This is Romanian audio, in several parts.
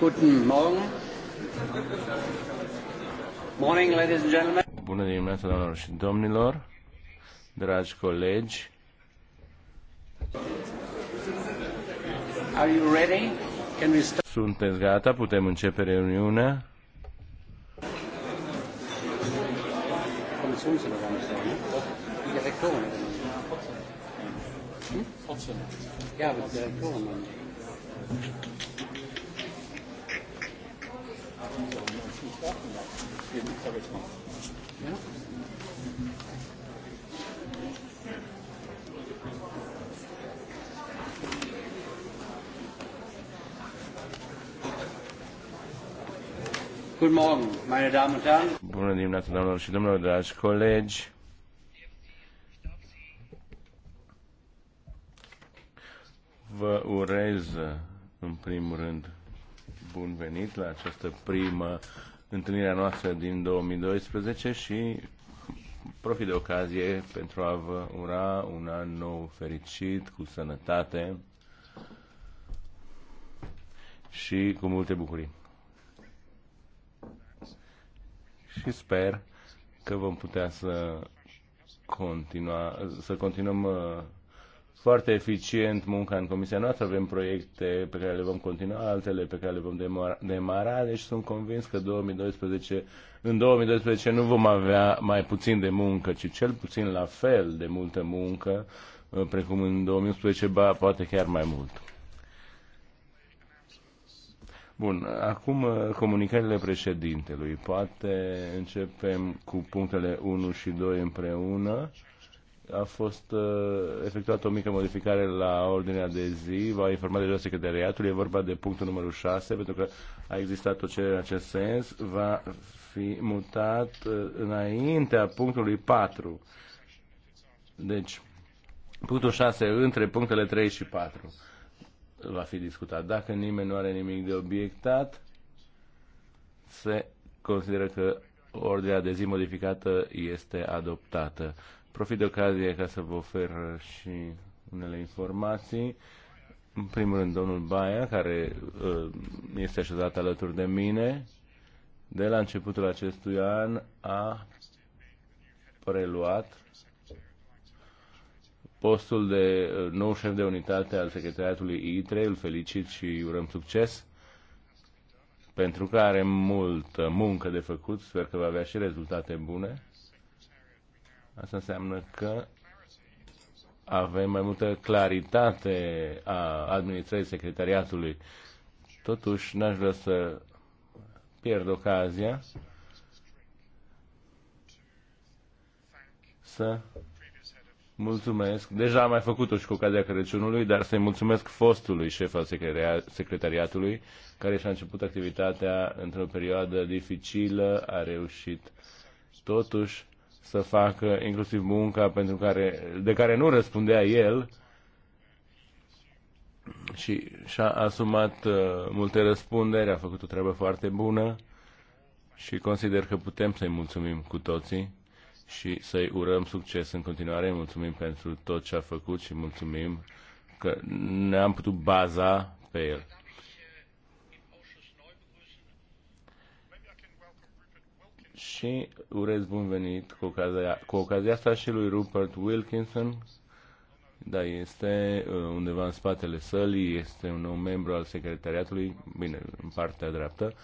Guten Morgen. Morning, ladies and gentlemen. Bună dimineața, doamnelor și domnilor, dragi colegi. Are you ready? Can we start? Sunteți gata? Putem începe reuniunea? Ja, aber der Kornmann. Bună dimineața, doamnelor și domnilor, dragi colegi. Vă urez, în primul rând, bun venit la această primă întâlnirea noastră din 2012 și profit de ocazie pentru a vă ura un an nou fericit, cu sănătate și cu multe bucurii. Și sper că vom putea să continua, să continuăm uh, foarte eficient munca în comisia noastră, avem proiecte pe care le vom continua, altele pe care le vom demara, demara deci sunt convins că 2012, în 2012 nu vom avea mai puțin de muncă, ci cel puțin la fel de multă muncă, uh, precum în 2011, ba, poate chiar mai mult. Bun, acum uh, comunicările președintelui. Poate începem cu punctele 1 și 2 împreună a fost uh, efectuată o mică modificare la ordinea de zi, v-a informat deja secretariatul, e vorba de punctul numărul 6, pentru că a existat o cerere în acest sens, va fi mutat uh, înaintea punctului 4. Deci, punctul 6 între punctele 3 și 4 va fi discutat. Dacă nimeni nu are nimic de obiectat, se consideră că ordinea de zi modificată este adoptată. Profit de ocazie ca să vă ofer și unele informații. În primul rând, domnul Baia, care uh, este așezat alături de mine, de la începutul acestui an a preluat postul de uh, nou șef de unitate al secretariatului ITRE. Îl felicit și urăm succes pentru că are multă muncă de făcut. Sper că va avea și rezultate bune. Asta înseamnă că avem mai multă claritate a administrării secretariatului. Totuși, n-aș vrea să pierd ocazia să mulțumesc. Deja am mai făcut-o și cu ocazia Crăciunului, dar să-i mulțumesc fostului șef al secretariatului, care și-a început activitatea într-o perioadă dificilă, a reușit totuși să facă inclusiv munca pentru care, de care nu răspundea el și și-a asumat uh, multe răspunderi, a făcut o treabă foarte bună și consider că putem să-i mulțumim cu toții și să-i urăm succes în continuare. Mulțumim pentru tot ce a făcut și mulțumim că ne-am putut baza pe el. și urez bun venit cu ocazia, cu ocazia asta și lui Rupert Wilkinson. Da, este uh, undeva în spatele sălii, este un nou membru al secretariatului, bine, în partea dreaptă.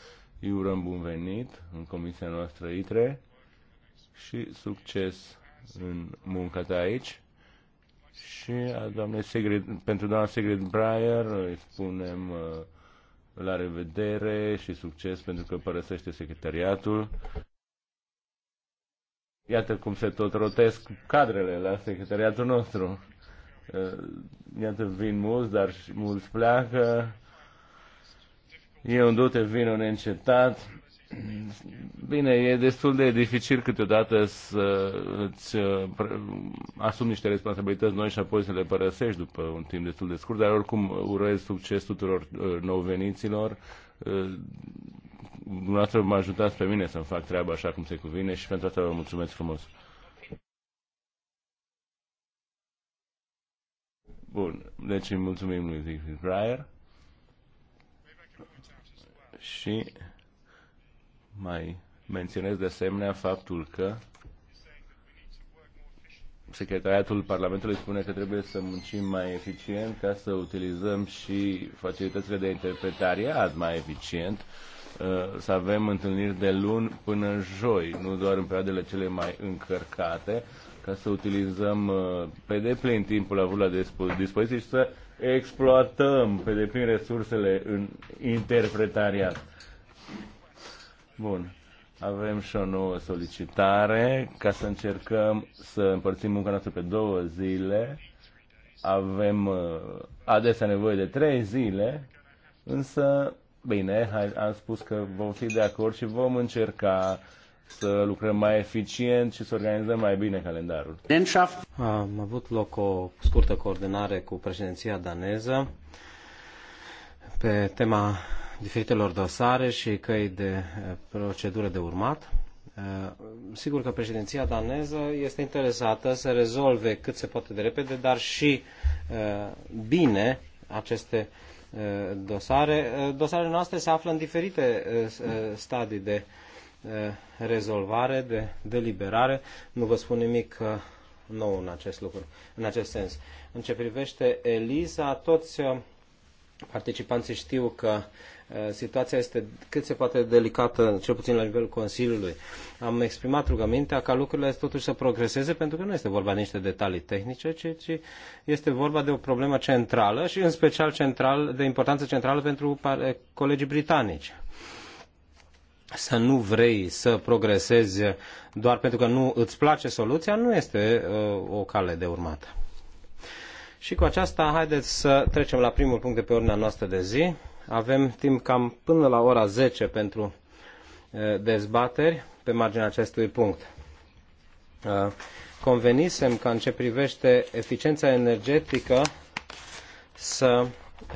Îi urăm bun venit în comisia noastră ITRE și succes în munca ta aici. Și a doamnei Segret, pentru doamna Secret Breyer îi spunem uh, la revedere și succes pentru că părăsește secretariatul. Iată cum se tot rotesc cadrele la secretariatul nostru. Uh, iată, vin mulți, dar și mulți pleacă. Eu un dute vin un încetat. Bine, e destul de dificil câteodată să îți uh, asumi niște responsabilități noi și apoi să le părăsești după un timp destul de scurt, dar oricum urez succes tuturor uh, nou veniților dumneavoastră mă ajutați pe mine să-mi fac treaba așa cum se cuvine și pentru asta vă mulțumesc frumos. Bun, deci îi mulțumim lui Siegfried Breyer și mai menționez de asemenea faptul că Secretariatul Parlamentului spune că trebuie să muncim mai eficient ca să utilizăm și facilitățile de interpretariat mai eficient Uh, să avem întâlniri de luni până joi, nu doar în perioadele cele mai încărcate, ca să utilizăm uh, pe deplin timpul avut la dispoziție și să exploatăm pe deplin resursele în interpretariat. Bun. Avem și o nouă solicitare ca să încercăm să împărțim munca noastră pe două zile. Avem uh, adesea nevoie de trei zile, însă Bine, am spus că vom fi de acord și vom încerca să lucrăm mai eficient și să organizăm mai bine calendarul. Am avut loc o scurtă coordonare cu președinția daneză pe tema diferitelor dosare și căi de eh, procedură de urmat. Eh, sigur că președinția daneză este interesată să rezolve cât se poate de repede, dar și eh, bine aceste uh, Uh, dosare. Uh, dosarele noastre se află în diferite uh, stadii de rezolvare, de deliberare. Nu vă spun nimic nou în acest lucru, în acest sens. În ce privește ELISA, toți participanții știu că uh, Eh, situația este cât se poate delicată, cel puțin la nivelul Consiliului. Am exprimat rugămintea ca lucrurile totuși să progreseze, pentru că nu este vorba de niște detalii tehnice, ci, ci este vorba de o problemă centrală și în special central, de importanță centrală pentru colegii britanici să nu vrei să progresezi doar pentru că nu îți place soluția, nu este uh, o cale de urmat. Și cu aceasta, haideți să trecem la primul punct de pe ordinea noastră de zi, avem timp cam până la ora 10 pentru eh, dezbateri pe marginea acestui punct. Eh, convenisem că în ce privește eficiența energetică să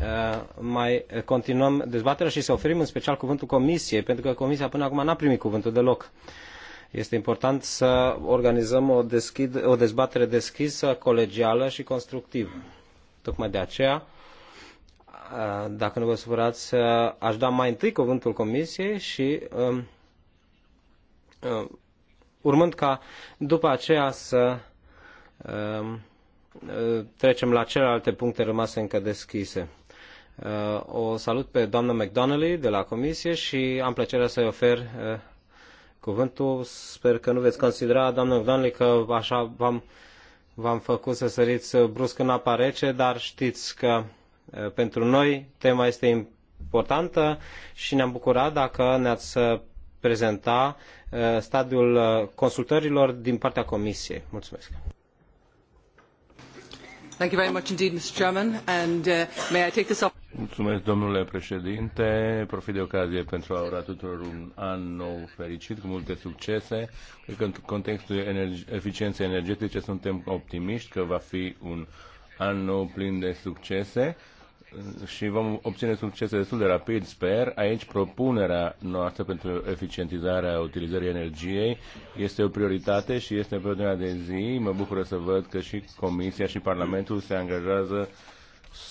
eh, mai continuăm dezbaterea și să oferim în special cuvântul Comisiei, pentru că Comisia până acum n-a primit cuvântul deloc. Este important să organizăm o, deschid, o dezbatere deschisă, colegială și constructivă. Tocmai de aceea Uh, dacă nu vă supărați, uh, aș da mai întâi cuvântul comisiei și um, uh, urmând ca după aceea să um, trecem la celelalte puncte rămase încă deschise. O salut pe doamna McDonnelly de la comisie și am plăcerea să-i ofer cuvântul. Sper că nu veți considera, doamna McDonnelly, că așa v-am, v-am făcut să săriți brusc în apa rece, dar știți că uh, Eh, pentru noi tema este importantă și ne-am bucurat dacă ne-ați eh, prezenta eh, stadiul consultărilor din partea Comisiei. Mulțumesc! Mulțumesc, domnule președinte. Profit de ocazie pentru a ura tuturor un an nou fericit, cu multe succese. Cred că în contextul energi- eficienței energetice suntem optimiști că va fi un an nou plin de succese și vom obține succese destul de rapid, sper. Aici propunerea noastră pentru eficientizarea utilizării energiei este o prioritate și este pe ordinea de zi. Mă bucură să văd că și Comisia și Parlamentul se angajează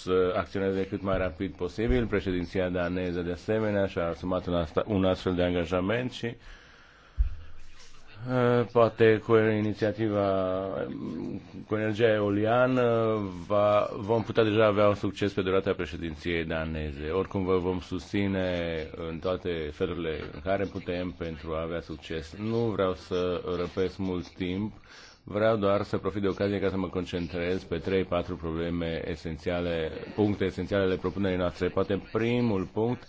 să acționeze cât mai rapid posibil. Președinția daneză de asemenea și-a asumat un, astfel de angajament și Eh, poate cu inițiativa cu energia eoliană va, vom putea deja avea un succes pe durata președinției daneze. Oricum vă vom susține în toate felurile în care putem pentru a avea succes. Nu vreau să răpesc mult timp, vreau doar să profit de ocazie ca să mă concentrez pe 3-4 probleme esențiale, puncte esențiale ale propunerii noastre. Poate primul punct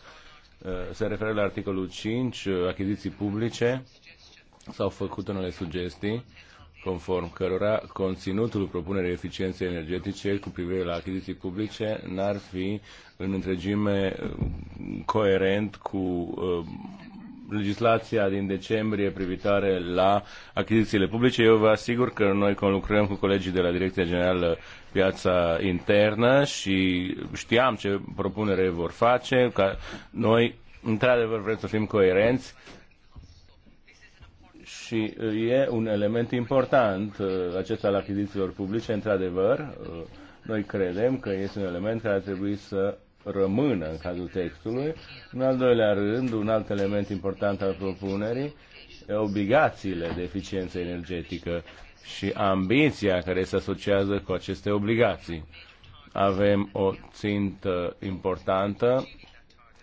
eh, se referă la articolul 5, achiziții publice S-au făcut unele sugestii conform cărora conținutul propunerii eficienței energetice cu privire la achiziții publice n-ar fi în întregime uh, coerent cu uh, legislația din decembrie privitoare la achizițiile publice. Eu vă asigur că noi conlucrăm cu colegii de la Direcția Generală Piața Internă și știam ce propunere vor face, că noi într-adevăr vrem să fim coerenți și e un element important uh, acesta al achizițiilor publice, într-adevăr. Uh, noi credem că este un element care ar trebui să rămână în cazul textului. În al doilea rând, un alt element important al propunerii, obligațiile de eficiență energetică și ambiția care se asociază cu aceste obligații. Avem o țintă importantă,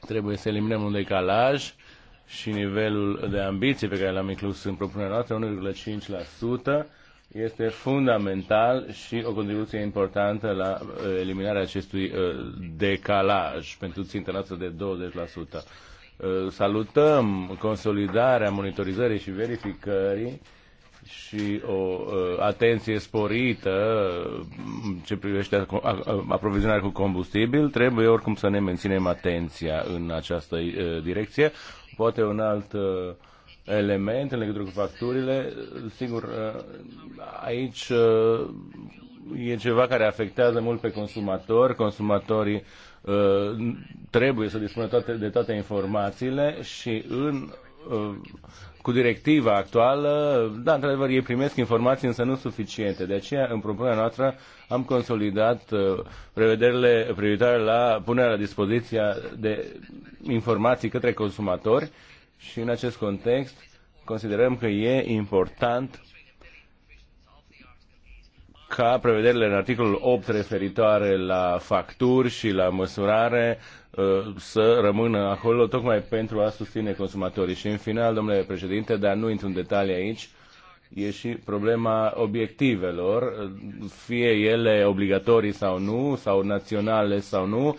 trebuie să eliminăm un decalaj și nivelul de ambiție pe care l-am inclus în propunerea noastră, 1,5%, este fundamental și o contribuție importantă la uh, eliminarea acestui uh, decalaj pentru ținta noastră de 20%. Uh, salutăm consolidarea monitorizării și verificării și o atenție sporită ce privește aprovizionarea cu combustibil. Trebuie oricum să ne menținem atenția în această direcție. Poate un alt uh, element în legătură cu facturile, sigur, uh, aici uh, e ceva care afectează mult pe consumator. Consumatorii trebuie să dispună toate, de toate informațiile și în cu directiva actuală, da, într-adevăr, ei primesc informații, însă nu suficiente. De aceea, în propunerea noastră, am consolidat uh, prevederile privitoare la punerea la dispoziția de informații către consumatori și, în acest context, considerăm că e important ca prevederile în articolul 8 referitoare la facturi și la măsurare uh, să rămână acolo tocmai pentru a susține consumatorii. Și în final, domnule președinte, dar nu intru în detalii aici, e și problema obiectivelor, fie ele obligatorii sau nu, sau naționale sau nu,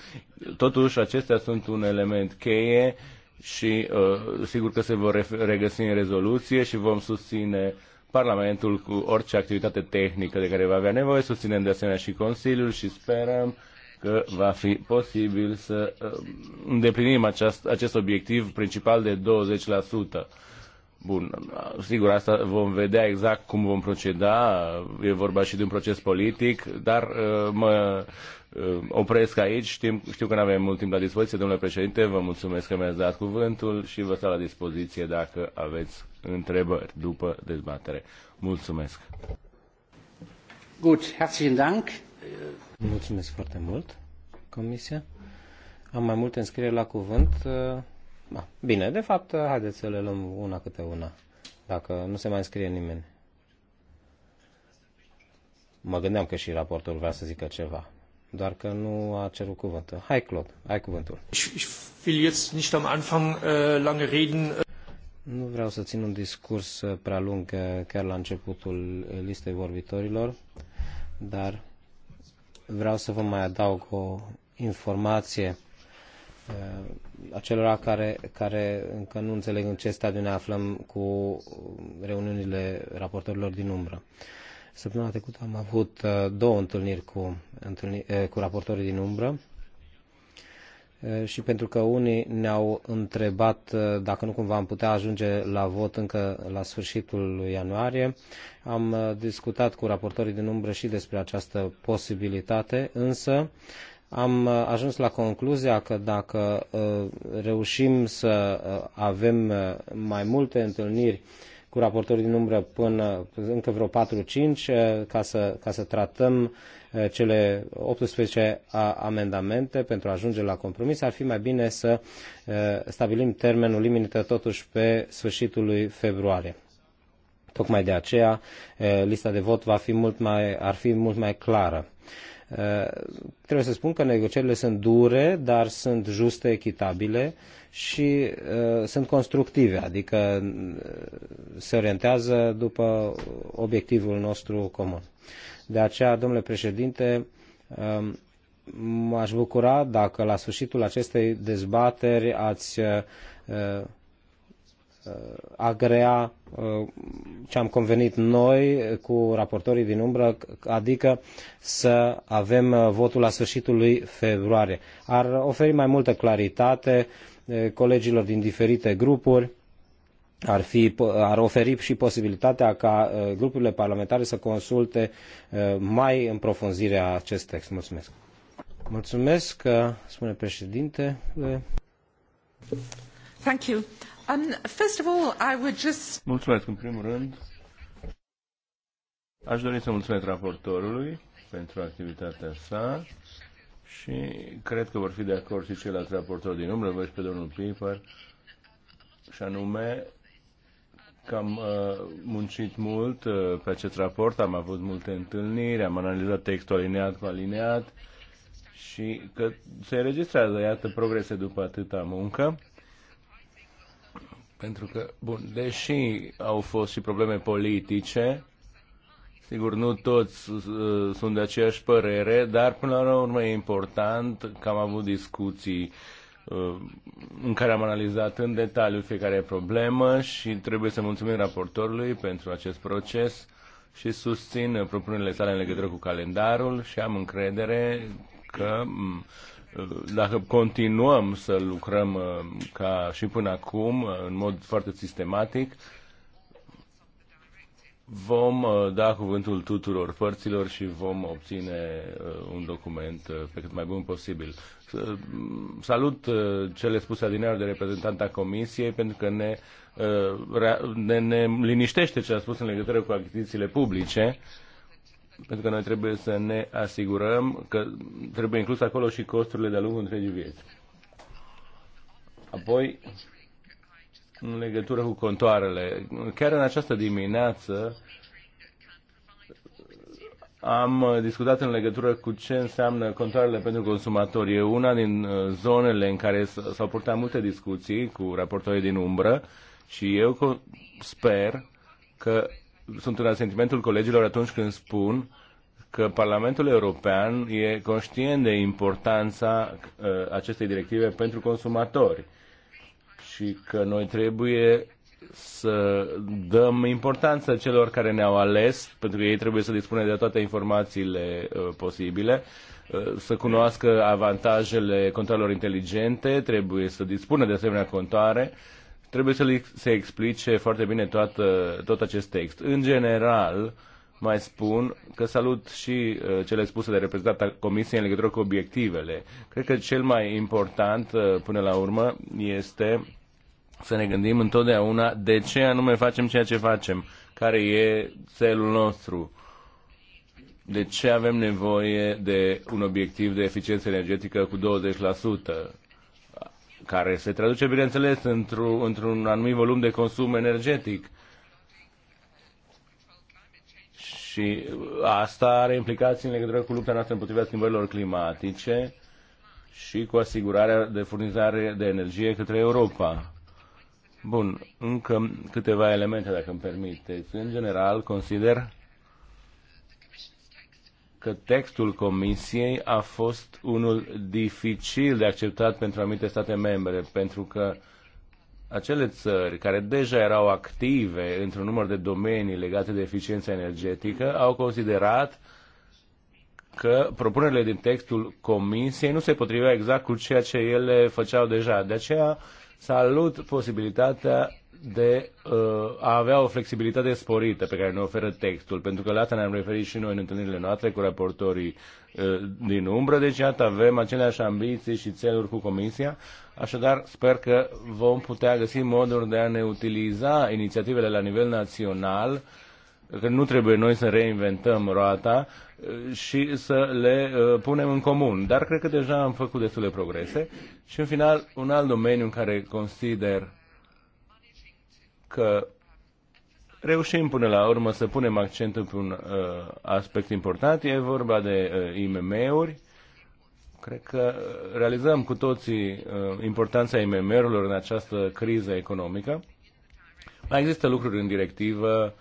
totuși acestea sunt un element cheie și uh, sigur că se vor regăsi în rezoluție și vom susține uh, Parlamentul cu orice activitate tehnică de care va avea nevoie. Susținem de asemenea și Consiliul și sperăm că va fi posibil să uh, îndeplinim acest acest obiectiv principal de 20%. Bun, sigur, asta vom vedea exact cum vom proceda, e vorba și de un proces politic, dar uh, mă uh, opresc aici, știu, știu că nu avem mult timp la dispoziție, domnule președinte, vă mulțumesc că mi-ați dat cuvântul și vă stau la dispoziție dacă aveți întrebări după dezbatere. Mulțumesc! Gut, herzlichen Dank! Mulțumesc foarte mult, Comisia. Am mai multe înscrieri la cuvânt. Uh, da. bine, de fapt, haideți să le luăm una câte una, dacă nu se mai înscrie nimeni. Mă gândeam că și raportul vrea să zică ceva, doar că nu a cerut cuvântul. Hai, Claude, ai cuvântul. Äh, nu vreau să țin un discurs äh, prea lung äh, chiar la începutul listei vorbitorilor, dar vreau să vă mai adaug o informație Uh, acelora care, care încă nu înțeleg în ce stadiu ne aflăm cu um, reuniunile raportorilor din umbră. Săptămâna trecută am avut uh, două întâlniri cu, întâlni, uh, cu raportorii din umbră și pentru că unii ne-au întrebat dacă nu cumva am putea ajunge la vot încă la sfârșitul lui ianuarie, am discutat cu raportorii din umbră și despre această posibilitate, însă am uh, ajuns la concluzia că dacă uh, reușim să uh, avem mai multe întâlniri cu raportorii din umbră până încă vreo 4-5 ca să, ca să tratăm cele 18 amendamente pentru a ajunge la compromis, ar fi mai bine să stabilim termenul limită totuși pe sfârșitul lui februarie. Tocmai de aceea lista de vot va fi mult mai, ar fi mult mai clară. Eh, trebuie să spun că negocierile sunt dure, dar sunt juste, echitabile și eh, sunt constructive, adică eh, se orientează după obiectivul nostru comun. De aceea, domnule președinte, m-aș bucura dacă la sfârșitul acestei dezbateri ați agrea uh, ce am convenit noi cu raportorii din umbră, adică să avem uh, votul la sfârșitul lui februarie. Ar oferi mai multă claritate uh, colegilor din diferite grupuri, ar, fi, ar oferi și posibilitatea ca grupurile parlamentare să consulte mai în profunzire acest text. Mulțumesc. Mulțumesc, spune președinte. Thank you. Um, first of all, I would just... Mulțumesc, în primul rând. Aș dori să mulțumesc raportorului pentru activitatea sa și cred că vor fi de acord și ceilalți raportori din umbră, văd și pe domnul Piper, și anume că am uh, muncit mult uh, pe acest raport, am avut multe întâlniri, am analizat textul alineat cu alineat și că se înregistrează, iată, progrese după atâta muncă pentru că, bun, deși au fost și probleme politice, sigur, nu toți uh, sunt de aceeași părere, dar până la urmă e important că am avut discuții uh, în care am analizat în detaliu fiecare problemă și trebuie să mulțumim raportorului pentru acest proces și susțin propunerile sale în legătură cu calendarul și am încredere că dacă continuăm să lucrăm uh, ca și până acum, uh, în mod foarte sistematic, vom uh, da cuvântul tuturor părților și vom obține un document pe cât mai bun posibil. Salut cele spuse adineauri de reprezentanta Comisiei, pentru că ne, ne, ne liniștește ce a spus în legătură cu achizițiile publice pentru că noi trebuie să ne asigurăm că trebuie inclus acolo și costurile de-a lungul întregii vieți. Apoi, în legătură cu contoarele, chiar în această dimineață am discutat în legătură cu ce înseamnă contoarele pentru consumatori. E una din uh, zonele în care s-au purtat multe discuții cu raportorii din umbră și eu sper că sunt în asentimentul colegilor atunci când spun că Parlamentul European e conștient de importanța uh, acestei directive pentru consumatori și că noi trebuie să dăm importanță celor care ne-au ales, pentru că ei trebuie să dispune de toate informațiile uh, posibile, uh, să cunoască avantajele contoarelor inteligente, trebuie să dispună de asemenea contoare uh, trebuie să se explice foarte bine toată, tot acest text. În general, mai spun că salut și uh, cele spuse de reprezentanta Comisiei în legătură cu obiectivele. Cred că cel mai important, uh, până la urmă, este să ne gândim întotdeauna de ce anume facem ceea ce facem, care e celul nostru, de ce avem nevoie de un obiectiv de eficiență energetică cu 20%, care se traduce, bineînțeles, într-un, într-un anumit volum de consum energetic. Și asta are implicații în legătură cu lupta noastră împotriva schimbărilor climatice și cu asigurarea de furnizare de energie către Europa. Bun, încă câteva elemente, dacă îmi permiteți. În general, consider că textul Comisiei a fost unul dificil de acceptat pentru anumite state membre, pentru că acele țări care deja erau active într-un număr de domenii legate de eficiența energetică au considerat că propunerile din textul Comisiei nu se potrivea exact cu ceea ce ele făceau deja. De aceea salut posibilitatea de uh, a avea o flexibilitate sporită pe care ne oferă textul, pentru că la asta ne-am referit și noi în întâlnirile noastre cu raportorii uh, din umbră, deci iată avem aceleași ambiții și țeluri cu Comisia, așadar sper că vom putea găsi moduri de a ne utiliza inițiativele la nivel național că nu trebuie noi să reinventăm roata uh, și să le punem în comun. Dar cred că deja am făcut destule progrese și în final un alt domeniu în care consider că reușim până la urmă să punem accentul pe un uh, aspect important. E vorba de uh, IMM-uri. Cred că uh, realizăm cu toții uh, importanța IMM-urilor în această criză economică. Mai există lucruri în directivă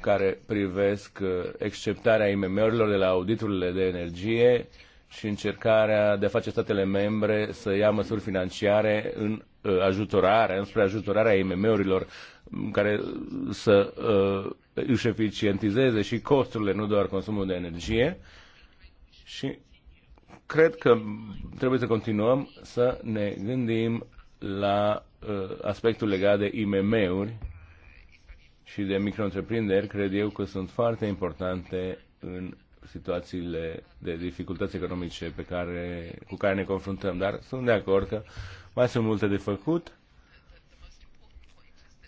care privesc uh, exceptarea IMM-urilor de la auditurile de energie și încercarea de a face statele membre să ia măsuri financiare în uh, ajutorare, înspre ajutorarea IMM-urilor care să uh, își eficientizeze și costurile, nu doar consumul de energie. Și cred că trebuie să continuăm să ne gândim la uh, aspectul legat de IMM-uri și de micro cred eu că sunt foarte importante în situațiile de dificultăți economice pe care, cu care ne confruntăm, dar sunt de acord că mai sunt multe de făcut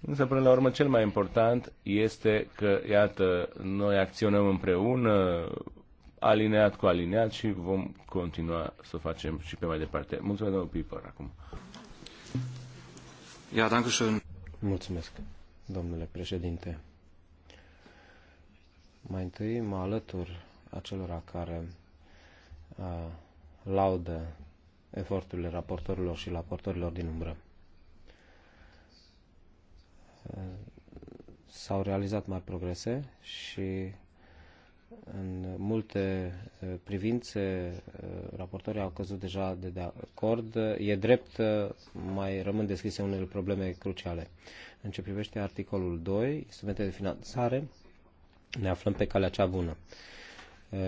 Însă, până la urmă, cel mai important este că, iată, noi acționăm împreună, alineat cu alineat și vom continua să o facem și pe mai departe. Mulțumesc, domnul Piper, acum. Ia, danke schön. Mulțumesc, domnule președinte. Mai întâi mă alătur acelora care uh, laudă eforturile raportorilor și raportorilor din umbră s-au realizat mari progrese și în multe uh, privințe uh, raportorii au căzut deja de, de acord. E drept, uh, mai rămân deschise unele probleme cruciale. În ce privește articolul 2, instrumente de finanțare, ne aflăm pe calea cea bună.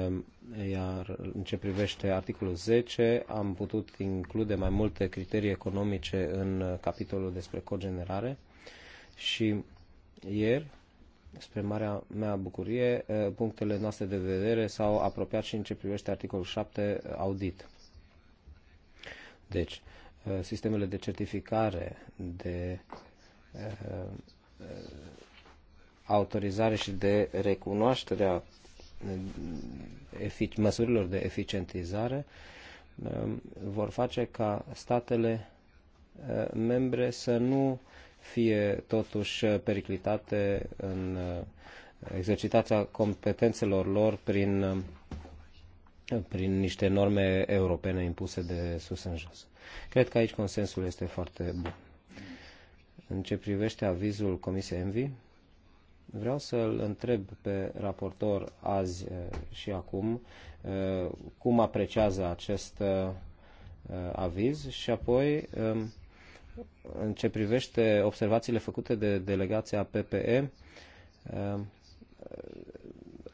Um, iar în ce privește articolul 10, am putut include mai multe criterii economice în capitolul despre cogenerare și ieri, spre marea mea bucurie, punctele noastre de vedere s-au apropiat și în ce privește articolul 7 audit. Deci, sistemele de certificare, de autorizare și de recunoaștere a măsurilor de eficientizare vor face ca statele membre să nu fie totuși periclitate în uh, exercitarea competențelor lor prin, uh, prin niște norme europene impuse de sus în jos. Cred că aici consensul este foarte bun. În ce privește avizul Comisiei Envi, vreau să-l întreb pe raportor azi uh, și acum cum apreciază acest aviz și apoi um, în ce privește observațiile făcute de delegația PPE, eh,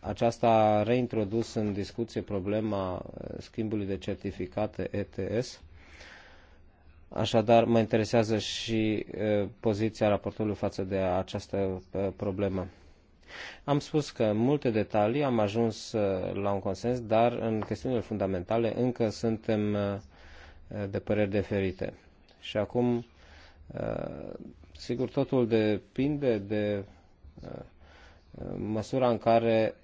aceasta a reintrodus în discuție problema eh, schimbului de certificate ETS. Așadar, mă interesează și eh, poziția raportului față de această problemă. Am spus că în multe detalii am ajuns la un consens, dar în chestiunile fundamentale încă suntem de păreri diferite. Și acum Uh, sigur, totul depinde de uh, măsura în care,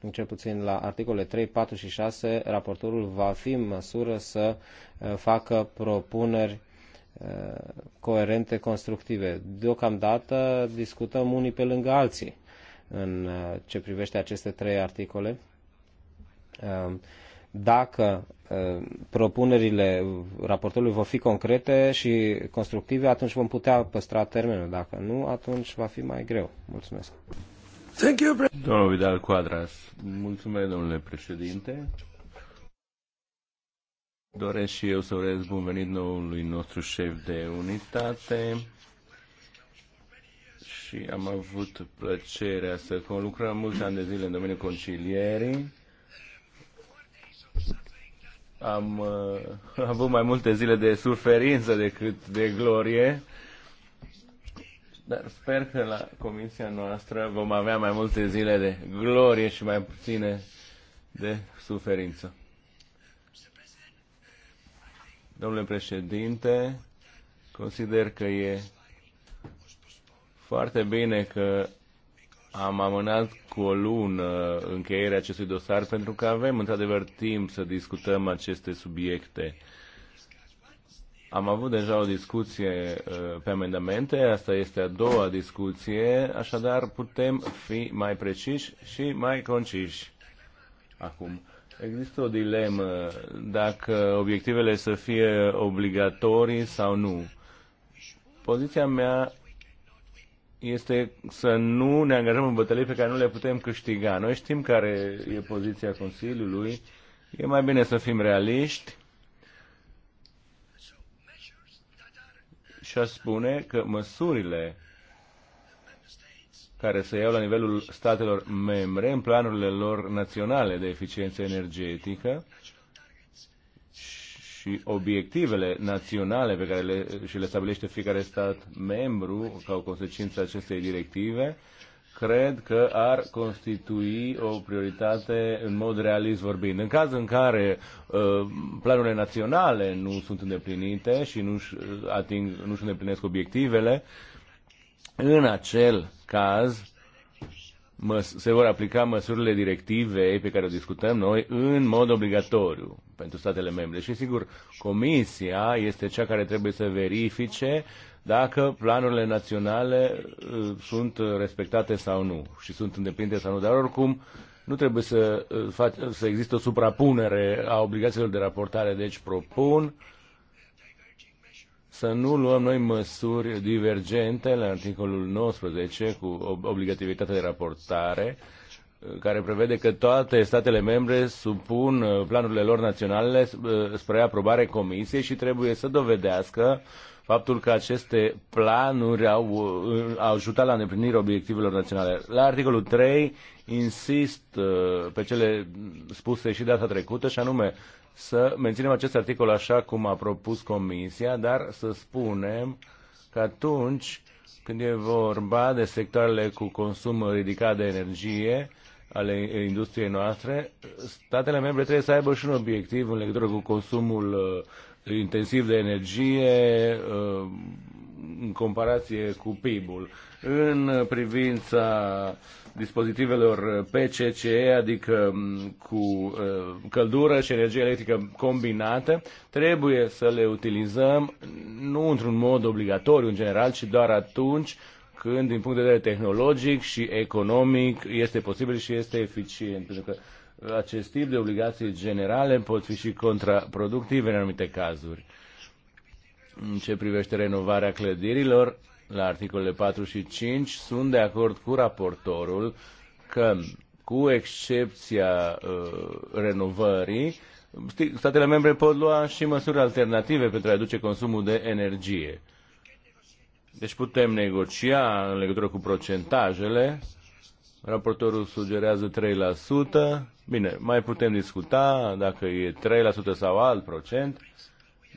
um, cel puțin la articole 3, 4 și 6, raportorul va fi în măsură să uh, facă propuneri coerente, constructive. Deocamdată discutăm unii pe lângă alții în ce privește aceste trei articole. Dacă propunerile raportului vor fi concrete și constructive, atunci vom putea păstra termenul. Dacă nu, atunci va fi mai greu. Mulțumesc. Thank you, Domnul Vidal Quadras, mulțumesc, domnule președinte. Doresc și eu să urez bun venit noului nostru șef de unitate și am avut plăcerea să lucrăm mulți ani de zile în domeniul concilierii am uh, avut mai multe zile de suferință decât de glorie, dar sper că la comisia noastră vom avea mai multe zile de glorie și mai puține de suferință. Domnule președinte, consider că e foarte bine că am amânat cu o lună încheierea acestui dosar pentru că avem într-adevăr timp să discutăm aceste subiecte. Am avut deja o discuție uh, pe amendamente, asta este a doua discuție, așadar putem fi mai preciși și mai conciși acum. Există o dilemă dacă obiectivele să fie obligatorii sau nu. Poziția mea este să nu ne angajăm în bătălii pe care nu le putem câștiga. Noi știm care e poziția Consiliului. E mai bine să fim realiști și a spune că măsurile care se iau la nivelul statelor membre în planurile lor naționale de eficiență energetică și obiectivele naționale pe care le, și le stabilește fiecare stat membru ca o consecință a acestei directive, cred că ar constitui o prioritate în mod realist vorbind. În cazul în care uh, planurile naționale nu sunt îndeplinite și nu uh, ating, nu își îndeplinesc obiectivele, în acel caz se vor aplica măsurile directive pe care o discutăm noi în mod obligatoriu pentru statele membre. Și sigur, Comisia este cea care trebuie să verifice dacă planurile naționale uh, sunt respectate sau nu și sunt îndeplinite sau nu. Dar oricum, nu trebuie să, uh, să există o suprapunere a obligațiilor de raportare. Deci propun să nu luăm noi măsuri divergente la articolul 19 cu obligativitatea de raportare, care prevede că toate statele membre supun uh, planurile lor naționale uh, spre aprobare comisiei și trebuie să dovedească faptul că aceste planuri au, uh, au ajutat la îndeplinirea obiectivelor naționale. La articolul 3 insist pe cele spuse și data trecută, și anume să menținem acest articol așa cum a propus Comisia, dar să spunem că atunci când e vorba de sectoarele cu consum ridicat de energie ale industriei noastre, statele membre trebuie să aibă și un obiectiv în legătură cu consumul intensiv de energie uh, în comparație cu PIB-ul. În privința dispozitivelor PCCE, adică mm, cu uh, căldură și energie electrică combinată, trebuie să le utilizăm nu într-un mod obligatoriu în general, ci doar atunci când, din punct de vedere tehnologic și economic, este posibil și este eficient. Pentru că acest tip de obligații generale pot fi și contraproductive în anumite cazuri. În ce privește renovarea clădirilor, la articolele 4 și 5, sunt de acord cu raportorul că, cu excepția uh, renovării, statele membre pot lua și măsuri alternative pentru a reduce consumul de energie. Deci putem negocia în legătură cu procentajele. Raportorul sugerează Bine, mai putem discuta dacă e 3% sau alt procent,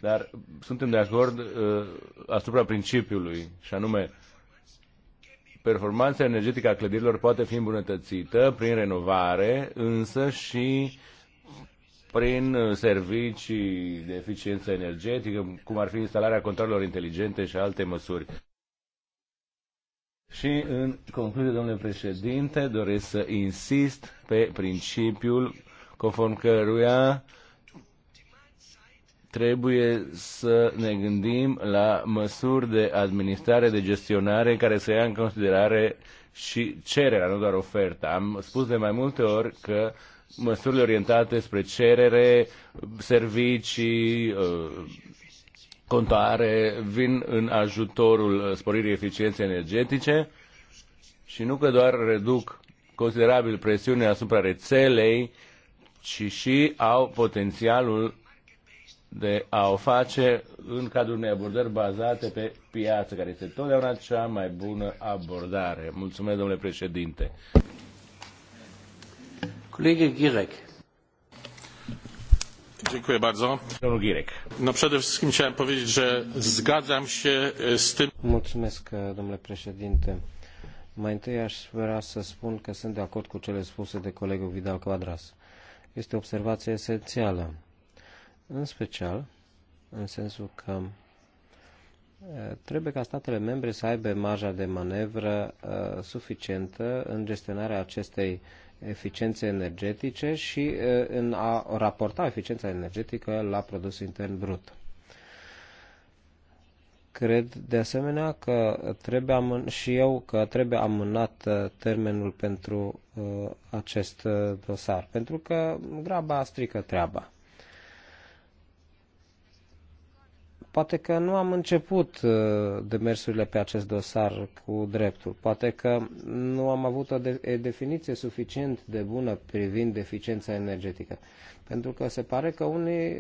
dar suntem de acord uh, asupra principiului, și anume performanța energetică a clădirilor poate fi îmbunătățită prin renovare, însă și prin uh, servicii de eficiență energetică, cum ar fi instalarea controlelor inteligente și alte măsuri. Și în concluzie, domnule președinte, doresc să insist pe principiul conform căruia trebuie să ne gândim la măsuri de administrare, de gestionare, care să ia în considerare și cererea, nu doar oferta. Am spus de mai multe ori că măsurile orientate spre cerere, servicii, uh, contoare vin în ajutorul uh, sporirii eficienței energetice și nu că doar reduc considerabil presiunea asupra rețelei, ci și au potențialul de a o face în cadrul unei abordări bazate pe piață, care este totdeauna cea mai bună abordare. Mulțumesc, domnule președinte. Colegă Ghirec przede wszystkim chciałem powiedzieć, że zgadzam się z tym. Mulțumesc, domnule președinte. Mai întâi aș vrea să spun că sunt de acord cu cele spuse de colegul Vidal Quadras. Este o observație esențială. În special, în sensul că trebuie ca statele membre să aibă marja de manevră suficientă în gestionarea acestei eficiențe energetice și uh, în a raporta eficiența energetică la produsul intern brut. Cred de asemenea că trebuie amân- și eu că trebuie amânat uh, termenul pentru uh, acest dosar, pentru că graba strică treaba. Poate că nu am început uh, demersurile pe acest dosar cu dreptul. Poate că nu am avut o definiție suficient de bună privind deficiența energetică. Pentru că se pare că unii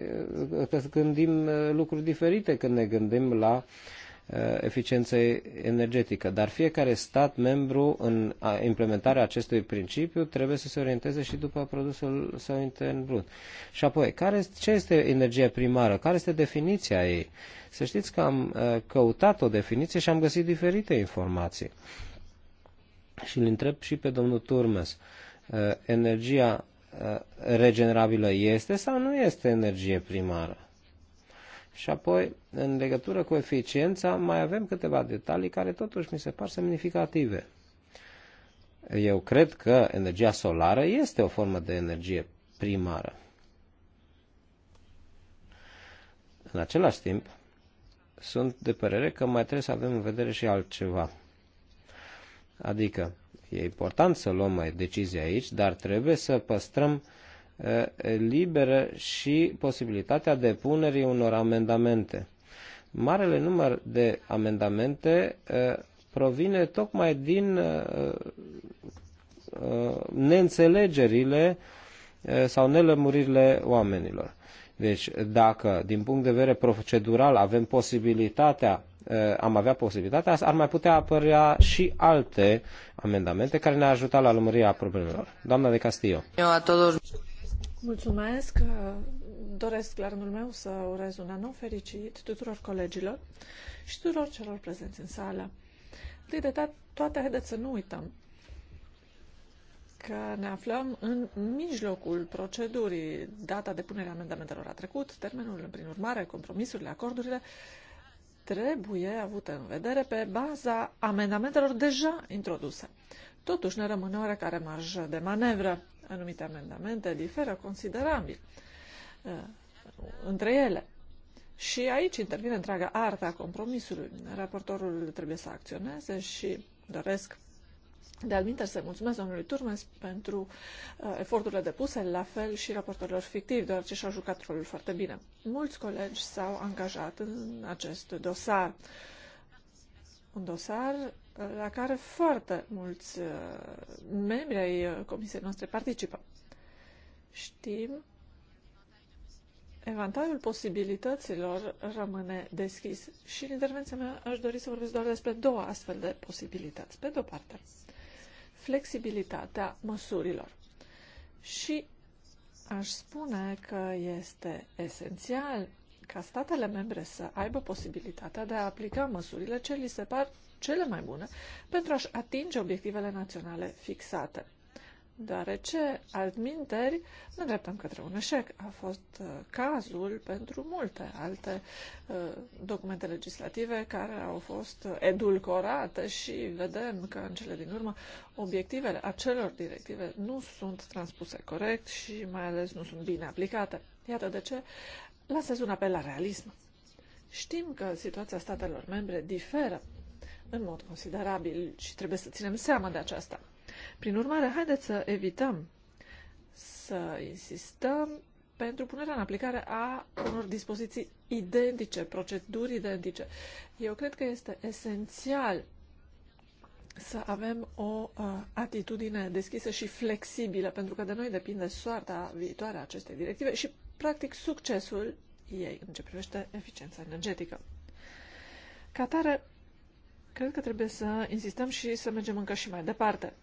uh, gândim uh, lucruri diferite când ne gândim la uh, Uh, eficienței energetică. Dar fiecare stat membru în implementarea acestui principiu trebuie să se orienteze și după produsul său intern brut. Și apoi, care, ce este energia primară? Care este definiția ei? Să știți că am uh, căutat o definiție și am găsit diferite informații. Și îl întreb și pe domnul Turmes. Uh, energia regenerabilă este sau nu este energie primară? Și apoi, în legătură cu eficiența, mai avem câteva detalii care totuși mi se par semnificative. Eu cred că energia solară este o formă de energie primară. În același timp, sunt de părere că mai trebuie să avem în vedere și altceva. Adică, e important să luăm mai decizii aici, dar trebuie să păstrăm uh, liberă și posibilitatea depunerii unor amendamente. Marele număr de amendamente provine tocmai din neînțelegerile sau nelămuririle oamenilor. Deci, dacă din punct de vedere procedural avem posibilitatea, am avea posibilitatea, ar mai putea apărea și alte amendamente care ne-ar ajuta la lămurirea problemelor. Doamna de Castillo. Eu a todos. Mulțumesc. Doresc, la rândul meu, să urez un an fericit tuturor colegilor și tuturor celor prezenți în sală. Întâi de toate, haideți să nu uităm că ne aflăm în mijlocul procedurii. Data de punere a amendamentelor a trecut, termenul, prin urmare, compromisurile, acordurile trebuie avute în vedere pe baza amendamentelor deja introduse. Totuși ne rămâne oarecare marjă de manevră anumite amendamente diferă considerabil uh, între ele. Și aici intervine întreaga arta a compromisului. Raportorul trebuie să acționeze și doresc de alminte să mulțumesc domnului Turmes pentru uh, eforturile depuse, la fel și raportorilor fictivi, deoarece și-au jucat rolul foarte bine. Mulți colegi s-au angajat în acest dosar. Un dosar la care foarte mulți uh, membri ai uh, comisiei noastre participă. Știm, evantaiul posibilităților rămâne deschis și în intervenția mea aș dori să vorbesc doar despre două astfel de posibilități. Pe de-o parte, flexibilitatea măsurilor. Și aș spune că este esențial ca statele membre să aibă posibilitatea de a aplica măsurile ce li se par cele mai bune pentru a-și atinge obiectivele naționale fixate. Deoarece, altminteri, ne îndreptăm către un eșec. A fost uh, cazul pentru multe alte uh, documente legislative care au fost uh, edulcorate și vedem că în cele din urmă obiectivele acelor directive nu sunt transpuse corect și mai ales nu sunt bine aplicate. Iată de ce lasez un apel la realism. Știm că situația statelor membre diferă în mod considerabil și trebuie să ținem seama de aceasta. Prin urmare, haideți să evităm să insistăm pentru punerea în aplicare a unor dispoziții identice, proceduri identice. Eu cred că este esențial să avem o uh, atitudine deschisă și flexibilă, pentru că de noi depinde soarta viitoare a acestei directive și, practic, succesul ei în ce privește eficiența energetică. Ca tare, Cred că trebuie să insistăm și să mergem încă și mai departe.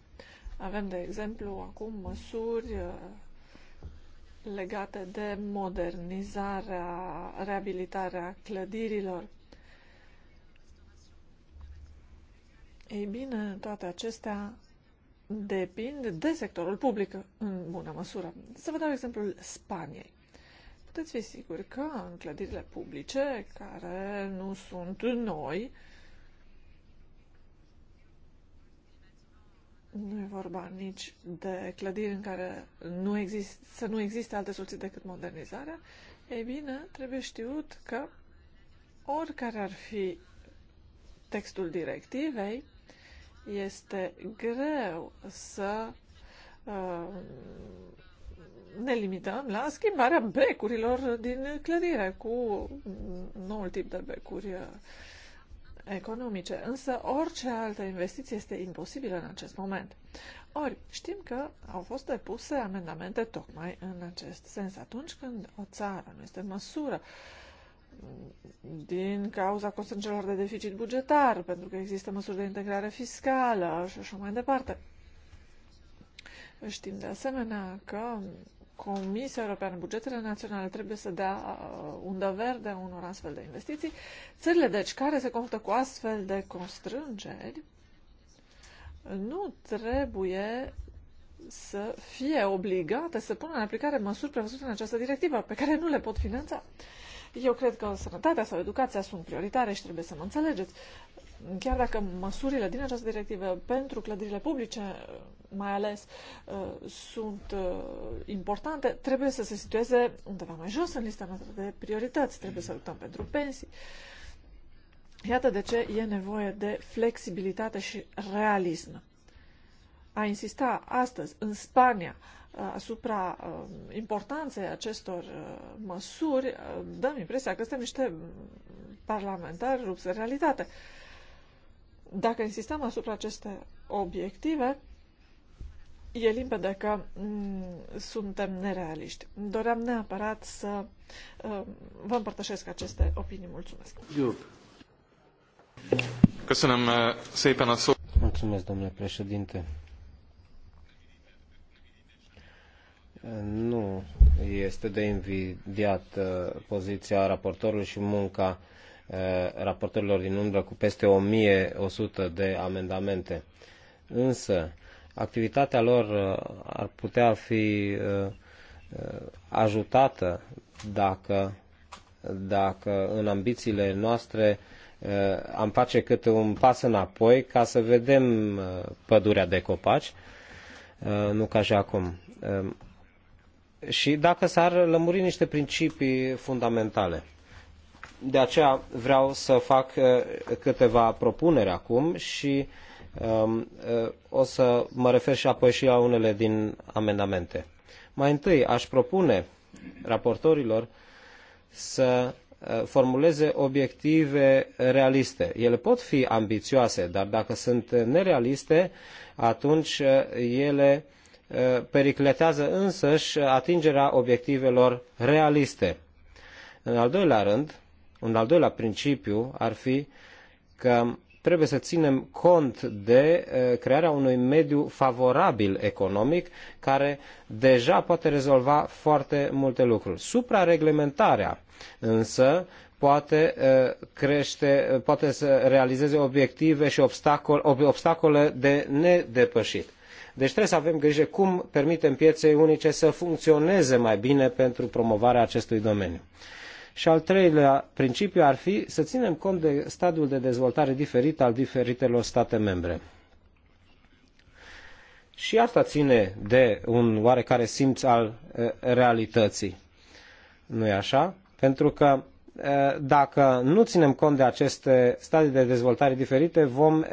Avem, de exemplu, acum măsuri uh, legate de modernizarea, reabilitarea clădirilor. Ei bine, toate acestea depind de sectorul public în bună măsură. Să vă dau exemplul Spaniei. Puteți fi siguri că în clădirile publice, care nu sunt noi, Nu e vorba nici de clădiri în care nu exist, să nu existe alte soluții decât modernizarea. Ei bine, trebuie știut că oricare ar fi textul directivei, este greu să uh, ne limităm la schimbarea becurilor din clădire cu noul tip de becuri uh, economice, însă orice altă investiție este imposibilă în acest moment. Ori știm că au fost depuse amendamente tocmai în acest sens. Atunci când o țară nu este în măsură din cauza constrângerilor de deficit bugetar, pentru că există măsuri de integrare fiscală și așa mai departe. Știm de asemenea că Comisia Europeană, bugetele naționale trebuie să dea uh, undă verde unor astfel de investiții. Țările, deci, care se confruntă cu astfel de constrângeri, nu trebuie să fie obligate să pună în aplicare măsuri prevăzute în această directivă, pe care nu le pot finanța. Uh, eu cred că sănătatea sau educația sunt prioritare și trebuie să mă înțelegeți. Chiar dacă măsurile din această directivă pentru clădirile publice, mai ales, uh, sunt uh, importante, trebuie să se situeze undeva mai jos în lista noastră de priorități. Trebuie să luptăm pentru pensii. Iată de ce e nevoie de flexibilitate și realism. A insista astăzi în Spania asupra um, importanței acestor uh, măsuri, uh, dăm impresia că suntem niște parlamentari rupți de realitate. Dacă insistăm asupra aceste obiective, e limpede că mm, suntem nerealiști. Doream neapărat să um, vă împărtășesc aceste opinii. Mulțumesc! Uh, Mulțumesc, domnule președinte. Nu este de invidiat uh, poziția raportorului și munca uh, raportorilor din umbră cu peste 1100 de amendamente. Însă, activitatea lor uh, ar putea fi ajutată dacă, dacă în ambițiile noastre am face câte un pas înapoi ca să vedem pădurea de copaci, nu ca și acum și dacă s-ar lămuri niște principii fundamentale. De aceea vreau să fac uh, câteva propuneri acum și um, uh, o să mă refer și apoi și la unele din amendamente. Mai întâi aș propune raportorilor să uh, formuleze obiective realiste. Ele pot fi ambițioase, dar dacă sunt nerealiste, atunci ele uh, pericletează însăși atingerea obiectivelor realiste. În al doilea rând, un al doilea principiu ar fi că trebuie să ținem cont de crearea unui mediu favorabil economic care deja poate rezolva foarte multe lucruri. Suprareglementarea însă poate crește, poate să realizeze obiective și obstacole, obstacole de nedepășit. Deci trebuie să avem grijă cum permitem pieței unice să funcționeze mai bine pentru promovarea acestui domeniu. Și al treilea principiu ar fi să ținem cont de stadiul de dezvoltare diferit al diferitelor state membre. Și asta ține de un oarecare simț al realității. Nu-i așa? Pentru că dacă nu ținem cont de aceste stadii de dezvoltare diferite, vom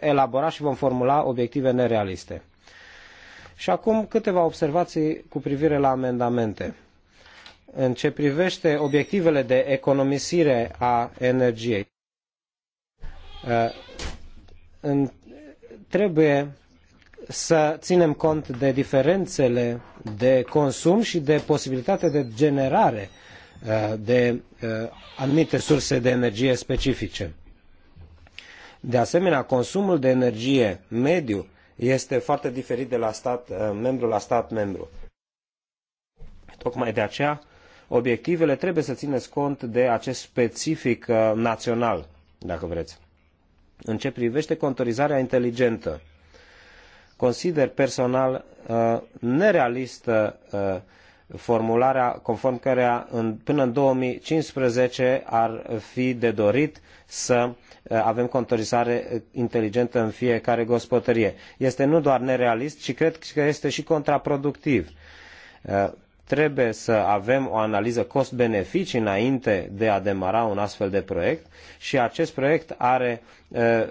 elabora și vom formula obiective nerealiste. Și acum câteva observații cu privire la amendamente. În ce privește obiectivele de economisire a energiei, uh, trebuie să ținem cont de diferențele de consum și de posibilitatea de generare uh, de uh, anumite surse de energie specifice. De asemenea, consumul de energie mediu este foarte diferit de la stat eh, membru la stat membru. Tocmai de aceea, obiectivele trebuie să țineți cont de acest specific eh, național, dacă vreți. În ce privește contorizarea inteligentă, consider personal eh, nerealistă formularea conform cărea în, până în 2015 ar fi de dorit să eh, avem contorizare inteligentă în fiecare gospodărie. Este nu doar nerealist, ci cred că este și contraproductiv. Eh, trebuie să avem o analiză cost-beneficii înainte de a demara un astfel de proiect și acest proiect are eh,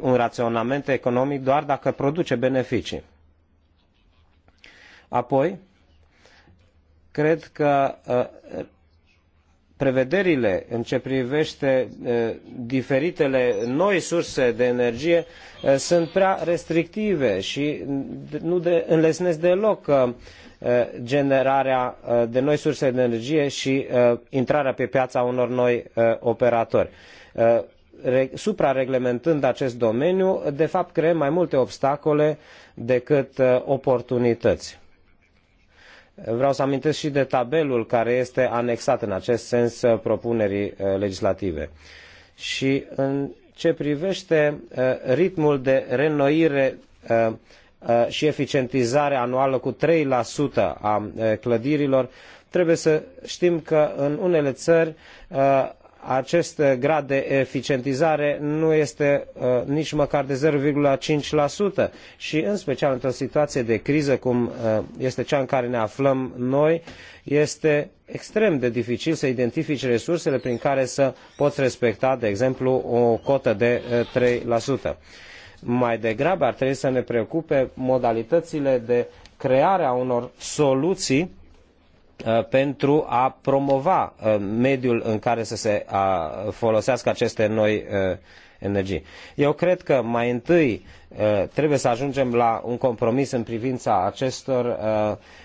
un raționament economic doar dacă produce beneficii. Apoi, cred că uh, prevederile în ce privește uh, diferitele noi surse de energie uh, sunt prea restrictive și nu de, înlesnesc deloc generarea de noi surse de energie și intrarea pe piața unor noi operatori. Suprareglementând acest domeniu, de fapt creăm mai multe obstacole decât oportunități Vreau să amintesc și de tabelul care este anexat în acest sens uh, propunerii uh, legislative. Și în ce privete uh, ritmul de reînnoire și eficientizare anuală cu 3% a clădirilor, trebuie să știm că în unele țări acest grad de eficientizare nu este uh, nici măcar de 0,5% și în special într-o situație de criză cum uh, este cea în care ne aflăm noi, este extrem de dificil să identifici resursele prin care să poți respecta, de exemplu, o cotă de uh, 3%. Mai degrabă ar trebui să ne preocupe modalitățile de creare a unor soluții Uh, pentru a promova uh, mediul în care să se uh, folosească aceste noi energii. Eu cred că mai întâi trebuie să ajungem la un compromis în privința acestor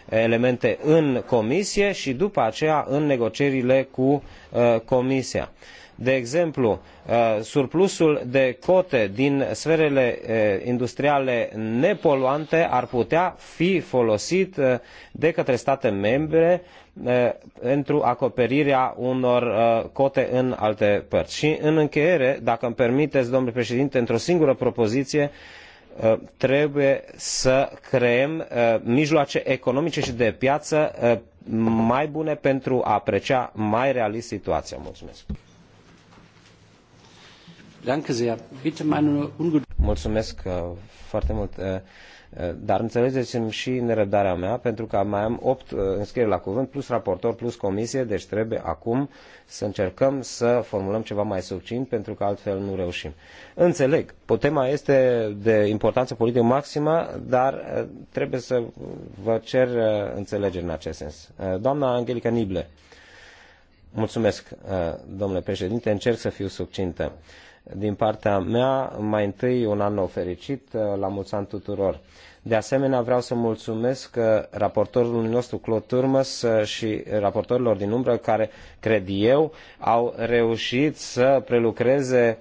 elemente în comisie și după aceea în negocierile cu comisia. De exemplu, uh, surplusul de cote din sferele uh, industriale nepoluante ar putea fi folosit uh, de către state membre pentru acoperirea unor cote în alte părți. Și în încheiere, dacă îmi permiteți, domnule președinte, într-o singură propoziție, trebuie să creăm mijloace economice și de piață mai bune pentru a aprecia mai realist situația. Mulțumesc! Um Mulțumesc uh, foarte mult. Uh, uh, dar înțelegeți-mi și nerăbdarea mea, pentru că mai am opt înscrieri la cuvânt, plus raportor, plus comisie, deci trebuie acum să încercăm să formulăm ceva mai succint, pentru că altfel nu reușim. Înțeleg, tema este de importanță politică maximă, dar trebuie să vă cer înțelegere în acest sens. Doamna Angelica Nible. Mulțumesc, domnule președinte, încerc să fiu succintă din partea mea, mai întâi un an nou fericit, uh, la mulți ani tuturor. De asemenea, vreau să mulțumesc uh, raportorului nostru, Claude Turmes, uh, și raportorilor din umbră, care, cred eu, au reușit să prelucreze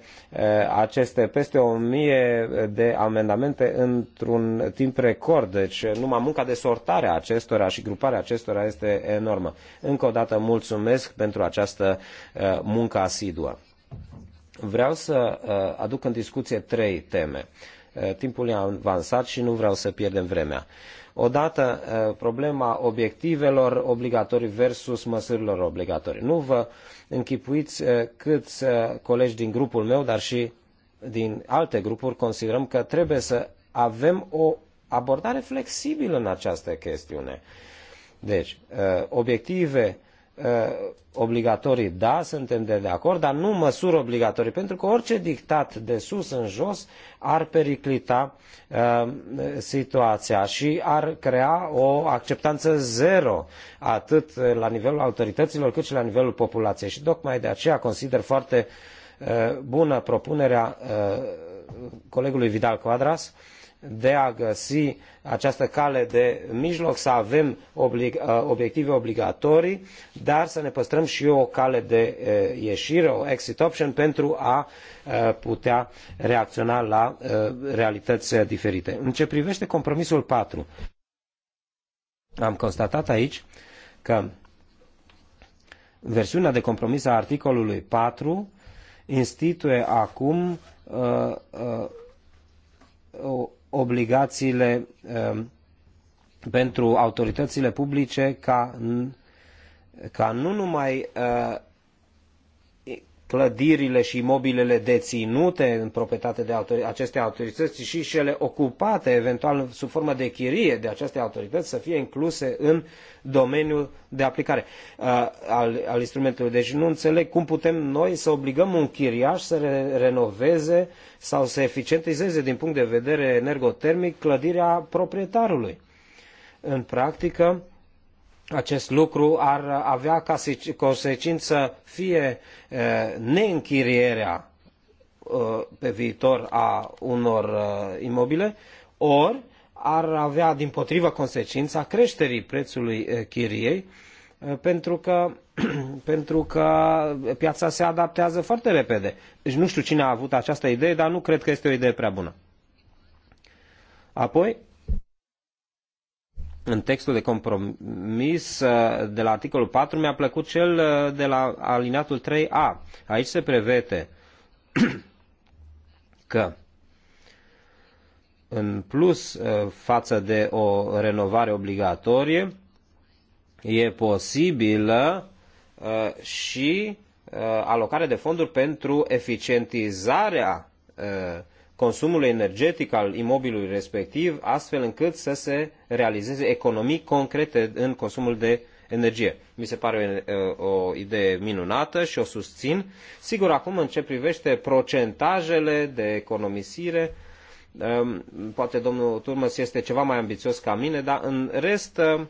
aceste peste o mie de amendamente într-un timp record. Deci, numai munca de sortare a acestora și gruparea acestora este enormă. Încă o dată, mulțumesc pentru această muncă asiduă. Vreau să uh, aduc în discuție trei teme. Uh, timpul e avansat și nu vreau să pierdem vremea. Odată, uh, problema obiectivelor obligatorii versus măsurilor obligatorii. Nu vă închipuiți câți colegi din grupul meu, dar și din alte grupuri, considerăm că trebuie să avem o abordare flexibilă în această chestiune. Deci, obiective Uh, obligatorii, da, suntem de acord, dar nu măsuri obligatorii, pentru că orice dictat de sus în jos ar periclita uh, situația și ar crea o acceptanță zero, atât la nivelul autorităților, cât și la nivelul populației. Și tocmai de aceea consider foarte uh, bună propunerea uh, colegului Vidal Quadras uh, de a găsi această cale de mijloc, să avem uh, obiective obligatorii, dar să ne păstrăm și o cale de uh, ieșire, o exit option, pentru a uh, putea reacționa la realități diferite. În ce privește compromisul 4, am constatat aici că versiunea de compromis a articolului 4 instituie acum uh, uh, o, obligațiile um, pentru autoritățile publice ca, ca nu numai uh, clădirile și imobilele deținute în proprietate de aceste autorități și cele ocupate eventual sub formă de chirie de aceste autorități să fie incluse în domeniul de aplicare uh, al, al instrumentului. Deci nu înțeleg cum putem noi să obligăm un chiriaș să re- renoveze sau să eficientizeze din punct de vedere energotermic clădirea proprietarului. În practică, uh, acest lucru ar avea ca consecință fie neînchirierea pe viitor a unor imobile, ori ar avea din potrivă consecința creșterii prețului chiriei, pentru că, pentru că piața se adaptează foarte repede. Deci nu știu cine a avut această idee, dar nu cred că este o idee prea bună. Apoi, în textul de compromis uh, de la articolul 4 mi-a plăcut cel uh, de la alineatul 3a. Aici se prevede că în plus uh, față de o renovare obligatorie e posibilă și alocarea de fonduri pentru eficientizarea uh, consumului energetic al imobilului respectiv, astfel încât să se realizeze economii concrete în consumul de energie. Mi se pare o, o idee minunată și o susțin. Sigur, acum în ce privește procentajele de economisire, um, poate domnul Turmăs este ceva mai ambițios ca mine, dar în rest um,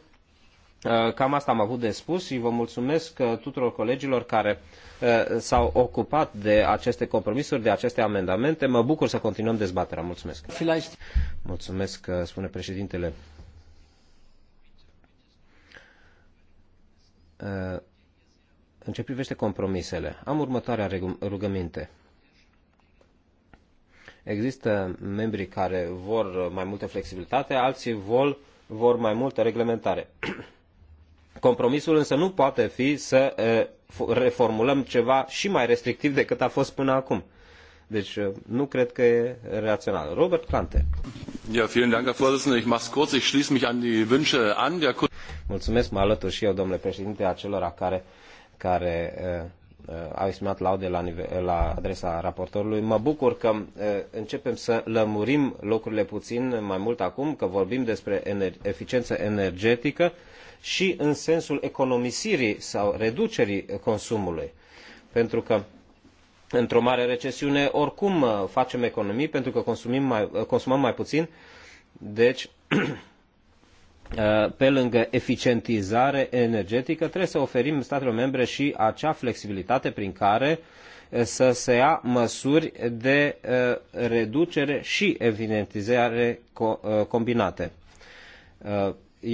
Uh, cam asta am avut de spus și vă mulțumesc uh, tuturor colegilor care uh, s-au ocupat de aceste compromisuri, de aceste amendamente. Mă bucur să continuăm dezbaterea. Mulțumesc. Mulțumesc, spune președintele. În ce privește compromisele, am următoarea rugăminte. Există membri care vor mai multă flexibilitate, alții vor, vor mai multă reglementare. Compromisul însă nu poate fi să reformulăm ceva și mai restrictiv decât a fost până acum. Deci nu cred că e rațional. Robert Plante. Ja, vielen Dank, Herr Vorsitzender. Ich kurz. Ich schließe mich an die Wünsche an der Mulțumesc, mă alătur și eu, domnule președinte, acelora care, care uh, au exprimat laude la, la adresa raportorului. Mă bucur că uh, începem să lămurim lucrurile puțin mai mult acum, că vorbim despre ener- eficiență energetică. Uh, și în sensul economisirii sau reducerii consumului. Pentru că într-o mare recesiune oricum uh, facem economii pentru că consumim mai, uh, consumăm mai puțin. Deci, uh, pe lângă eficientizare energetică, trebuie să oferim statelor membre și acea flexibilitate prin care să se ia măsuri de reducere și evidentizare combinate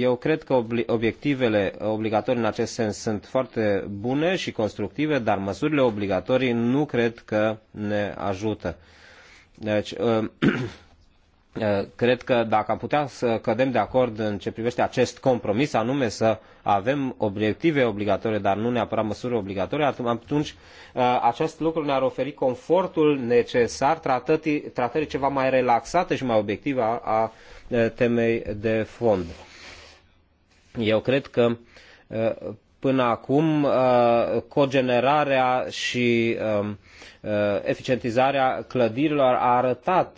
eu cred că obiectivele obligatorii în acest sens sunt foarte bune și constructive, dar măsurile obligatorii nu cred că ne ajută. Deci, ă, ă, cred că dacă am putea să cădem de acord în ce privește acest compromis, anume să avem obiective obligatorii, dar nu neapărat măsuri obligatorii, atunci ă, acest lucru ne-ar oferi confortul necesar tratării, ceva mai relaxate și mai obiective a temei de fond. Eu cred că uh, până acum uh, cogenerarea și um, uh, eficientizarea clădirilor a arătat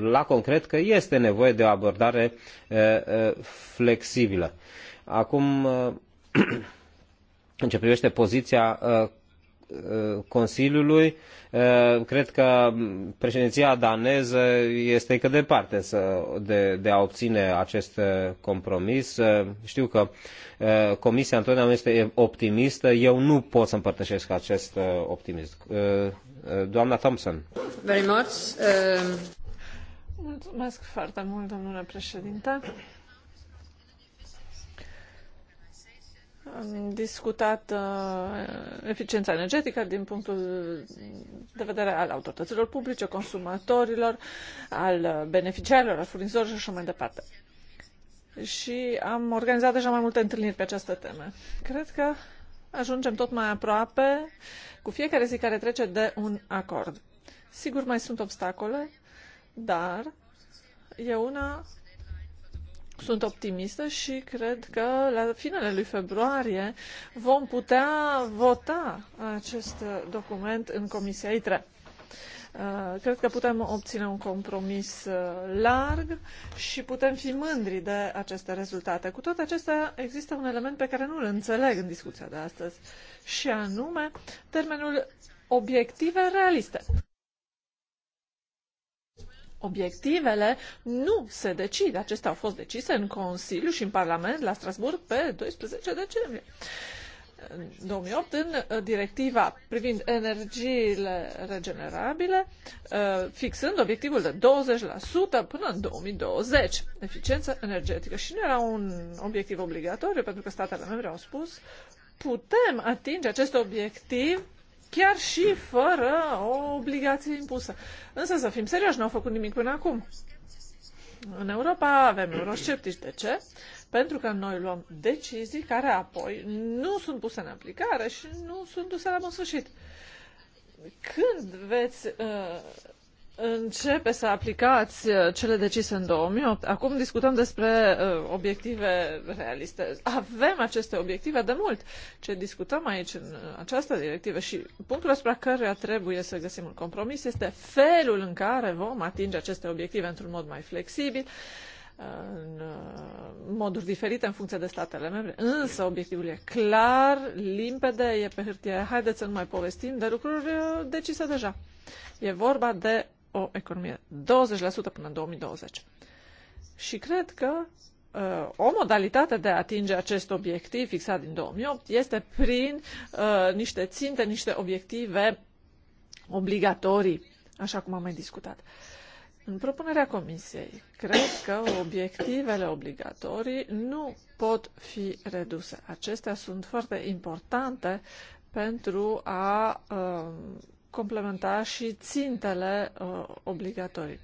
la concret că este nevoie de o abordare flexibilă. Acum, în ce privește poziția Uh, Consiliului, uh, cred că președinția daneză este încă departe să, de, de a obține acest compromis. Uh, știu că Comisia întotdeauna este optimistă. Eu nu pot să împărtășesc acest optimism. Doamna Thompson. Very much. Mulțumesc foarte mult, domnule președinte. Am discutat uh, eficiența energetică din punctul de vedere al autorităților publice, consumatorilor, al beneficiarilor, al furnizorilor și așa mai departe. Și am organizat deja mai multe întâlniri pe această temă. Cred că ajungem tot mai aproape cu fiecare zi care trece de un acord. Sigur, mai sunt obstacole, dar e una sunt optimistă și cred că la finele lui februarie vom putea vota acest document în Comisia ITRE. Uh, cred că putem obține un compromis uh, larg și putem fi mândri de aceste rezultate. Cu toate acestea, există un element pe care nu-l înțeleg în discuția de astăzi, și anume termenul obiective realiste. Obiectivele nu se decid. Acestea au fost decise în Consiliu și în Parlament la Strasburg pe 12 decembrie. 2008 în uh, directiva privind energiile regenerabile, uh, fixând obiectivul de 20% până în 2020, eficiență energetică. Și nu era un obiectiv obligatoriu, pentru că statele membre au spus putem atinge acest obiectiv chiar și fără o obligație impusă. Însă, să fim serioși, nu au făcut nimic până acum. În Europa avem eurosceptici. De ce? Pentru că noi luăm decizii care apoi nu sunt puse în aplicare și nu sunt duse la bun sfârșit. Când veți uh, începe să aplicați uh, cele decise în 2008. Acum discutăm despre uh, obiective realiste. Avem aceste obiective de mult. Ce discutăm aici în această directivă și punctul asupra căruia trebuie să găsim un compromis este felul în care vom atinge aceste obiective într-un mod mai flexibil, uh, în moduri diferite în funcție de statele membre. Însă obiectivul e clar, limpede, e pe hârtie. Haideți să nu mai povestim de lucruri decise deja. E vorba de o economie 20% până în 2020. Și cred că uh, o modalitate de a atinge acest obiectiv fixat din 2008 este prin uh, niște ținte, niște obiective obligatorii, așa cum am mai discutat. În propunerea comisiei, cred că obiectivele obligatorii nu pot fi reduse. Acestea sunt foarte importante pentru a uh, complementa și țintele uh, obligatorii.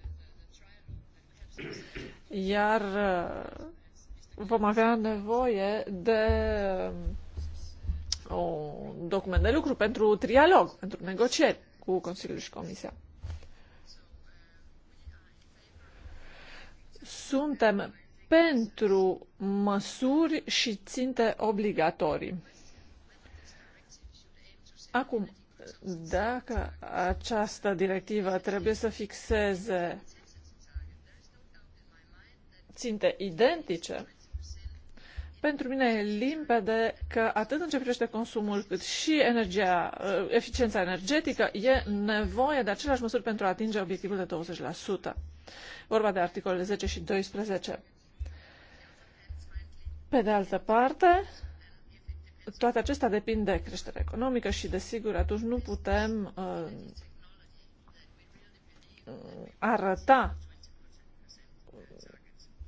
Iar uh, vom avea nevoie de uh, un document de lucru pentru trialog, pentru negocieri cu Consiliul și Comisia. Suntem pentru măsuri și ținte obligatorii. Acum, dacă această directivă trebuie să fixeze ținte identice, pentru mine e limpede că atât în ce privește consumul cât și energia, uh, eficiența energetică e nevoie de aceleași măsuri pentru a atinge obiectivul de 20%. Vorba de articolele 10 și 12. Pe de altă parte, toate acestea depind de creștere economică și, desigur, atunci nu putem uh, uh arăta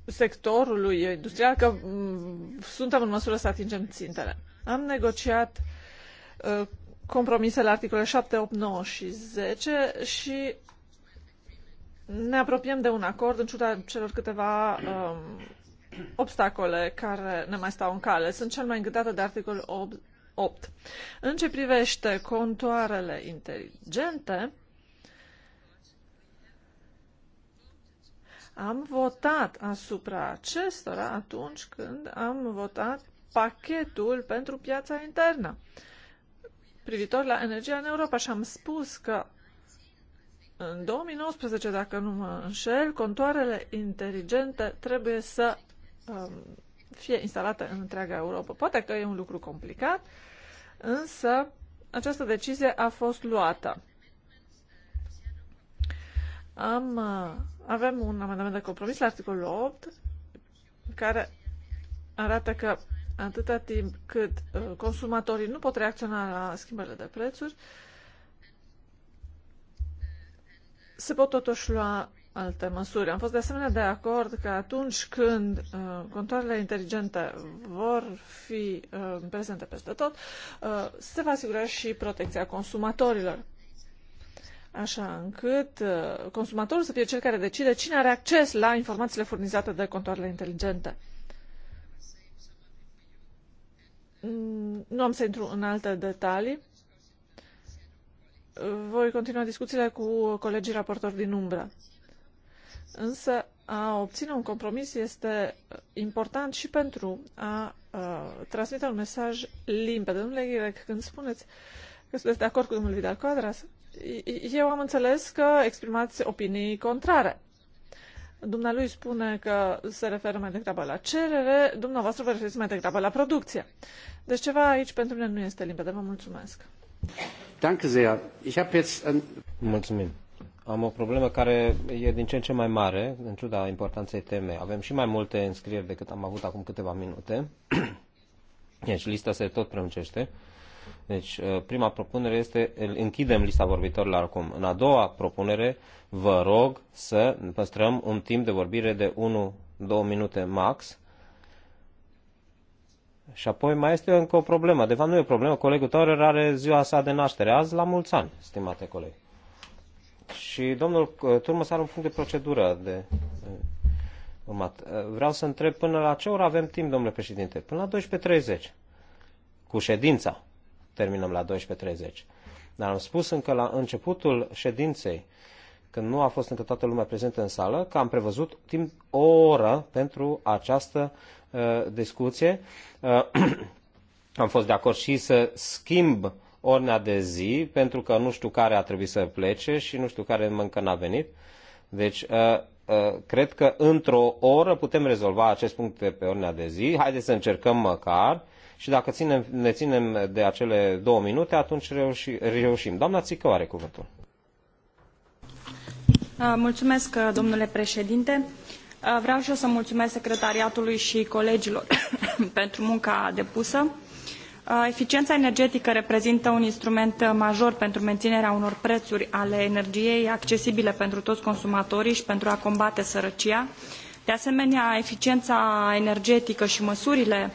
sectorului industrial că um, suntem în măsură să atingem țintele. Am negociat uh, compromisele articole 7, 8, 9 și 10 și ne apropiem de un acord în ciuda celor câteva um, obstacole care ne mai stau în cale. Sunt cel mai îngâtată de articolul 8. În ce privește contoarele inteligente, am votat asupra acestora atunci când am votat pachetul pentru piața internă privitor la energia în Europa și am spus că în 2019, dacă nu mă înșel, contoarele inteligente trebuie să Um, fie instalată în întreaga Europa. Poate că e un lucru complicat, însă această decizie a fost luată. Am, uh, avem un amendament de compromis la articolul 8 care arată că atâta timp cât uh, consumatorii nu pot reacționa la schimbările de prețuri, se pot totuși lua alte măsuri. Am fost de asemenea de acord că atunci când uh, contoarele inteligente vor fi uh, prezente peste tot, uh, se va asigura și protecția consumatorilor. Așa încât uh, consumatorul să fie cel care decide cine are acces la informațiile furnizate de contoarele inteligente. Mm, nu am să intru în alte detalii. Voi continua discuțiile cu colegii raportori din umbră Însă a obține un compromis este uh, important și pentru a, a uh, transmite un mesaj limpede. Domnule Ghirec, când spuneți că sunteți de acord cu domnul Vidal Quadras, eu am înțeles că exprimați opinii contrare. Dumnealui spune că se referă mai degrabă la cerere, dumneavoastră vă referiți mai degrabă la producție. Deci ceva aici pentru mine nu este limpede. Vă mulțumesc. Danke sehr. Ich habe jetzt Mulțumim. Am o problemă care e din ce în ce mai mare, în ciuda importanței temei. Avem și mai multe înscrieri decât am avut acum câteva minute. Deci lista se tot prelungește. Deci uh, prima propunere este închidem lista vorbitorilor acum. În a doua propunere vă rog să păstrăm un timp de vorbire de 1-2 minute max. Și apoi mai este încă o problemă. De fapt nu e o problemă. Colegul tău are ziua sa de naștere azi la mulți ani, stimate colegi. Și domnul uh, Turmăs are un punct de procedură de uh, urmat. Uh, vreau să întreb până la ce oră avem timp, domnule președinte? Până la 12.30. Cu ședința terminăm la 12.30. Dar am spus încă la începutul ședinței, când nu a fost încă toată lumea prezentă în sală, că am prevăzut timp o oră pentru această uh, discuție. Uh, am fost de acord și să schimb uh, ordinea de zi, pentru că nu știu care a trebuit să plece și nu știu care încă n-a venit. Deci, uh, uh, cred că într-o oră putem rezolva acest punct de pe ordinea de zi. Haideți să încercăm măcar și dacă ținem, ne ținem de acele două minute, atunci reuși, reușim. Doamna Țică are cuvântul. Uh, mulțumesc, domnule președinte. Vreau și eu să mulțumesc secretariatului și colegilor pentru munca depusă Uh, eficiența energetică reprezintă un instrument uh, major pentru menținerea unor prețuri ale energiei accesibile pentru toți consumatorii și pentru a combate sărăcia. De asemenea, eficiența energetică și măsurile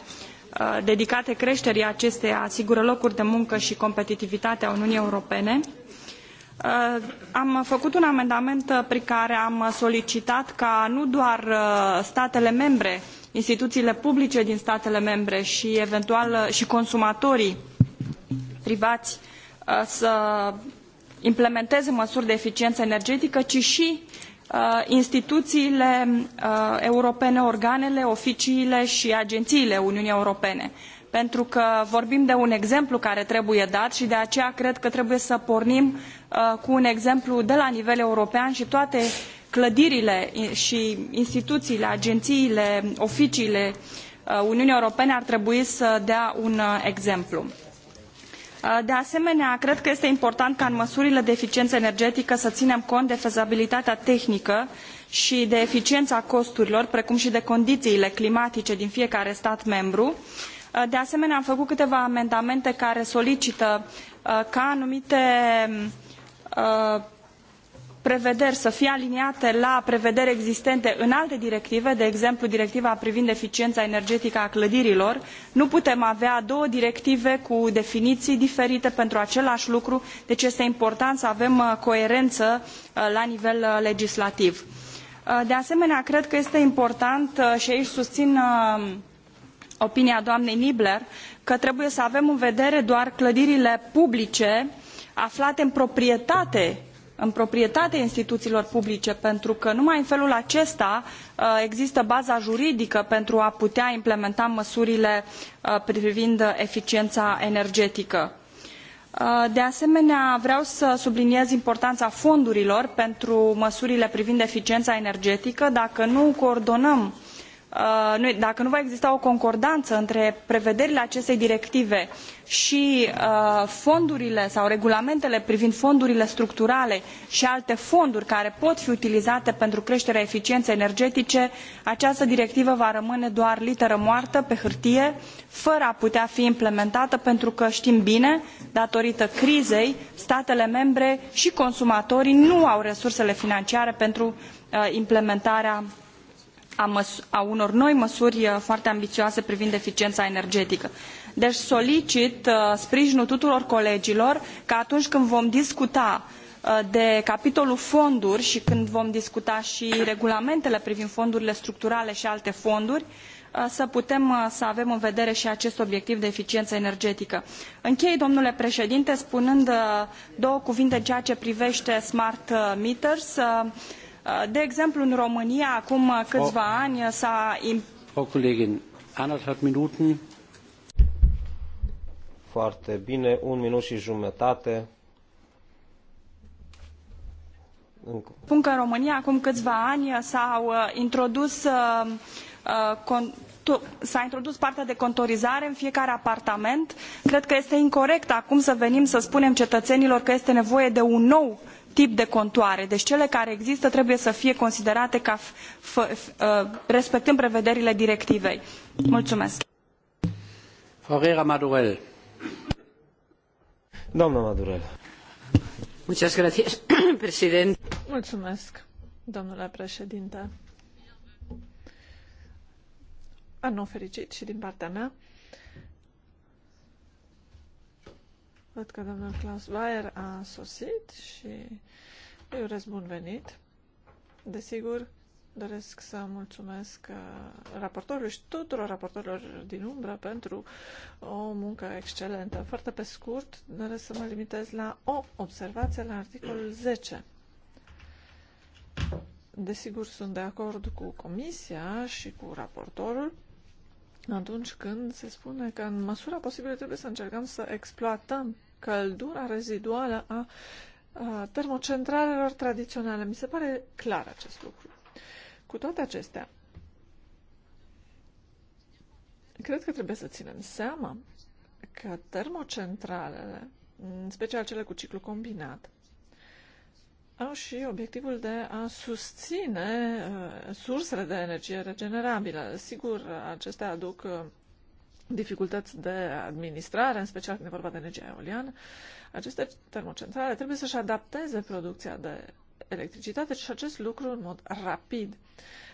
uh, dedicate creșterii acesteia asigură locuri de muncă și competitivitatea Uniunii Europene. Am făcut un amendament prin care am solicitat ca nu doar statele membre instituțiile publice din statele membre și, eventual, uh, și consumatorii privați uh, să implementeze măsuri de eficiență energetică, ci și uh, instituțiile europene, organele, oficiile și agențiile Uniunii Europene. Pentru că vorbim de un exemplu care trebuie dat și de aceea cred că trebuie să pornim cu un exemplu de la nivel european și toate clădirile și instituțiile, agențiile, oficiile uh, Uniunii Europene ar trebui să dea un uh, exemplu. Uh, de asemenea, cred că este important ca în măsurile de eficiență energetică să ținem cont de fezabilitatea tehnică și de eficiența costurilor, precum și de condițiile climatice din fiecare stat membru. De asemenea, am făcut câteva amendamente care solicită ca anumite prevederi să fie aliniate la prevederi existente în alte directive, de exemplu directiva privind eficiența energetică a clădirilor. Nu putem avea două directive cu definiții diferite pentru același lucru, deci este important să avem uh, coerență uh, la nivel uh, legislativ. De asemenea, cred că este important și aici susțin opinia doamnei Nibler că trebuie să avem în vedere doar clădirile publice aflate în proprietate în proprietatea instituiilor publice pentru că numai în felul acesta uh, există baza juridică pentru a putea implementa măsurile uh, privind eficiena energetică. Uh, de asemenea, vreau să subliniez importanța fondurilor pentru măsurile privind eficiența energetică. Dacă nu coordonăm Uh, dacă nu va exista o concordanță între prevederile acestei directive și uh, fondurile sau regulamentele privind fondurile structurale și alte fonduri care pot fi utilizate pentru creșterea eficienței energetice, această directivă va rămâne doar literă moartă pe hârtie, fără a putea fi implementată pentru că știm bine, datorită crizei, statele membre și consumatorii nu au resursele financiare pentru uh, implementarea a, unor noi măsuri uh, foarte ambițioase privind eficiența energetică. Deci solicit uh, sprijinul tuturor colegilor ca atunci când vom discuta uh, de capitolul fonduri și când vom discuta și regulamentele privind fondurile structurale și alte fonduri, să putem să avem în vedere și acest obiectiv de eficiență energetică. Închei, domnule președinte, spunând două cuvinte în ceea ce privește smart meters. Uh, de exemplu, în România, acum uh, câțiva ani, uh, s-a... Frau Kollegin, anderthalb Minuten. Foarte bine, un minut și jumătate. Spun că în România, acum câțiva ani, s-au introdus s a introdus partea de contorizare în fiecare apartament. Cred că este incorect acum să venim să spunem cetățenilor că este nevoie de un nou uh, tip de contoare. Deci cele care există trebuie să fie considerate ca uh, respectând prevederile directivei. Mulțumesc. Ferreira Madurel. Doamna Madurel. Muchas gracias, Mulțumesc, domnule președinte. Anul fericit și din partea mea. Văd că domnul Klaus Bayer a sosit și îi urez bun venit. Desigur, doresc să mulțumesc uh, raportorului și tuturor raportorilor din umbră pentru o muncă excelentă. Foarte pe scurt, doresc să mă limitez la o observație la articolul 10. Desigur, sunt de acord cu comisia și cu raportorul atunci când se spune că în măsura posibilă trebuie să încercăm să exploatăm căldura reziduală a, a termocentralelor tradiționale. Mi se pare clar acest lucru. Cu toate acestea, cred că trebuie să ținem seama că termocentralele, în special cele cu ciclu combinat, au și obiectivul de a susține uh, sursele de energie regenerabilă. Sigur, acestea aduc uh, dificultăți de administrare, în special când e vorba de energia eoliană, aceste termocentrale trebuie să-și adapteze producția de electricitate și acest lucru în mod rapid,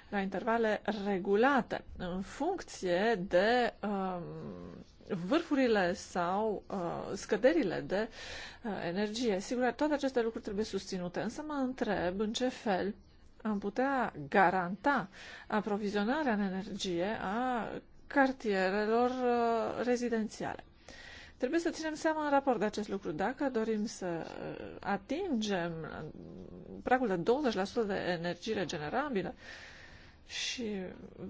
la intervale regulate, în funcție de um, vârfurile sau uh, scăderile de uh, energie. Sigur, toate aceste lucruri trebuie susținute, însă mă întreb în ce fel am putea garanta aprovizionarea în energie a cartierelor uh, rezidențiale. Trebuie să ținem seama în raport de acest lucru. Dacă dorim să uh, atingem uh, pragul de 20% de energie regenerabilă, și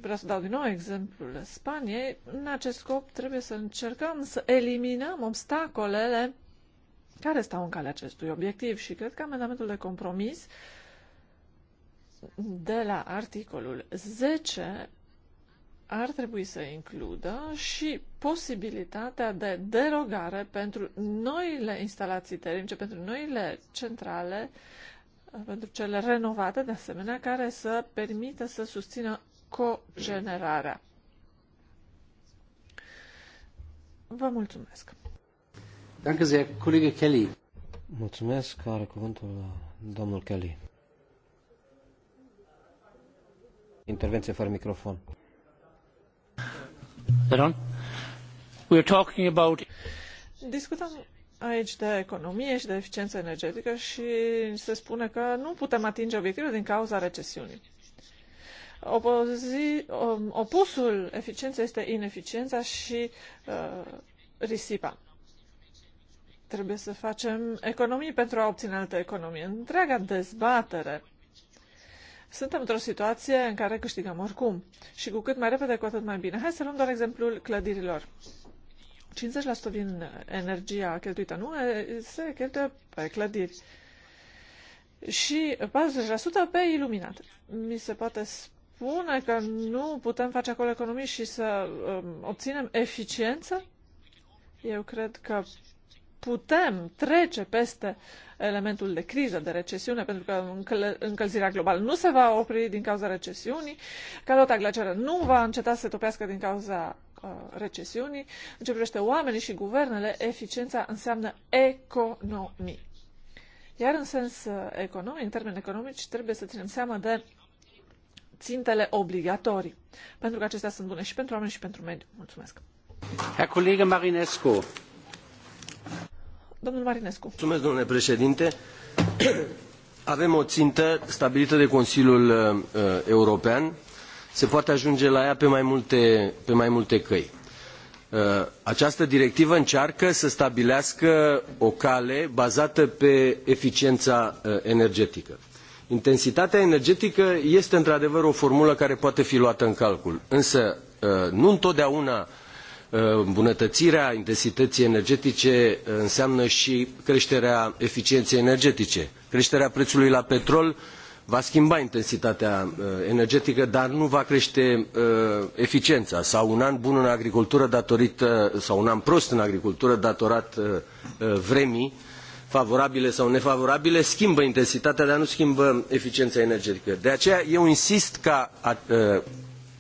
vreau să dau din nou exemplul Spaniei, în acest scop trebuie să încercăm să eliminăm obstacolele care stau în calea acestui obiectiv și cred că amendamentul de compromis de la articolul 10 ar trebui să includă și posibilitatea de derogare pentru noile instalații termice, pentru noile centrale, pentru cele renovate, de asemenea, care să permită să susțină cogenerarea. Vă mulțumesc! Danke sehr, Kollege Kelly. Mulțumesc, are cuvântul domnul Kelly. Intervenție fără microfon. Discutăm aici de economie și de eficiență energetică și se spune că nu putem atinge obiectivul din cauza recesiunii. Opozi, um, opusul eficienței este ineficiența și uh, risipa. Trebuie să facem economii pentru a obține altă economie. Întreaga dezbatere suntem într-o situație în care câștigăm oricum. Și cu cât mai repede, cu atât mai bine. Hai să luăm doar exemplul clădirilor. 50% din energia cheltuită nu se cheltuie pe clădiri și 40% pe iluminat. Mi se poate spune că nu putem face acolo economii și să um, obținem eficiență? Eu cred că putem trece peste elementul de criză, de recesiune, pentru că încălzirea globală nu se va opri din cauza recesiunii, calota glaciară nu va înceta să se topească din cauza uh, recesiunii. În ce privește oamenii și guvernele, eficiența înseamnă economii. Iar în sens uh, economic, în termeni economici, trebuie să ținem seama de țintele obligatorii, pentru că acestea sunt bune și pentru oameni și pentru mediu. Mulțumesc. Herr Kollege Marinescu. Domnul Marinescu. Mulțumesc, domnule președinte. Avem o țintă stabilită de Consiliul uh, uh, European. Se poate ajunge la ea pe mai multe, pe mai multe căi. Uh, această directivă încearcă să stabilească o cale bazată pe eficiența uh, energetică. Intensitatea energetică este într-adevăr o formulă care poate fi luată în calcul, însă uh, nu întotdeauna uh, Îmbunătățirea intensității energetice înseamnă și creșterea eficienței energetice. Creșterea prețului la petrol va schimba intensitatea uh, energetică, dar nu va crește uh, eficiența. Sau un an bun în agricultură datorită, sau un an prost în agricultură datorat uh, vremii, favorabile sau nefavorabile, schimbă intensitatea, dar nu schimbă eficiența energetică. De aceea eu insist ca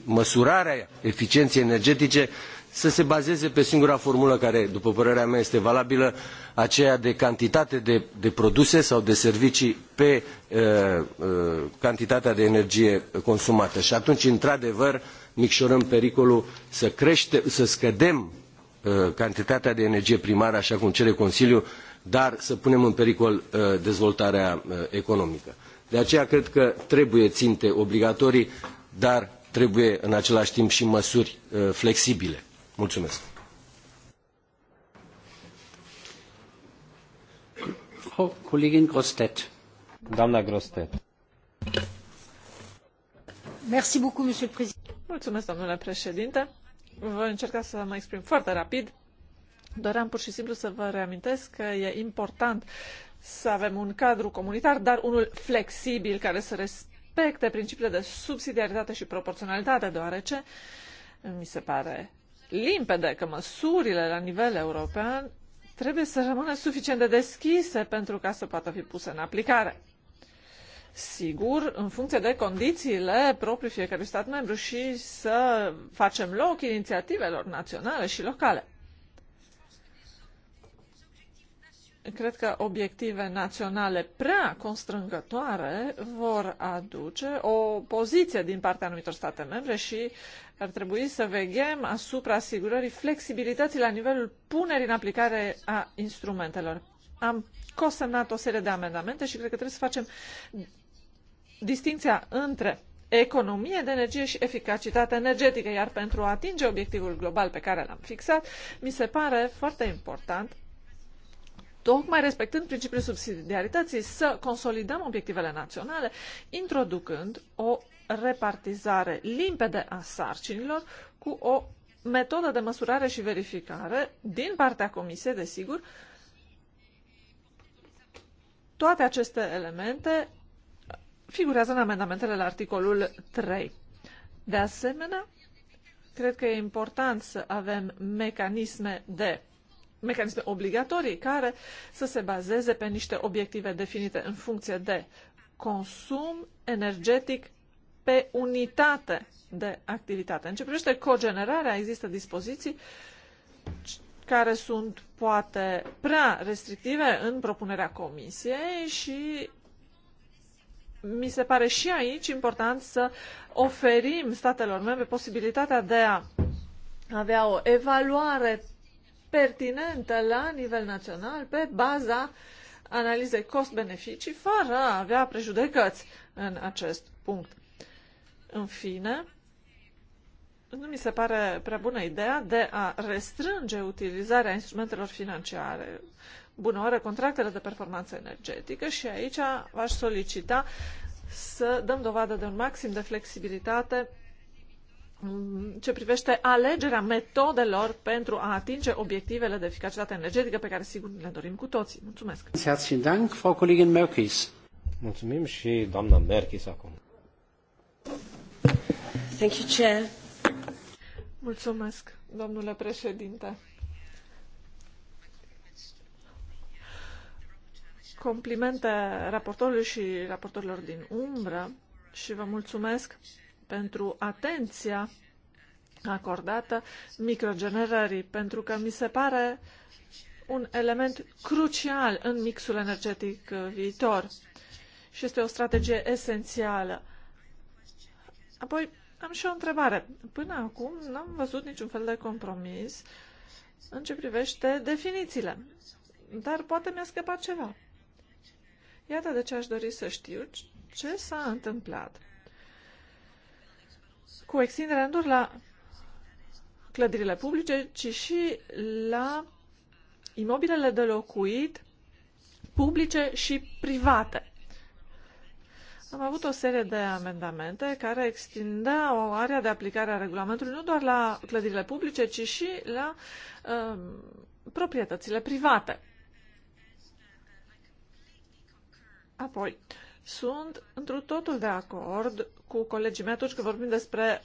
măsurarea eficienței energetice să se bazeze pe singura formulă care, după părerea mea, este valabilă, aceea de cantitate de, de produse sau de servicii pe uh, uh, cantitatea de energie consumată. Și atunci, într-adevăr, micșorăm pericolul să, crește, să scădem uh, cantitatea de energie primară, așa cum cere Consiliul, dar să punem în pericol uh, dezvoltarea uh, economică. De aceea cred că trebuie ținte obligatorii, dar trebuie în același timp și măsuri uh, flexibile. Mulțumesc. Colegin oh, Grostet. Doamna Grostet. Merci beaucoup, monsieur le président. Mulțumesc, domnule președinte. Voi încerca să mă exprim foarte rapid. Doream pur și simplu să vă reamintesc că e important să avem un cadru comunitar, dar unul flexibil care să respecte principiile de subsidiaritate și proporționalitate, deoarece mi se pare limpede că măsurile la nivel european trebuie să rămână suficient de deschise pentru ca să poată fi puse în aplicare. Sigur, în funcție de condițiile proprii fiecărui stat membru și să facem loc inițiativelor naționale și locale. cred că obiective naționale prea constrângătoare vor aduce o poziție din partea anumitor state membre și ar trebui să veghem asupra asigurării flexibilității la nivelul punerii în aplicare a instrumentelor. Am cosemnat o serie de amendamente și cred că trebuie să facem distinția între economie de energie și eficacitate energetică, iar pentru a atinge obiectivul global pe care l-am fixat, mi se pare foarte important tocmai respectând principiul subsidiarității, să consolidăm obiectivele naționale, introducând o repartizare limpede a sarcinilor cu o metodă de măsurare și verificare din partea Comisiei, desigur, toate aceste elemente figurează în amendamentele la articolul 3. De asemenea, cred că e important să avem mecanisme de mecanisme obligatorii care să se bazeze pe niște obiective definite în funcție de consum energetic pe unitate de activitate. În ce privește cogenerarea, există dispoziții care sunt poate prea restrictive în propunerea comisiei și mi se pare și aici important să oferim statelor membre posibilitatea de a avea o evaluare pertinentă la nivel național pe baza analizei cost-beneficii, fără a avea prejudecăți în acest punct. În fine, nu mi se pare prea bună ideea de a restrânge utilizarea instrumentelor financiare. Bună oară, contractele de performanță energetică și aici v-aș solicita să dăm dovadă de un maxim de flexibilitate ce privește alegerea metodelor pentru a atinge obiectivele de eficacitate energetică pe care sigur le dorim cu toții. Mulțumesc! Mulțumim și doamna Merkis acum. Thank you, Chair. Mulțumesc, domnule președinte. Complimente raportorului și raportorilor din umbră și vă mulțumesc pentru atenția acordată microgenerării, pentru că mi se pare un element crucial în mixul energetic uh, viitor și este o strategie esențială. Apoi, am și o întrebare. Până acum n-am văzut niciun fel de compromis în ce privește definițiile, dar poate mi-a scăpat ceva. Iată de ce aș dori să știu ce s-a întâmplat cu extinderea nu doar la clădirile publice, ci și la imobilele de locuit publice și private. Am avut o serie de amendamente care extindeau area de aplicare a regulamentului nu doar la clădirile publice, ci și la um, proprietățile private. Apoi, uh, sunt întru totul de acord cu colegii mei atunci când vorbim despre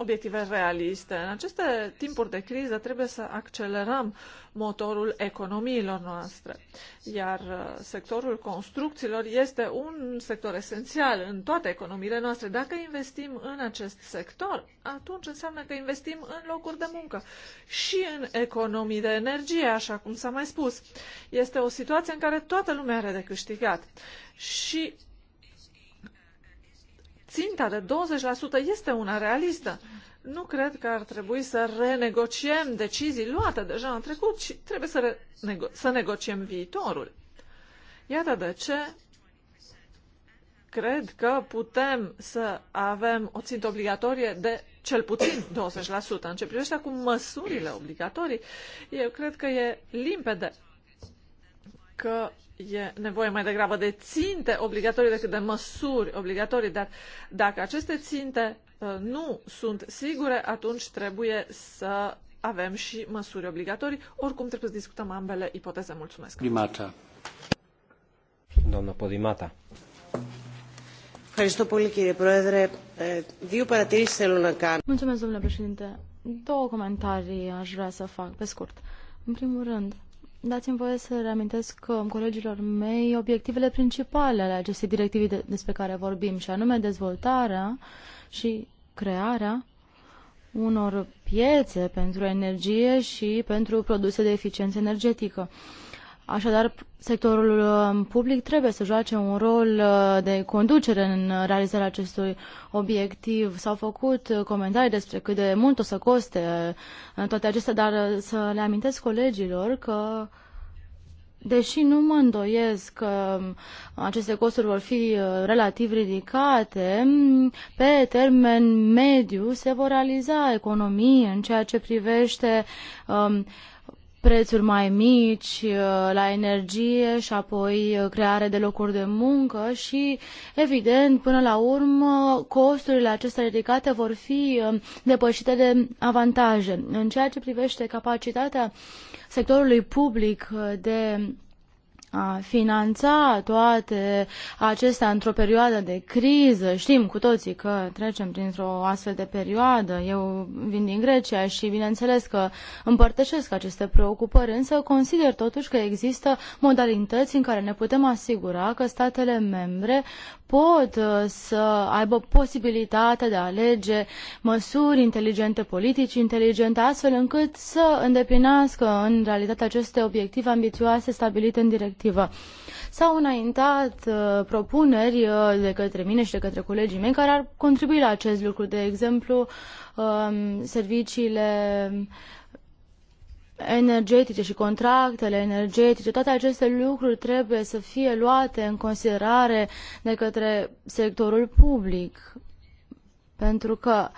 obiective realiste. În aceste timpuri de criză trebuie să accelerăm motorul economiilor noastre, iar uh, sectorul construcțiilor este un sector esențial în toate economiile noastre. Dacă investim în acest sector, atunci înseamnă că investim în locuri de muncă și în economii de energie, așa cum s-a mai spus. Este o situație în care toată lumea are de câștigat și ținta de 20% este una realistă. Nu cred că ar trebui să renegociem decizii luate deja în trecut, ci trebuie să, nego să negociem viitorul. Iată de ce cred că putem să avem o țintă obligatorie de cel puțin 20%. În ce privește acum măsurile obligatorii, eu cred că e limpede că e nevoie mai degrabă de ținte obligatorii decât de măsuri obligatorii, dar dacă aceste ținte uh, nu sunt sigure, atunci trebuie să avem și măsuri obligatorii. Oricum trebuie să discutăm ambele ipoteze. Mulțumesc. Primata. Doamna Podimata. Mulțumesc, domnule președinte. Două comentarii aș vrea să fac, pe scurt. În primul rând, Dați-mi voie să reamintesc colegilor mei obiectivele principale ale acestei directive de, despre care vorbim, și anume dezvoltarea și crearea unor piețe pentru energie și pentru produse de eficiență energetică. Uh, Așadar, sectorul uh, public trebuie să joace un rol uh, de conducere în uh, realizarea acestui obiectiv. S-au făcut comentarii despre cât de mult o să coste toate acestea, dar să le amintesc colegilor că Deși nu mă îndoiesc că um, aceste costuri vor fi relativ ridicate, pe termen mediu se vor realiza economii în ceea ce privește um, prețuri mai mici uh, la energie și apoi uh, creare de locuri de muncă și, evident, până la urmă, costurile acestea ridicate vor fi uh, depășite de avantaje. În ceea ce privește capacitatea sectorului public de a finanța toate acestea într-o perioadă de criză. Știm cu toții că trecem printr-o astfel de perioadă. Eu vin din Grecia și bineînțeles că împărtășesc aceste preocupări, însă consider totuși că există modalități în care ne putem asigura că statele membre pot uh, să aibă posibilitatea de a alege măsuri inteligente, politici inteligente, astfel încât să îndeplinească în realitate aceste obiective ambițioase stabilite în direct respectivă. S-au înaintat uh, propuneri uh, de către mine și de către colegii mei care ar contribui la acest lucru. De exemplu, uh, serviciile energetice și contractele energetice, toate aceste lucruri trebuie să fie luate în considerare de către sectorul public. Pentru că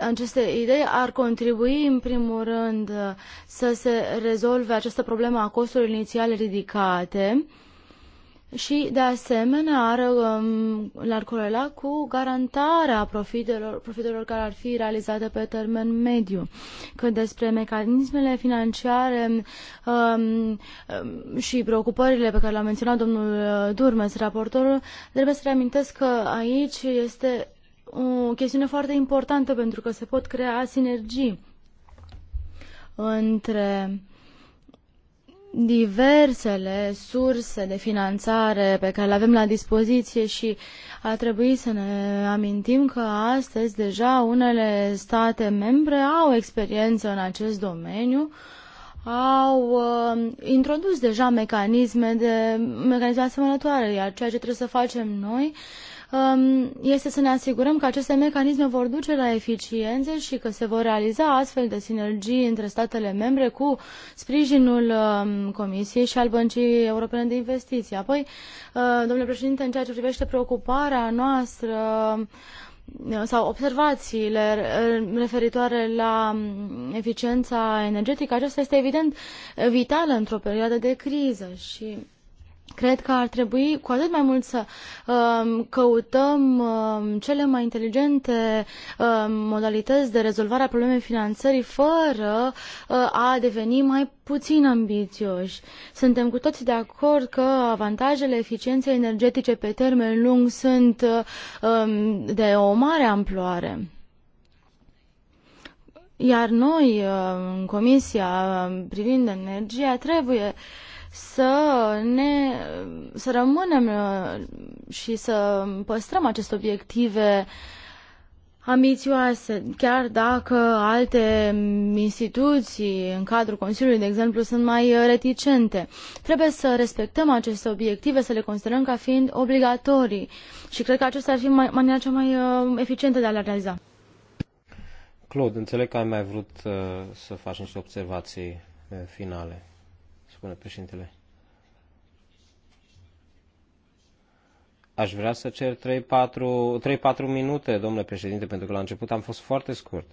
aceste idei ar contribui, în primul rând, să se rezolve această problemă a costurilor inițiale ridicate și, de asemenea, ar, um, l-ar corela cu garantarea profitelor, profitelor care ar fi realizate pe termen mediu. Când despre mecanismele financiare um, um și preocupările pe care le-a menționat domnul uh, Durmes, raportorul, trebuie să reamintesc că aici este o chestiune foarte importantă pentru că se pot crea sinergii între diversele surse de finanțare pe care le avem la dispoziție și a trebuit să ne amintim că astăzi deja unele state membre au experiență în acest domeniu, au uh, introdus deja mecanisme de mecanisme asemănătoare, iar ceea ce trebuie să facem noi uh, Um, este să ne asigurăm că aceste mecanisme vor duce la eficiențe și că se vor realiza astfel de sinergii între statele membre cu sprijinul um, Comisiei și al Băncii Europene de Investiții. Apoi, uh, domnule președinte, în ceea ce privește preocuparea noastră uh, sau observațiile referitoare la um, eficiența energetică, aceasta este evident vitală într-o perioadă de criză și Cred că ar trebui cu atât mai mult să um, căutăm um, cele mai inteligente um, modalități de rezolvare a problemei finanțării fără uh, a deveni mai puțin ambițioși. Suntem cu toți de acord că avantajele eficienței energetice pe termen lung sunt um, de o mare amploare. Iar noi, uh, în Comisia uh, privind energia, trebuie uh, să, ne, să rămânem uh, și să păstrăm aceste obiective ambițioase, chiar dacă alte instituții în cadrul Consiliului, de exemplu, sunt mai uh, reticente. Trebuie să respectăm aceste obiective, să le considerăm ca fiind obligatorii și cred că acesta ar fi mai, maniera cea mai uh, eficientă de a le realiza. Claude, înțeleg că ai mai vrut să faci niște observații finale spune președintele. Aș vrea să cer 3-4 minute, domnule președinte, pentru că la început am fost foarte scurt.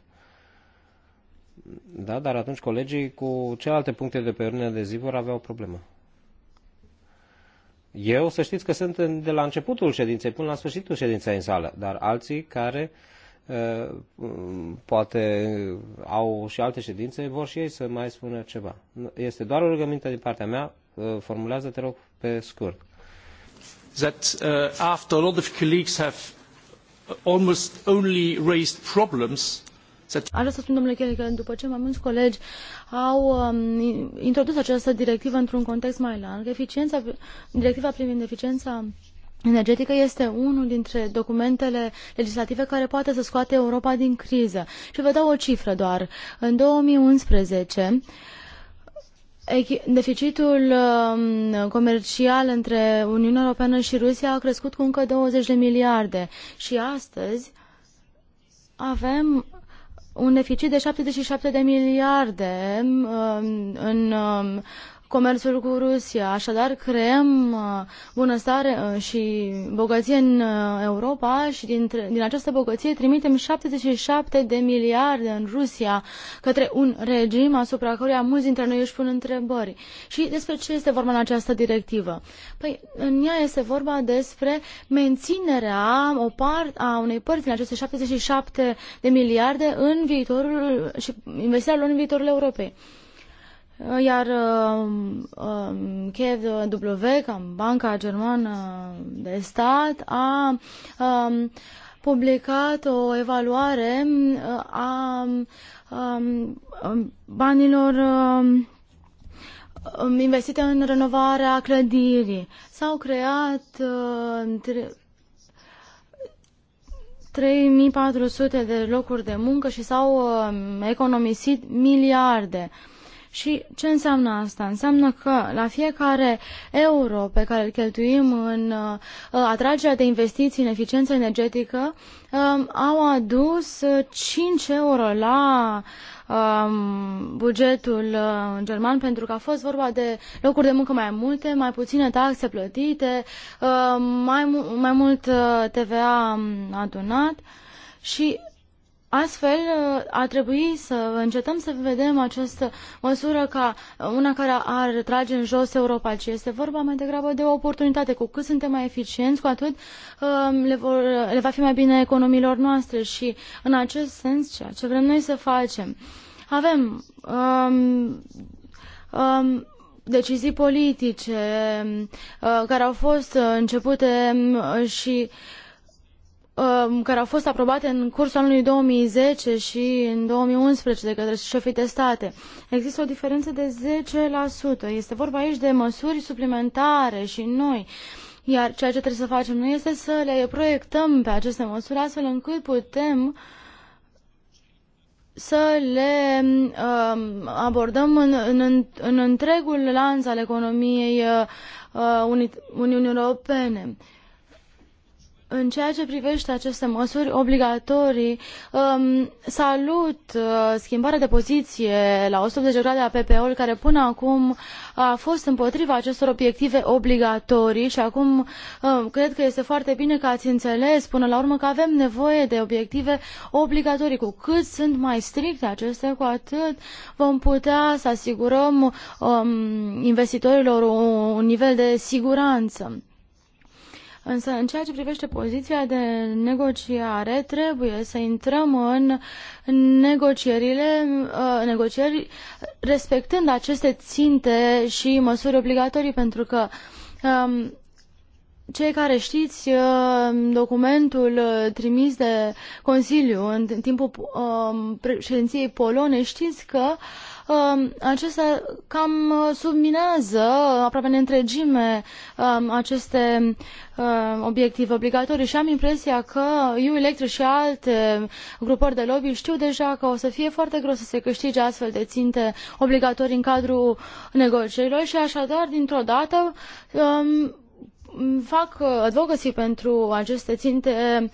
Da, dar atunci colegii cu celelalte puncte de pe ordinea de zi vor avea o problemă. Eu să știți că sunt de la începutul ședinței până la sfârșitul ședinței în sală, dar alții care uh, Uh, poate au și alte ședințe, vor și ei să mai spună ceva. Este doar o rugăminte din partea mea, uh, formulează, te rog, pe scurt. That uh, after a lot of colleagues have almost only raised problems, a lăsat domnule Kelly, că după ce mai mulți colegi au um, introdus această directivă într-un context mai larg, eficiența, directiva privind eficiența energetică este unul dintre documentele legislative care poate să scoate Europa din criză. Și vă dau o cifră doar. În 2011, Deficitul um, comercial între Uniunea Europeană și Rusia a crescut cu încă 20 de miliarde și astăzi avem un deficit de 77 de miliarde um, în um, comerțul cu Rusia. Așadar, creăm uh, bunăstare uh, și bogăție în uh, Europa și dintre, din această bogăție trimitem 77 de miliarde în Rusia către un regim asupra căruia mulți dintre noi își pun întrebări. Și despre ce este vorba în această directivă? Păi, în ea este vorba despre menținerea o part, a unei părți din aceste 77 de miliarde în viitorul și investirea lor în viitorul Europei. Iar uh, um, KfW, ca banca germană de stat, a um, publicat o evaluare uh, a um, banilor investite în renovarea clădirii. S-au creat 3400 uh, de locuri de muncă și s-au economisit miliarde. Uh, și ce înseamnă asta? Înseamnă că la fiecare euro pe care îl cheltuim în uh, atragerea de investiții în eficiență energetică, um, au adus 5 euro la um, bugetul uh, german pentru că a fost vorba de locuri de muncă mai multe, mai puține taxe plătite, uh, mai, mai mult TVA um, adunat și Astfel, a trebui să încetăm să vedem această măsură ca una care ar trage în jos Europa, ci este vorba mai degrabă de o oportunitate. Cu cât suntem mai eficienți, cu atât um, le, vor, le va fi mai bine economiilor noastre și, în acest sens, ceea ce vrem noi să facem. Avem um, um, decizii politice uh, care au fost începute um, și Um, care au fost aprobate în cursul anului 2010 și în 2011 de către șefii de state. Există o diferență de 10%. Este vorba aici de măsuri suplimentare și noi. Iar ceea ce trebuie să facem noi este să le proiectăm pe aceste măsuri astfel încât putem să le uh, abordăm în, în, în întregul lanț al economiei uh, uh Uni Uniunii Europene. Uh, în ceea ce privește aceste măsuri obligatorii, um, salut uh, schimbarea de poziție la 180 grade a PPO-ului, care până acum a fost împotriva acestor obiective obligatorii și acum uh, cred că este foarte bine că ați înțeles până la urmă că avem nevoie de obiective obligatorii. Cu cât sunt mai stricte acestea, cu atât vom putea să asigurăm um, investitorilor un nivel de siguranță. Însă, în ceea ce privește poziția de negociare, trebuie să intrăm în negocierile, uh, negocieri respectând aceste ținte și măsuri obligatorii, pentru că um, cei care știți uh, documentul uh, trimis de Consiliu în timpul um, președinției polone, știți că uh, Um, acestea cam uh, subminează uh, aproape în întregime um, aceste uh, obiective obligatorii și am impresia că EU Electric și alte grupări de lobby știu deja că o să fie foarte greu să se câștige astfel de ținte obligatorii în cadrul negocierilor și așadar, dintr-o dată, um, fac advocacy pentru aceste ținte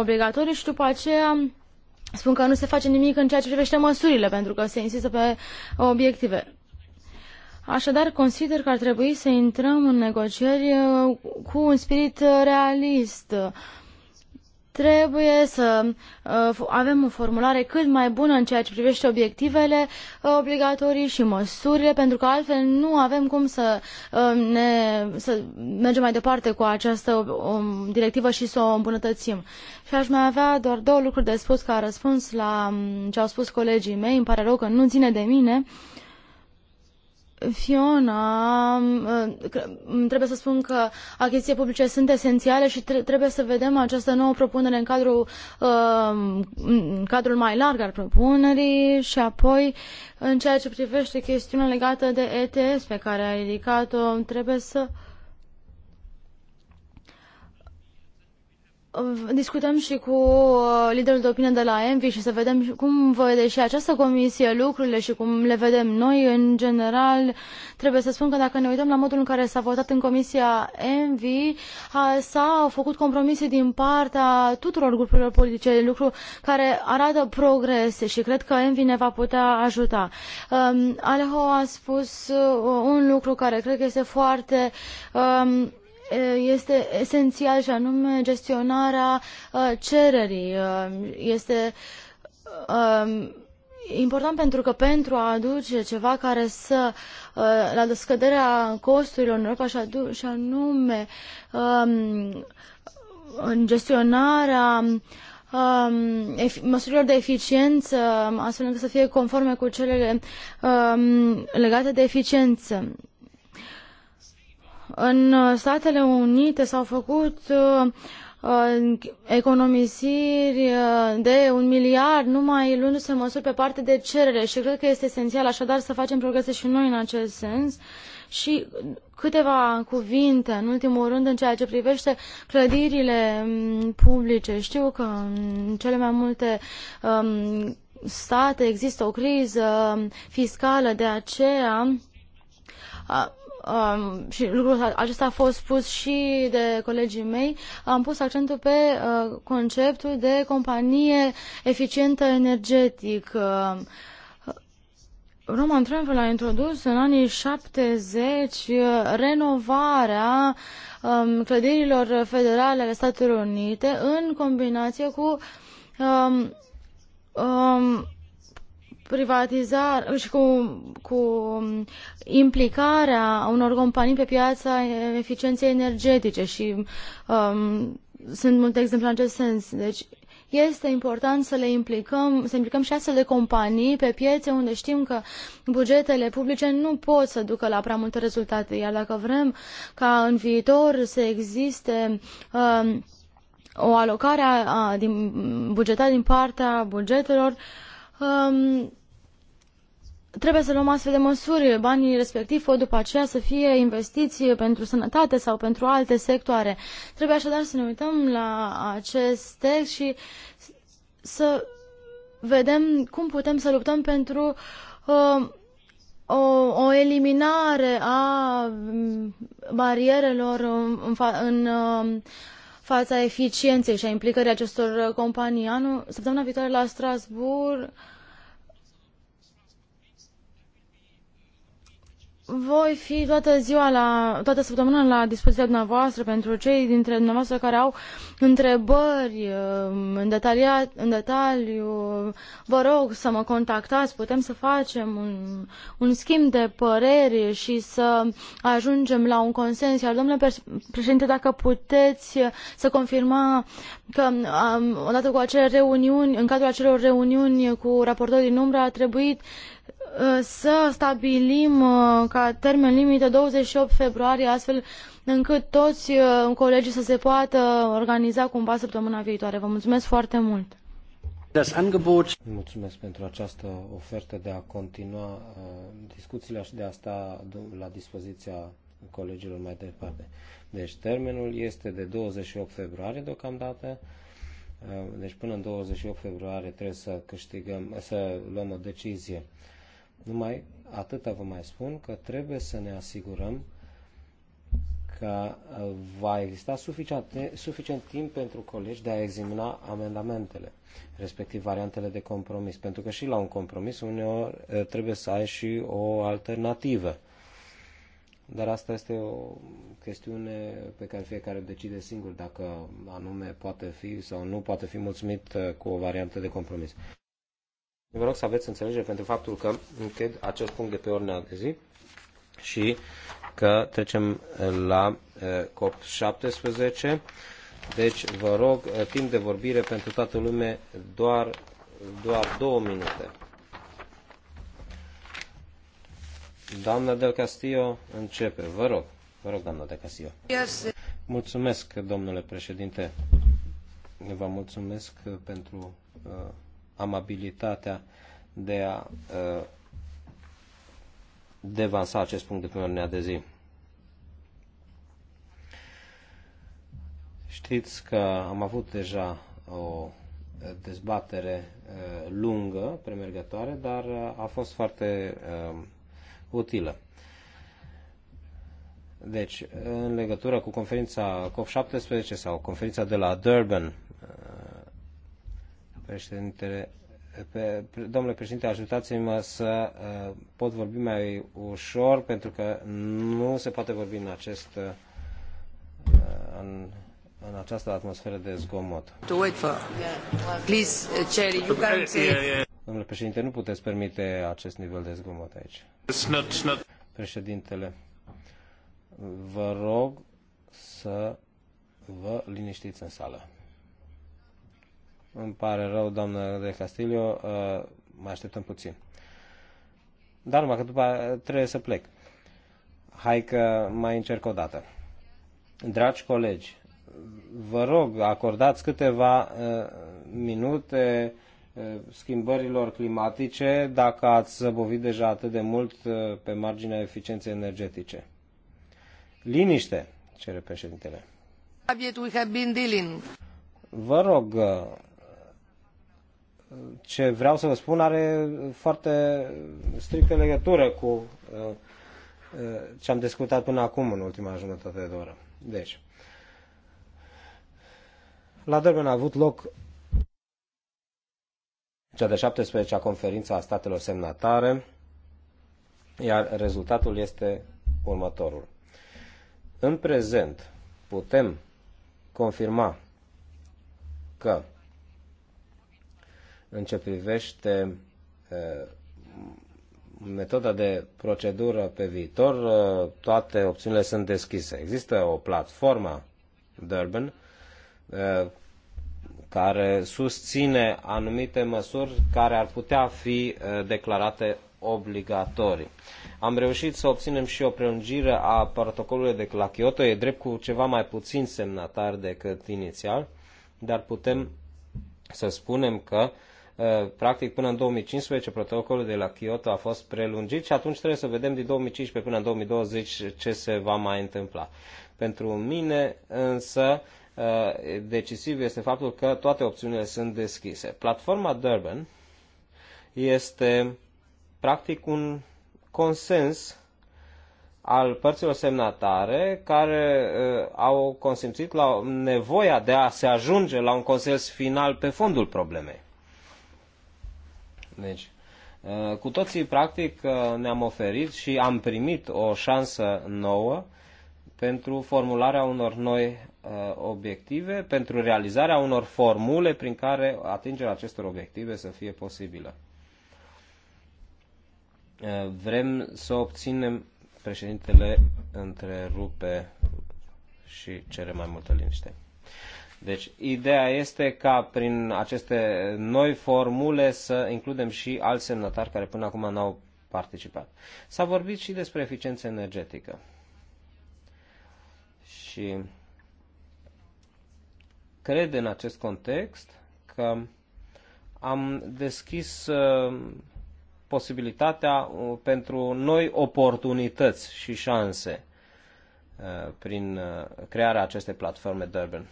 obligatorii și după aceea spun că nu se face nimic în ceea ce privește măsurile, pentru că se insistă pe obiective. Așadar, consider că ar trebui să intrăm în negocieri uh, cu un spirit uh, realist. Uh, Trebuie să uh, avem o formulare cât mai bună în ceea ce privește obiectivele uh, obligatorii și măsurile, pentru că altfel nu avem cum să, uh, ne, să mergem mai departe cu această um, directivă și să o îmbunătățim. Și aș mai avea doar două lucruri de spus ca răspuns la um, ce au spus colegii mei. Îmi pare rău că nu ține de mine. Uh, Fiona, ă, trebuie să spun că achiziții publice sunt esențiale și trebuie să vedem această nouă propunere în cadrul, ă, în cadrul mai larg al propunerii și apoi în ceea ce privește chestiunea legată de ETS pe care a ridicat-o, trebuie să discutăm și cu uh, liderul de opinie de la ENVI și să vedem cum vede și această comisie lucrurile și cum le vedem noi în general. Trebuie să spun că dacă ne uităm la modul în care s-a votat în comisia ENVI, s-au făcut compromise din partea tuturor grupurilor politice, lucru care arată progrese și cred că ENVI ne va putea ajuta. Um, a spus uh, un lucru care cred că este foarte um, Eh, este esențial și anume gestionarea eh, cererii. Eh, este important pentru că pentru a aduce ceva care să la descăderea costurilor în Europa și, și anume în gestionarea um, măsurilor de eficiență, astfel încât să fie conforme cu cele um, legate de eficiență. În uh, Statele Unite s-au făcut uh, economisiri uh, de un miliard numai luându-se măsuri pe parte de cerere și cred că este esențial așadar să facem progrese și noi în acest sens și câteva cuvinte, în ultimul rând, în ceea ce privește clădirile mm, publice. Știu că în cele mai multe um, state există o criză um, fiscală, de aceea um, și lucrul acesta a fost spus și de colegii mei, am pus accentul pe uh, conceptul de companie eficientă energetic. Uh, Roman Trenfel a introdus în anii 70 uh, renovarea um, clădirilor federale ale Statelor Unite în combinație cu um, um, privatizare și cu, cu implicarea unor companii pe piața eficienței energetice și um, sunt multe exemple în acest sens. Deci este important să le implicăm, să implicăm și astfel de companii pe piețe unde știm că bugetele publice nu pot să ducă la prea multe rezultate. Iar dacă vrem ca în viitor să existe um, o alocare a, a, din, bugetat din partea bugetelor, um, trebuie să luăm astfel de măsuri. Banii respectivi pot după aceea să fie investiți pentru sănătate sau pentru alte sectoare. Trebuie așadar să ne uităm la acest text și să vedem cum putem să luptăm pentru uh, o, o eliminare a mm, barierelor în, fa- în uh, fața eficienței și a implicării acestor companii. Anul, săptămâna viitoare la Strasbourg voi fi toată ziua, la, toată săptămâna la dispoziția dumneavoastră pentru cei dintre dumneavoastră care au întrebări um, în, detaliat, în detaliu. Vă rog să mă contactați, putem să facem un, un schimb de păreri și să ajungem la un consens. Iar, domnule președinte, dacă puteți să confirma că um, odată cu acele reuniuni, în cadrul acelor reuniuni cu raportorii din umbră a trebuit uh, să stabilim uh, ca termen limită 28 februarie, astfel încât toți uh, colegii să se poată organiza cumva săptămâna viitoare. Vă mulțumesc foarte mult! Mulțumesc pentru această ofertă de a continua uh, discuțiile și de a sta la dispoziția colegilor mai departe. Deci termenul este de 28 februarie deocamdată. Deci până în 28 februarie trebuie să câștigăm, să luăm o decizie. Numai atâta vă mai spun că trebuie să ne asigurăm că uh, va exista suficient, suficient timp pentru colegi de a examina amendamentele, respectiv variantele de compromis, pentru că și la un compromis uneori uh, trebuie să ai și o alternativă. Dar asta este o chestiune pe care fiecare decide singur dacă anume poate fi sau nu poate fi mulțumit uh, cu o variantă de compromis. Vă rog să aveți înțelegere pentru faptul că închid acest punct de pe ordinea de zi și că trecem la eh, COP17. Deci vă rog, eh, timp de vorbire pentru toată lumea doar, doar două minute. Doamna Del Castillo începe. Vă rog. Vă rog, doamna Del Castillo. Mulțumesc, domnule președinte. Vă mulțumesc eh, pentru uh, amabilitatea de a uh, devansa acest punct de pe ordinea de zi. Știți că am avut deja o dezbatere uh, lungă, premergătoare, dar uh, a fost foarte utilă. Deci, în legătură cu conferința COP17 sau conferința de la Durban, Președintele, pe, domnule președinte, ajutați-mă să uh, pot vorbi mai ușor, pentru că nu se poate vorbi în acest uh, în, în această atmosferă de zgomot. To wait for. Please, uh, Cherry, you can't say... Domnule președinte, nu puteți permite acest nivel de zgomot aici. It's not, it's not... Președintele, vă rog să vă liniștiți în sală. Îmi pare rău, doamnă de Castilio, uh, mai așteptăm puțin. Dar numai că după trebuie să plec. Hai că mai încerc o dată. Dragi colegi, vă rog, acordați câteva uh, minute uh, schimbărilor climatice dacă ați zăbovit deja atât de mult pe marginea eficienței energetice. Liniște, cere președintele. Vă rog, ce vreau să vă spun are foarte strictă legătură cu uh, uh, ce am discutat până acum în ultima jumătate de oră. Deci, la Durban a avut loc cea de 17-a conferință a statelor semnatare, iar rezultatul este următorul. În prezent putem confirma că în ce privește uh, metoda de procedură pe viitor, uh, toate opțiunile sunt deschise. Există o platformă Durban uh, care susține anumite măsuri care ar putea fi declarate obligatorii. Am reușit să obținem și o prelungire a protocolului de la Kyoto, e drept cu ceva mai puțin semnatar decât inițial, dar putem să spunem că Uh, practic până în 2015 protocolul de la Kyoto a fost prelungit și atunci trebuie să vedem din 2015 până în 2020 ce se va mai întâmpla. Pentru mine însă uh, decisiv este faptul că toate opțiunile sunt deschise. Platforma Durban este practic un consens al părților semnatare care uh, au consimțit la nevoia de a se ajunge la un consens final pe fondul problemei. Deci, uh, cu toții, practic, uh, ne-am oferit și am primit o șansă nouă pentru formularea unor noi uh, obiective, pentru realizarea unor formule prin care atingerea acestor obiective să fie posibilă. Vrem să obținem președintele întrerupe și cere mai multă liniște. Deci, ideea este ca prin aceste noi formule să includem și alți semnătari care până acum n-au participat. S-a vorbit și despre eficiență energetică. Și cred în acest context că am deschis uh, posibilitatea uh, pentru noi oportunități și șanse uh, prin crearea acestei platforme Durban.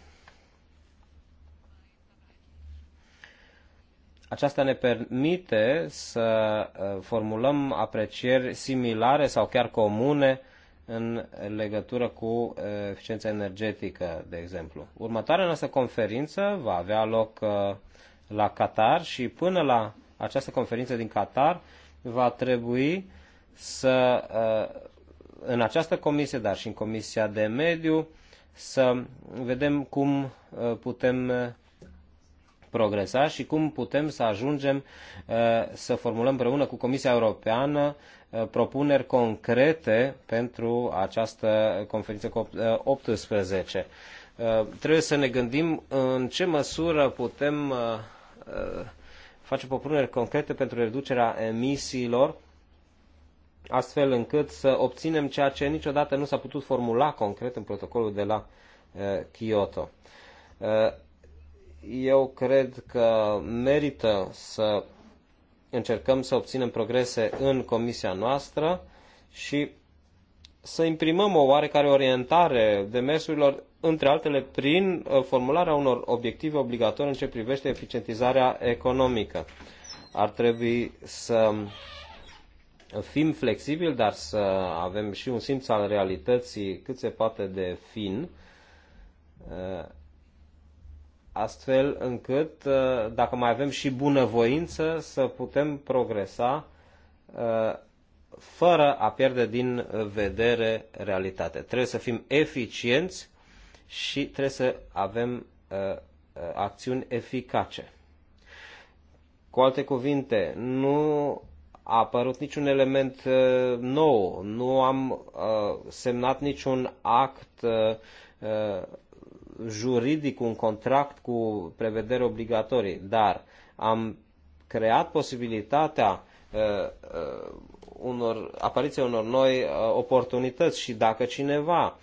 Aceasta ne permite să uh, formulăm aprecieri similare sau chiar comune în legătură cu uh, eficiența energetică, de exemplu. Următoarea noastră conferință va avea loc uh, la Qatar și până la această conferință din Qatar va trebui să în această comisie, dar și în Comisia de Mediu, să vedem cum putem progresa și cum putem să ajungem uh, să formulăm împreună cu Comisia Europeană uh, propuneri concrete pentru această conferință COP18. Uh, trebuie să ne gândim în ce măsură putem face propuneri concrete pentru reducerea emisiilor, astfel încât să obținem ceea ce niciodată nu s-a putut formula concret în protocolul de la Kyoto eu cred că merită să încercăm să obținem progrese în comisia noastră și să imprimăm o oarecare orientare demersurilor, între altele, prin uh, formularea unor obiective obligatorii în ce privește eficientizarea economică. Ar trebui să fim flexibili, dar să avem și un simț al realității cât se poate de fin uh, astfel încât, uh, dacă mai avem și bunăvoință, să putem progresa uh, fără a pierde din vedere realitatea. Trebuie să fim eficienți și trebuie să avem uh, acțiuni eficace. Cu alte cuvinte, nu a apărut niciun element nou, nu am semnat niciun act juridic un contract cu prevedere obligatorii, dar am creat posibilitatea uh, uh, unor, apariția unor noi uh, oportunități și dacă cineva,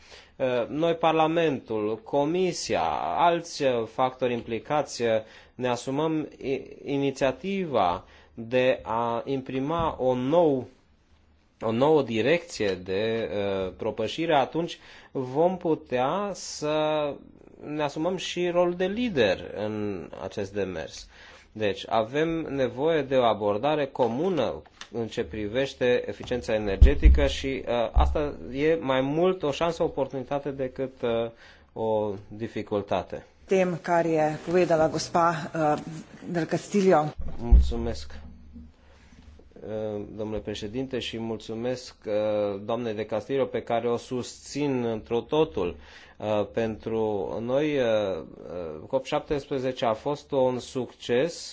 noi Parlamentul, Comisia, alți factori implicați, ne asumăm inițiativa de a imprima o nouă o nouă direcție de uh, propășire, atunci vom putea să ne asumăm și rol de lider în acest demers. Deci avem nevoie de o abordare comună în ce privește eficiența energetică și uh, asta e mai mult o șansă, o oportunitate decât uh, o dificultate. Tem, care e povedala gospa uh, Del Castillo. Mulțumesc. Uh, domnule președinte, și mulțumesc uh, doamnei de Castillo pe care o susțin într-o totul. Uh, pentru noi, COP17 a fost un succes,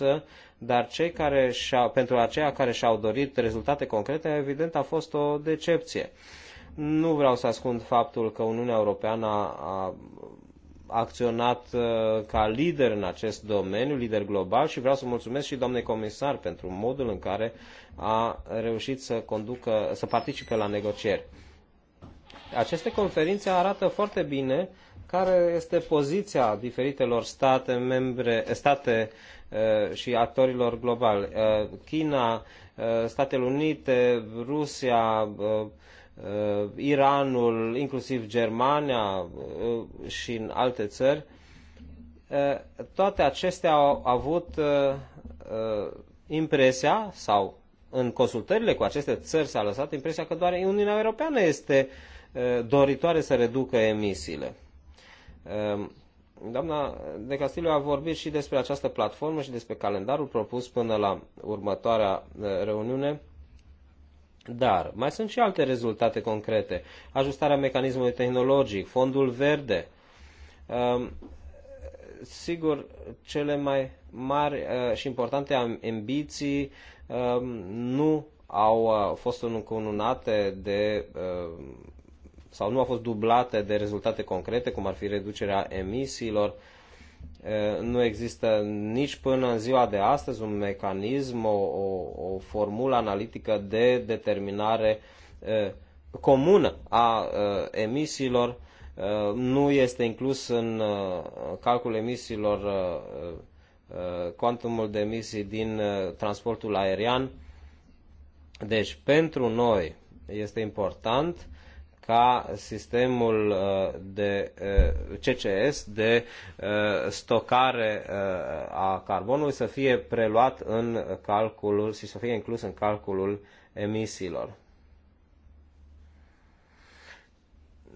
dar cei care pentru aceia care și-au dorit rezultate concrete, evident, a fost o decepție. Nu vreau să ascund faptul că Uniunea Europeană a acționat uh, ca lider în acest domeniu, lider global și vreau să mulțumesc și doamnei comisar pentru modul în care a reușit să conducă, să participe la negocieri. Aceste conferințe arată foarte bine care este poziția diferitelor state membre, state uh, și actorilor globali. Uh, China, Statele Unite, Rusia, Uh, Iranul, inclusiv Germania uh, și în alte țări, uh, toate acestea au avut impresia sau în consultările cu aceste țări s-a lăsat impresia că doar Uniunea Europeană este doritoare să reducă emisiile. Doamna de Castillo a vorbit și despre această platformă și despre calendarul propus până la următoarea reuniune dar mai sunt și alte rezultate concrete. Ajustarea mecanismului tehnologic, fondul verde. Um, sigur, cele mai mari uh, și importante ambiții um, nu au uh, fost încununate de uh, sau nu au fost dublate de rezultate concrete, cum ar fi reducerea emisiilor nu există nici până în ziua de astăzi un mecanism, o, o, o formulă analitică de determinare comună a emisiilor. Nu este inclus în calculul emisiilor cuantumul de emisii din transportul aerian. Deci, pentru noi este important ca sistemul uh, de uh, CCS de uh, stocare a carbonului să fie preluat în calculul și să fie inclus în calculul emisiilor.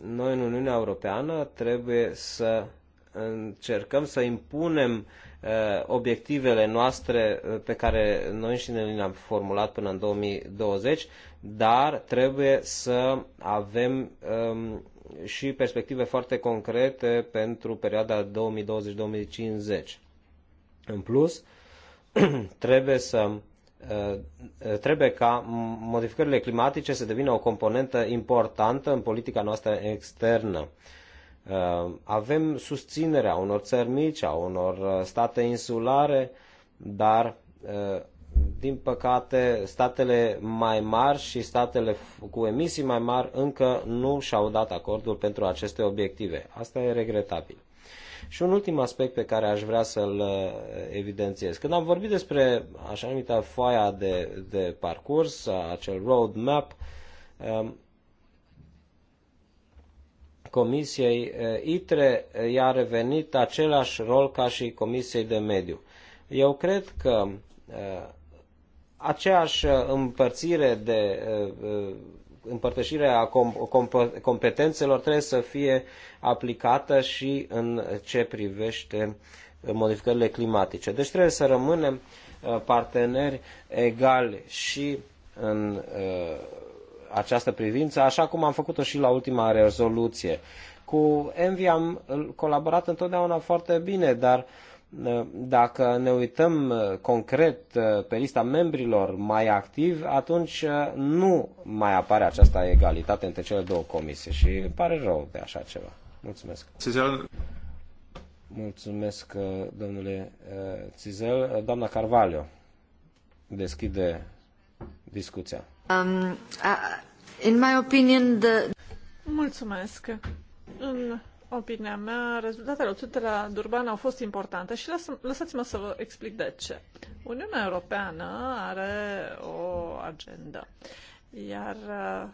Noi în Uniunea Europeană trebuie să încercăm să impunem Uh, obiectivele noastre uh, pe care noi înșine le-am formulat până în 2020, dar trebuie să avem um, și perspective foarte concrete pentru perioada 2020-2050. În plus, trebuie să uh, trebuie ca modificările climatice să devină o componentă importantă în politica noastră externă. Uh, avem susținerea unor țări mici, a unor uh, state insulare, dar uh, din păcate, statele mai mari și statele cu emisii mai mari încă nu și-au dat acordul pentru aceste obiective. Asta e regretabil. Și un ultim aspect pe care aș vrea să-l evidențiez. Când am vorbit despre așa numită foaia de, de parcurs, acel roadmap, um, Comisiei eh, ITRE eh, i-a revenit același rol ca și Comisiei de Mediu. Eu cred că eh, aceeași împărțire de a competențelor trebuie să fie aplicată și în ce privește modificările climatice. Deci trebuie să rămânem parteneri egali și în această privință, așa cum am făcut-o și la ultima rezoluție. Cu Envi am colaborat întotdeauna foarte bine, dar ă, dacă ne uităm ă, concret ă, pe lista membrilor mai activi, atunci nu mai apare această egalitate între cele două comisii și îmi pare rău de așa ceva. Mulțumesc. Țizel. Mulțumesc, domnule Țizel. Doamna Carvalho deschide discuția. Um, uh, my opinion, În opinia mea, rezultatele obținute la Durban au fost importante și lăsați-mă să vă explic de ce. Uniunea Europeană are o agendă, iar uh,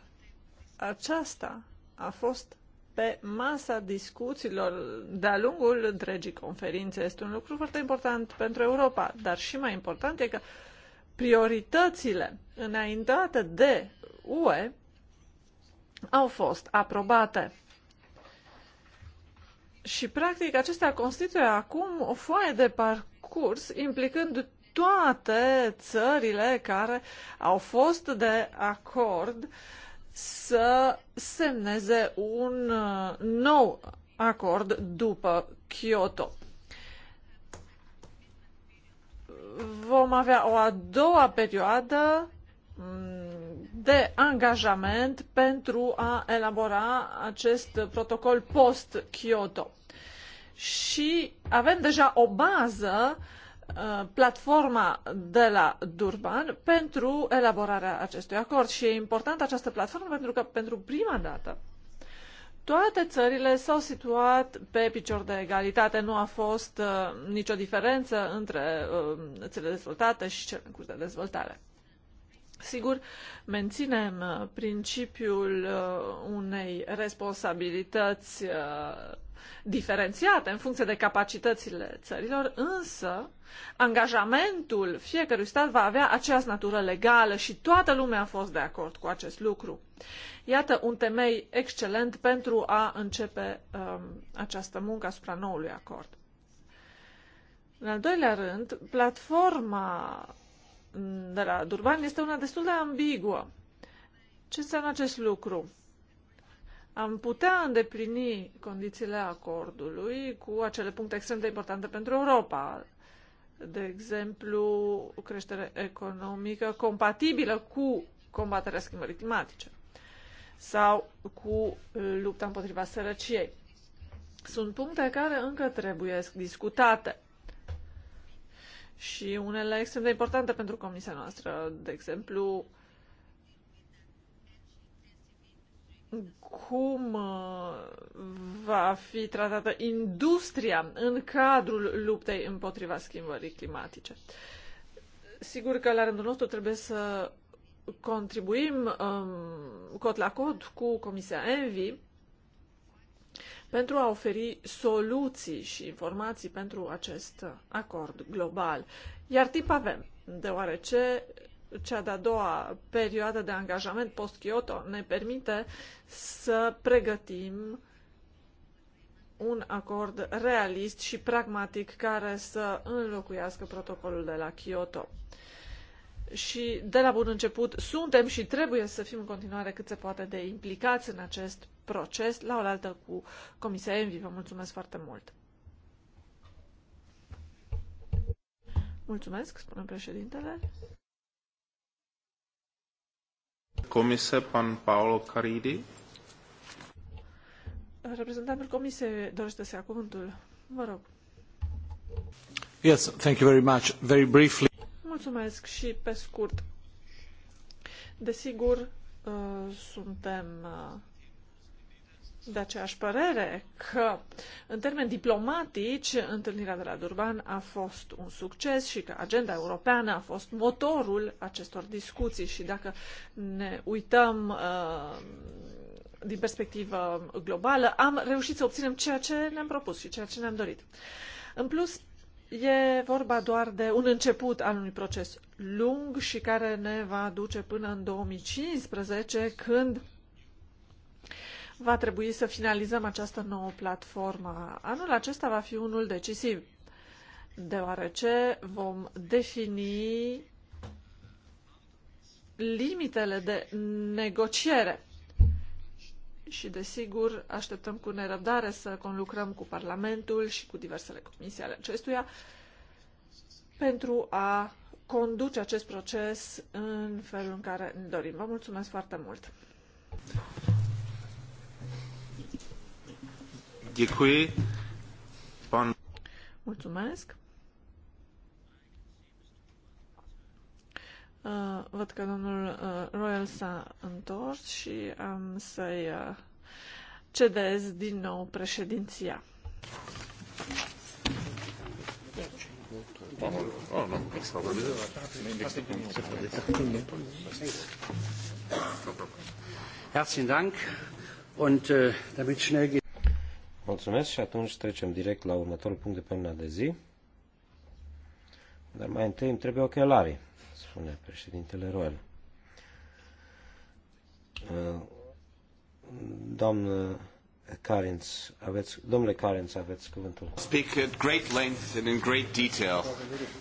aceasta a fost pe masa discuțiilor de-a lungul întregii conferințe. Este un lucru foarte important pentru Europa, dar și mai important e că prioritățile înaintate de UE au fost aprobate. Și, practic, acestea constituie acum o foaie de parcurs implicând toate țările care au fost de acord să semneze un uh, nou acord după Kyoto. vom avea o a doua perioadă mm, de angajament pentru a elabora acest protocol post-Kyoto. Și avem deja o bază, uh, platforma de la Durban, pentru elaborarea acestui acord. Și e importantă această platformă pentru că pentru prima dată toate țările s-au situat pe picior de egalitate. Nu a fost uh, nicio diferență între uh, țările dezvoltate și cele în curs de dezvoltare. Sigur, menținem uh, principiul uh, unei responsabilități uh, diferențiate în funcție de capacitățile țărilor, însă angajamentul fiecărui stat va avea aceeași natură legală și toată lumea a fost de acord cu acest lucru. Iată un temei excelent pentru a începe um, această muncă asupra noului acord. În al doilea rând, platforma de la Durban este una destul de ambiguă. Ce înseamnă acest lucru? am putea îndeplini condițiile acordului cu acele puncte extrem de importante pentru Europa, de exemplu, creștere economică compatibilă cu combaterea schimbării climatice sau cu lupta împotriva sărăciei. Sunt puncte care încă trebuie discutate și unele extrem de importante pentru comisia noastră, de exemplu, cum uh, va fi tratată industria în cadrul luptei împotriva schimbării climatice. Sigur că la rândul nostru trebuie să contribuim um, cot la cot cu Comisia Envi pentru a oferi soluții și informații pentru acest acord global. Iar timp avem, deoarece cea de-a doua perioadă de angajament post-Kyoto ne permite să pregătim un acord realist și pragmatic care să înlocuiască protocolul de la Kyoto. Și de la bun început suntem și trebuie să fim în continuare cât se poate de implicați în acest proces, la oaltă cu Comisia Envi. Vă mulțumesc foarte mult! Mulțumesc, spune președintele. Comise pan Paolo Caridi. Reprezentantul Comisiei dorește să ia cuvântul. Vă rog. Yes, thank you very much. Very briefly. Mulțumesc și pe scurt. Desigur, uh, suntem uh, de aceeași părere că, în termeni diplomatici, întâlnirea de la Durban a fost un succes și că agenda europeană a fost motorul acestor discuții și dacă ne uităm uh, din perspectivă globală, am reușit să obținem ceea ce ne-am propus și ceea ce ne-am dorit. În plus, e vorba doar de un început al unui proces lung și care ne va duce până în 2015, când va trebui să finalizăm această nouă platformă. Anul acesta va fi unul decisiv, deoarece vom defini limitele de negociere. Și, desigur, așteptăm cu nerăbdare să conlucrăm cu Parlamentul și cu diversele comisii ale acestuia pentru a conduce acest proces în felul în care ne dorim. Vă mulțumesc foarte mult! Uh, văd că domnul uh, Royal s-a întors și am să-i uh, cedez din nou președinția. Mulțumesc. Herzlichen Dank und äh, damit schnell geht Mulțumesc și atunci trecem direct la următorul punct de pe de zi. Dar mai întâi îmi trebuie ochelarii, spune președintele Roel. Uh, doamnă Carinț, aveți, domnule Carinț, aveți cuvântul. Speak at great length and in great detail,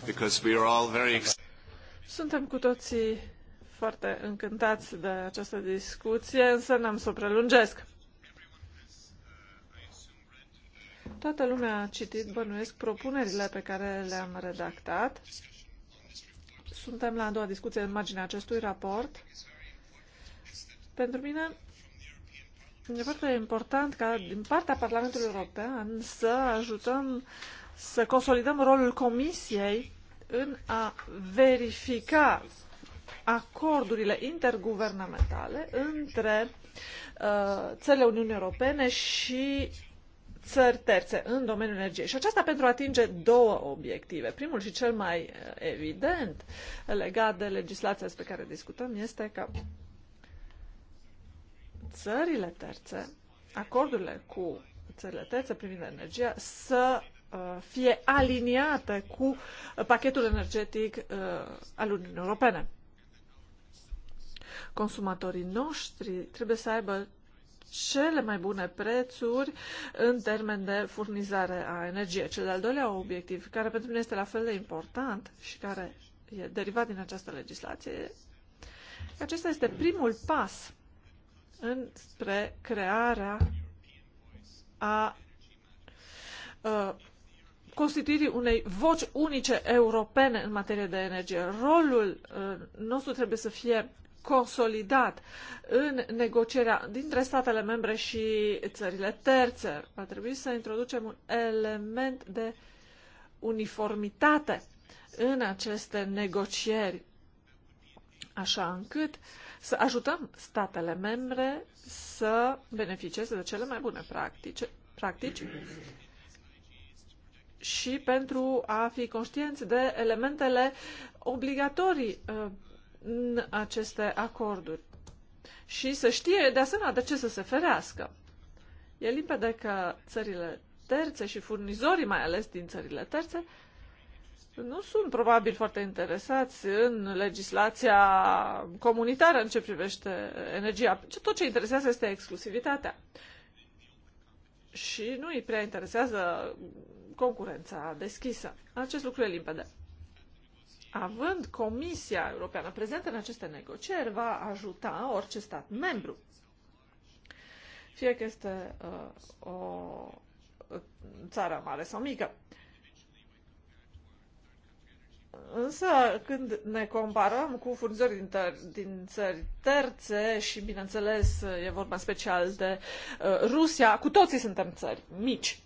because we are all very Suntem cu toții foarte încântați de această discuție, însă n-am să o prelungesc. Toată lumea a citit, bănuiesc, propunerile pe care le-am redactat. Suntem la a doua discuție în marginea acestui raport. Pentru mine e foarte important ca din partea Parlamentului European să ajutăm să consolidăm rolul Comisiei în a verifica acordurile interguvernamentale între uh, țările Uniunii Europene și țări terțe în domeniul energiei. Și aceasta pentru a atinge două obiective. Primul și cel mai eh, evident legat de legislația despre care discutăm este că țările terțe, acordurile cu țările terțe privind energia, să eh, fie aliniate cu pachetul energetic eh, al Uniunii Europene. Consumatorii noștri trebuie să aibă cele mai bune prețuri în termen de furnizare a energiei. Cel de-al doilea obiectiv, care pentru mine este la fel de important și care e derivat din această legislație, acesta este primul pas înspre crearea a, a ă, constituirii unei voci unice europene în materie de energie. Rolul ă, nostru trebuie să fie consolidat în negocierea dintre statele membre și țările terțe. Va trebui să introducem un element de uniformitate în aceste negocieri, așa încât să ajutăm statele membre să beneficieze de cele mai bune practici, practici și pentru a fi conștienți de elementele obligatorii uh, în aceste acorduri. Și să știe, de asemenea, de ce să se ferească. E limpede că țările terțe și furnizorii, mai ales din țările terțe, nu sunt probabil foarte interesați în legislația comunitară în ce privește energia. Tot ce interesează este exclusivitatea. Și nu îi prea interesează concurența deschisă. Acest lucru e limpede având Comisia Europeană prezentă în aceste negocieri, va ajuta orice stat membru. Fie că este uh, o țară mare sau mică. Însă, când ne comparăm cu furnizori din, ter- din țări terțe și, bineînțeles, e vorba special de uh, Rusia, cu toții suntem țări mici.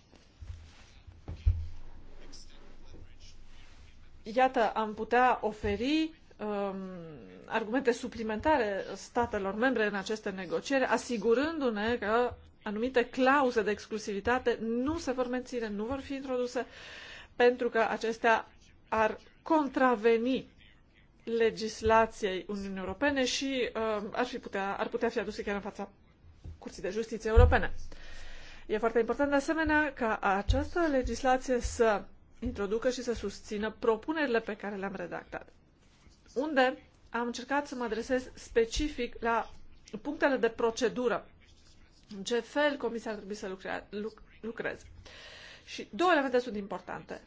Iată, am putea oferi um, argumente suplimentare statelor membre în aceste negocieri, asigurându-ne că anumite clauze de exclusivitate nu se vor menține, nu vor fi introduse, pentru că acestea ar contraveni legislației Uniunii Europene și uh, ar, fi putea, ar putea fi aduse chiar în fața Curții de Justiție Europene. E foarte important de asemenea ca această legislație să introducă și să susțină propunerile pe care le-am redactat, unde am încercat să mă adresez specific la punctele de procedură, în ce fel comisia ar trebui să lucre, lucreze. Și două elemente sunt importante.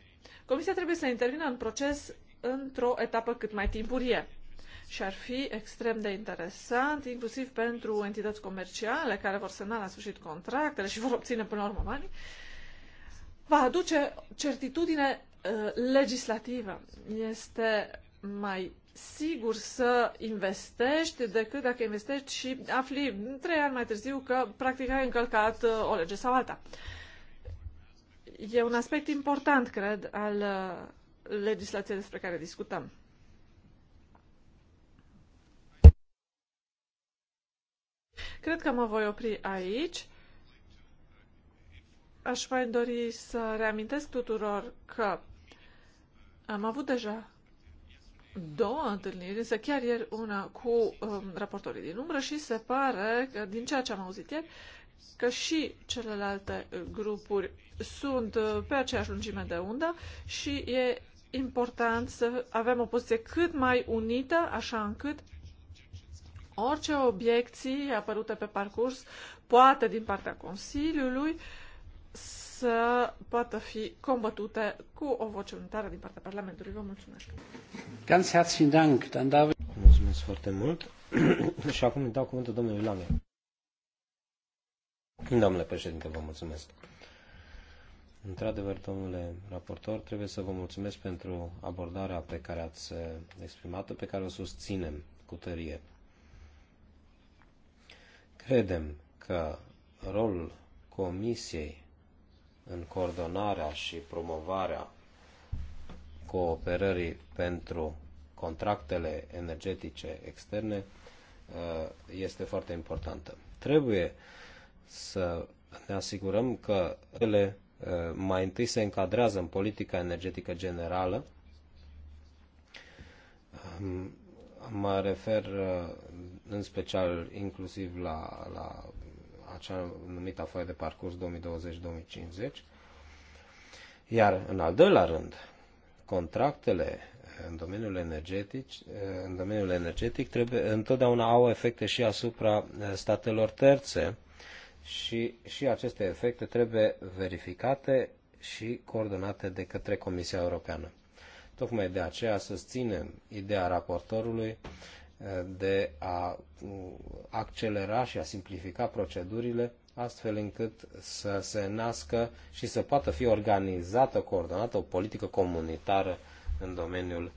Comisia trebuie să intervină în proces într-o etapă cât mai timpurie. Și ar fi extrem de interesant, inclusiv pentru entități comerciale care vor semna la sfârșit contractele și vor obține până la urmă banii, va aduce certitudine uh, legislativă. Este mai sigur să investești decât dacă investești și afli trei ani mai târziu că practic ai încălcat uh, o lege sau alta. E un aspect important, cred, al uh, legislației despre care discutăm. Cred că mă voi opri aici. Aș mai dori să reamintesc tuturor că am avut deja două întâlniri, însă chiar ieri una cu um, raportorii din umbră și se pare că, din ceea ce am auzit ieri, că și celelalte grupuri sunt uh, pe aceeași lungime de undă și e important să avem o poziție cât mai unită, așa încât orice obiecții apărute pe parcurs, poate din partea Consiliului, uh, să poată fi combătute cu o voce unitară din partea Parlamentului. Vă mulțumesc! Ganz herzlichen Dank! Dann Mulțumesc foarte mult! Și acum îi dau cuvântul domnului Lange. Domnule președinte, vă mulțumesc! Într-adevăr, domnule raportor, trebuie să vă mulțumesc pentru abordarea pe care ați eh, exprimat-o, pe care o susținem cu tărie. Credem că rolul Comisiei în coordonarea și promovarea cooperării pentru contractele energetice externe uh, este foarte importantă. Trebuie să ne asigurăm că ele uh, mai întâi se încadrează în politica energetică generală. Um, mă refer uh, în special inclusiv la, la acea numită foaie de parcurs 2020-2050. Iar în al doilea rând, contractele eh, în domeniul energetic, eh, în domeniul energetic trebuie, întotdeauna au efecte și asupra eh, statelor terțe și, și aceste efecte trebuie verificate și coordonate de către Comisia Europeană. Tocmai de aceea susținem ideea raportorului de a accelera și a simplifica procedurile astfel încât să se nască și să poată fi organizată, coordonată o politică comunitară în domeniul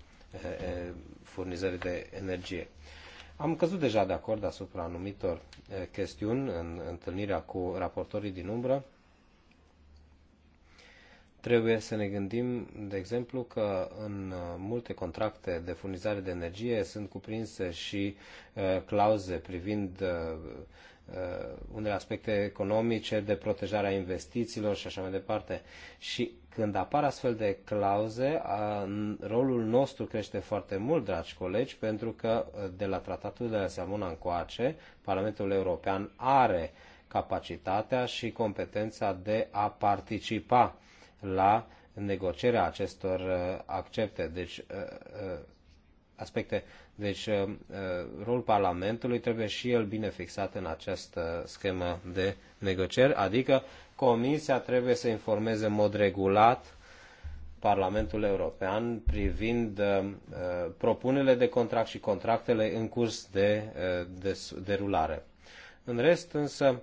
furnizării de energie. Am căzut deja de acord asupra anumitor chestiuni în întâlnirea cu raportorii din umbră Trebuie să ne gândim, de exemplu, că în uh, multe contracte de furnizare de energie sunt cuprinse și uh, clauze privind uh, unele aspecte economice, de protejarea investițiilor și așa mai departe. Și când apar astfel de clauze, rolul nostru crește foarte mult, dragi colegi, pentru că de la tratatul de la Seamuna încoace, Parlamentul European are capacitatea și competența de a participa la negocierea acestor uh, accepte, deci, uh, uh, aspecte. Deci, rolul Parlamentului trebuie și el bine fixat în această schemă de negocieri, adică Comisia trebuie să informeze în mod regulat Parlamentul European privind uh, propunerile de contract și contractele în curs de uh, de, De în rest, însă,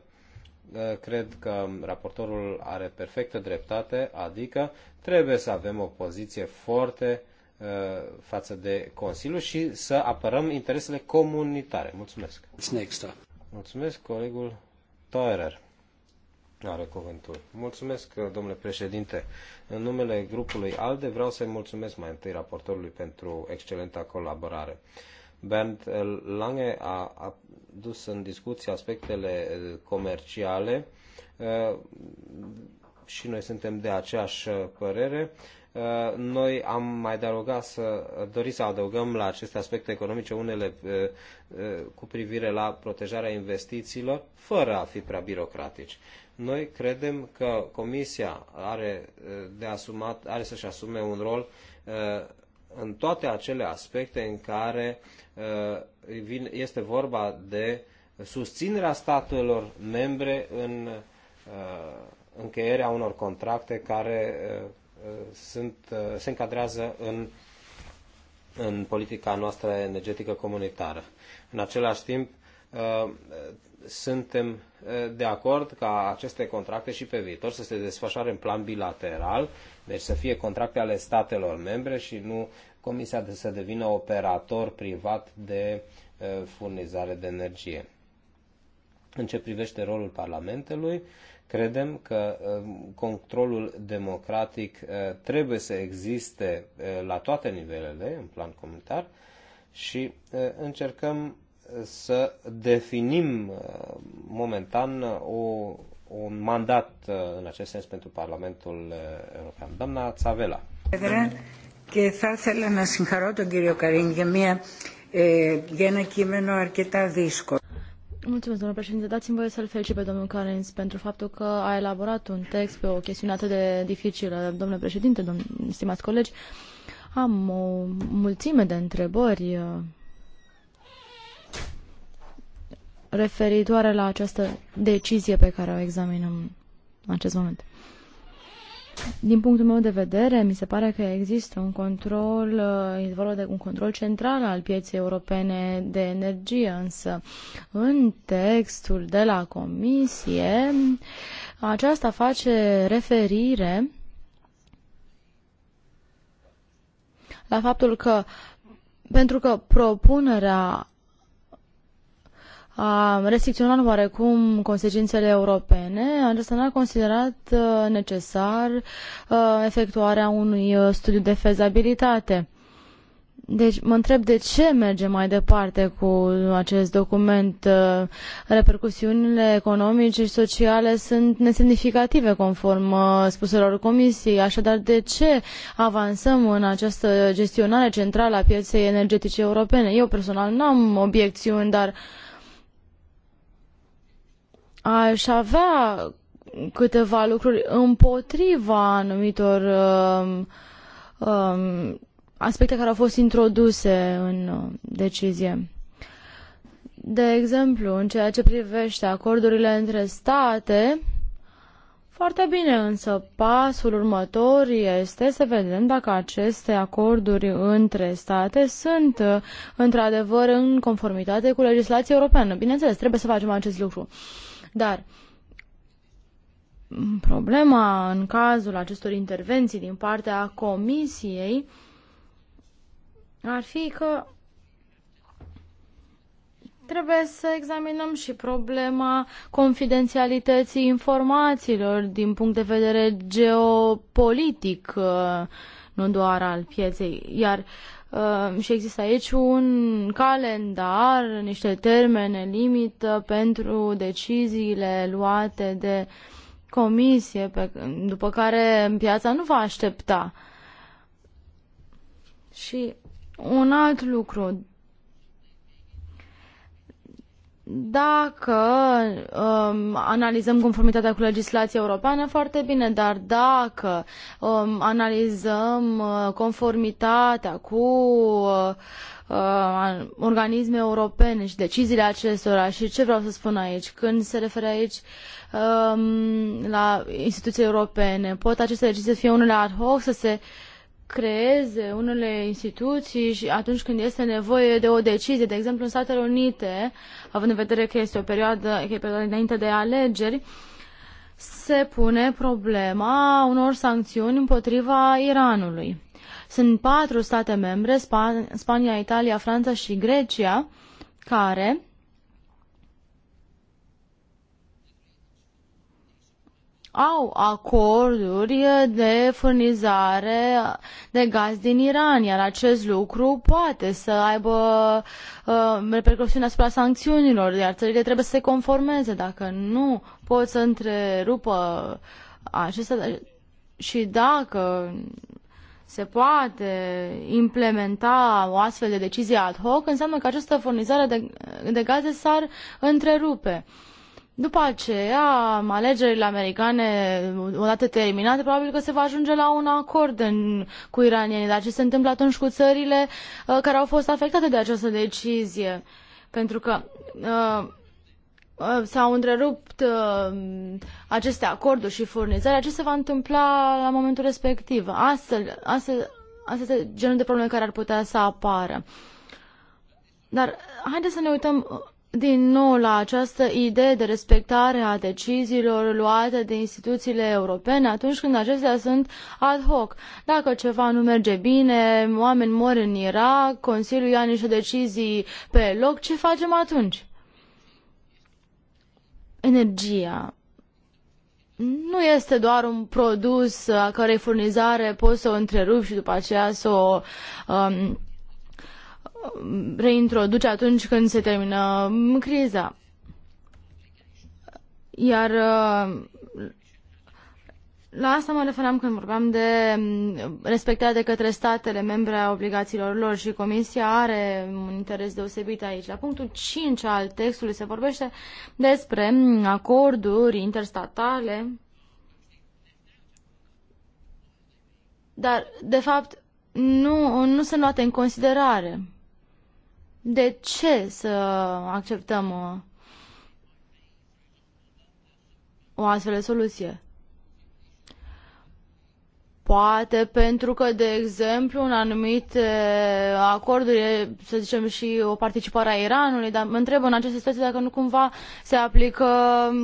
Eh, cred că raportorul are perfectă dreptate, adică trebuie să avem o poziție foarte eh, față de Consiliu și să apărăm interesele comunitare. Mulțumesc. Next. Mulțumesc, colegul Toerer. Are cuvântul. Mulțumesc, domnule președinte. În numele grupului ALDE vreau să-i mulțumesc mai întâi raportorului pentru excelenta colaborare. Bernd Lange a, dus în discuție aspectele eh, comerciale eh, și noi suntem de aceeași eh, părere. Noi am mai adăugat să dori să adăugăm la aceste aspecte economice unele cu privire la protejarea investițiilor, fără a fi prea birocratici. Noi credem că Comisia are, de asumat, are să-și asume un rol în toate acele aspecte în care uh, este vorba de susținerea statelor membre în uh, încheierea unor contracte care uh, sunt, se încadrează în, în politica noastră energetică comunitară. În același timp, suntem de acord ca aceste contracte și pe viitor să se desfășoare în plan bilateral, deci să fie contracte ale statelor membre și nu Comisia de să devină operator privat de furnizare de energie. În ce privește rolul Parlamentului, credem că controlul democratic trebuie să existe la toate nivelele, în plan comunitar, și încercăm să definim uh, momentan uh, o, un mandat uh, în acest sens pentru Parlamentul European. Doamna Țavela. Και θα ήθελα να συγχαρώ τον κύριο Καρίν για, μια, ε, για ένα κείμενο αρκετά δύσκολο. Mulțumesc, domnule președinte. Dați-mi voie să-l felicit pe domnul Carins pentru faptul că a elaborat un text pe o chestiune atât de dificilă. Domnule președinte, domn, stimați colegi, am o mulțime de întrebări referitoare la această decizie pe care o examinăm în acest moment. Din punctul meu de vedere, mi se pare că există un control, e uh, vorba de un control central al pieței europene de energie, însă în textul de la Comisie aceasta face referire la faptul că pentru că propunerea a restricționat oarecum consecințele europene, acesta n-a considerat uh, necesar uh, efectuarea unui uh, studiu de fezabilitate. Deci mă întreb de ce merge mai departe cu acest document. Repercusiunile economice și sociale sunt nesemnificative conform spuselor comisiei. Așadar, de ce avansăm în această gestionare centrală a pieței energetice europene? Eu personal nu am obiecțiuni, dar uh, aș avea câteva lucruri împotriva anumitor um, um, aspecte care au fost introduse în um, decizie. De exemplu, în ceea ce privește acordurile între state, foarte bine, însă pasul următor este să vedem dacă aceste acorduri între state sunt uh, într-adevăr în conformitate cu legislația europeană. Bineînțeles, trebuie să facem acest lucru. Uh, dar mm, problema în cazul acestor intervenții din partea Comisiei ar fi că trebuie să examinăm și problema confidențialității informațiilor din punct de vedere geopolitic, uh, nu doar al pieței. Iar uh, Ehm, și există aici un calendar, niște termene limită pentru deciziile luate de comisie, pe, după care piața nu va aștepta. Și un alt lucru, dacă um, analizăm conformitatea cu legislația europeană, foarte bine, dar dacă um, analizăm uh, conformitatea cu uh, uh, organisme europene și deciziile acestora și ce vreau să spun aici, când se referă aici um, la instituții europene, pot aceste decizii să fie unele ad hoc, să se uh, creeze unele instituții și atunci când este nevoie de o decizie, de exemplu în Statele Unite, având în vedere că este o perioadă, că e perioadă înainte de alegeri, se pune problema unor sancțiuni împotriva Iranului. Sunt patru state membre, Spania, Italia, Franța și Grecia, care au acorduri de furnizare de gaz din Iran, iar acest lucru poate să aibă uh, repercusiuni asupra sancțiunilor, iar țările trebuie să se conformeze. Dacă nu pot să întrerupă acestea și dacă se poate implementa o astfel de decizie ad hoc, înseamnă că această furnizare de, de gaze s-ar întrerupe. Uh, după aceea, alegerile americane, odată terminate, probabil că se va ajunge la un acord în, cu iranienii. Dar ce se întâmplă atunci cu țările uh, care au fost afectate de această decizie? Pentru că uh, uh, s-au întrerupt uh, aceste acorduri și furnizarea. Ce se va întâmpla la momentul respectiv? Astfel, astfel, astfel este genul de probleme care ar putea să apară. Dar haideți să ne uităm uh, din nou la această idee de respectare a deciziilor luate de instituțiile europene atunci când acestea sunt ad hoc. Dacă ceva nu merge bine, oameni mor în Irak, Consiliul ia niște decizii pe loc, ce facem atunci? Energia nu este doar un produs a cărei furnizare poți să o întrerupi și după aceea să o um, reintroduce atunci când se termină criza. Iar uh, la asta mă referam când vorbeam de mm, respectarea de către statele membre a obligațiilor lor și Comisia are un interes deosebit aici. La punctul 5 al textului se vorbește despre mm, acorduri interstatale, dar, de fapt, nu, nu sunt luate în considerare. De ce să acceptăm o, uh, o astfel de soluție? Poate pentru că, de exemplu, în anumite acorduri, să zicem, și o participare a Iranului, dar mă întreb în aceste situații dacă nu cumva se aplică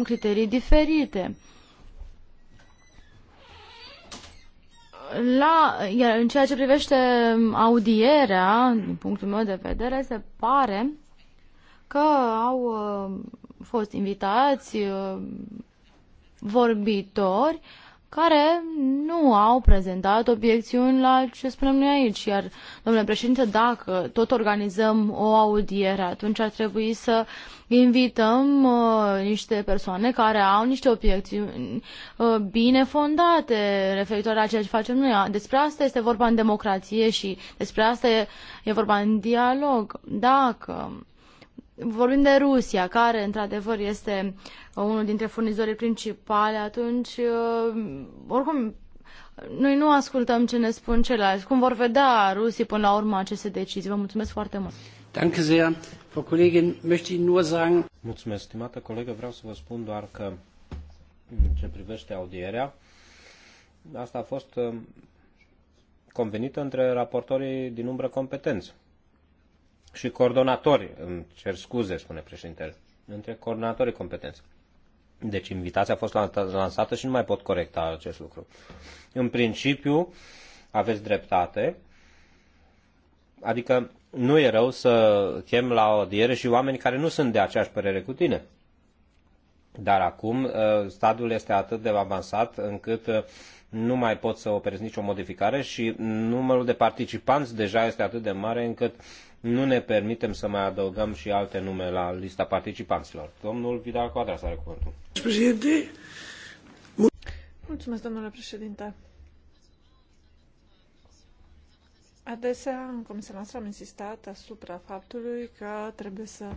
criterii diferite. la, iar în ceea ce privește audierea, din punctul meu de vedere, se pare că au uh, fost invitați uh, vorbitori care nu au prezentat obiecțiuni la ce spunem noi aici. Iar, domnule președinte, dacă tot organizăm o audiere, atunci ar trebui să uh, invităm uh, niște persoane care au niște obiecțiuni uh, bine fondate referitoare la ceea ce facem noi. Despre asta este vorba în democrație și despre asta e, e vorba în dialog. Dacă vorbim de Rusia, care într-adevăr este uh, unul dintre furnizorii principale, atunci uh, oricum noi nu ascultăm ce ne spun ceilalți. Cum vor vedea rusii până la urmă aceste decizii? Vă mulțumesc foarte mult. Danke sehr. Mulțumesc, stimată colegă, vreau să vă spun doar că în ce privește audierea, asta a fost uh, convenită între raportorii din umbră competenți și coordonatori, îmi cer scuze, spune președintele, între coordonatorii competenți. Deci invitația a fost lansată și nu mai pot corecta acest lucru. În principiu, aveți dreptate, adică nu e rău să chem la o diere și oameni care nu sunt de aceeași părere cu tine. Dar acum uh, stadiul este atât de avansat încât uh, nu mai pot să operez nicio modificare și numărul de participanți deja este atât de mare încât nu ne permitem să mai adăugăm și alte nume la lista participanților. Domnul Vidal Coadras are cuvântul. Președinte. Mulțumesc, domnule președinte. Adesea, în comisia noastră am insistat asupra faptului că trebuie să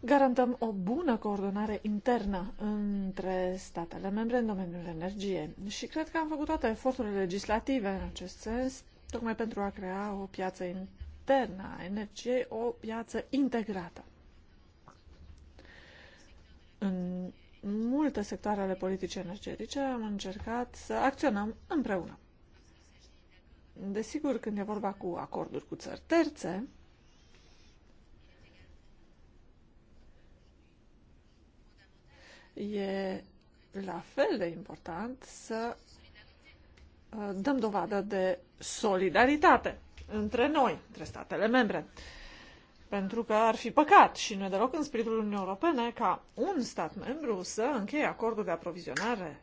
garantăm o bună coordonare internă între statele membre în domeniul energiei. Și cred că am făcut toate eforturile legislative în acest sens, tocmai pentru a crea o piață internă a energiei, o piață integrată. În multe sectoare ale politicii energetice am încercat să acționăm împreună. Desigur, când e vorba cu acorduri cu țări terțe, e la fel de important să uh, dăm dovadă de solidaritate între noi, între statele membre. Pentru că ar fi păcat și nu e deloc în spiritul Uniunii Europene ca un stat membru să încheie acordul de aprovizionare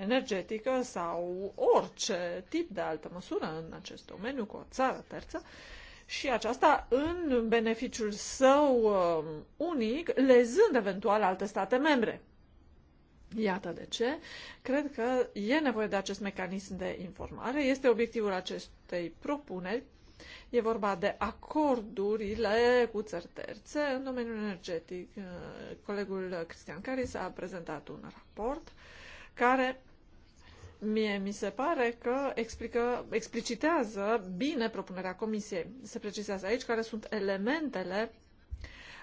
energetică sau orice tip de altă măsură în acest domeniu cu o țară terță și aceasta în beneficiul său um, unic, lezând eventual alte state membre. Iată de ce. Cred că e nevoie de acest mecanism de informare. Este obiectivul acestei propuneri. E vorba de acordurile cu țări terțe în domeniul energetic. Uh, colegul Cristian Caris a prezentat un raport care Mie mi se pare că explică, explicitează bine propunerea Comisiei. Se precizează aici care sunt elementele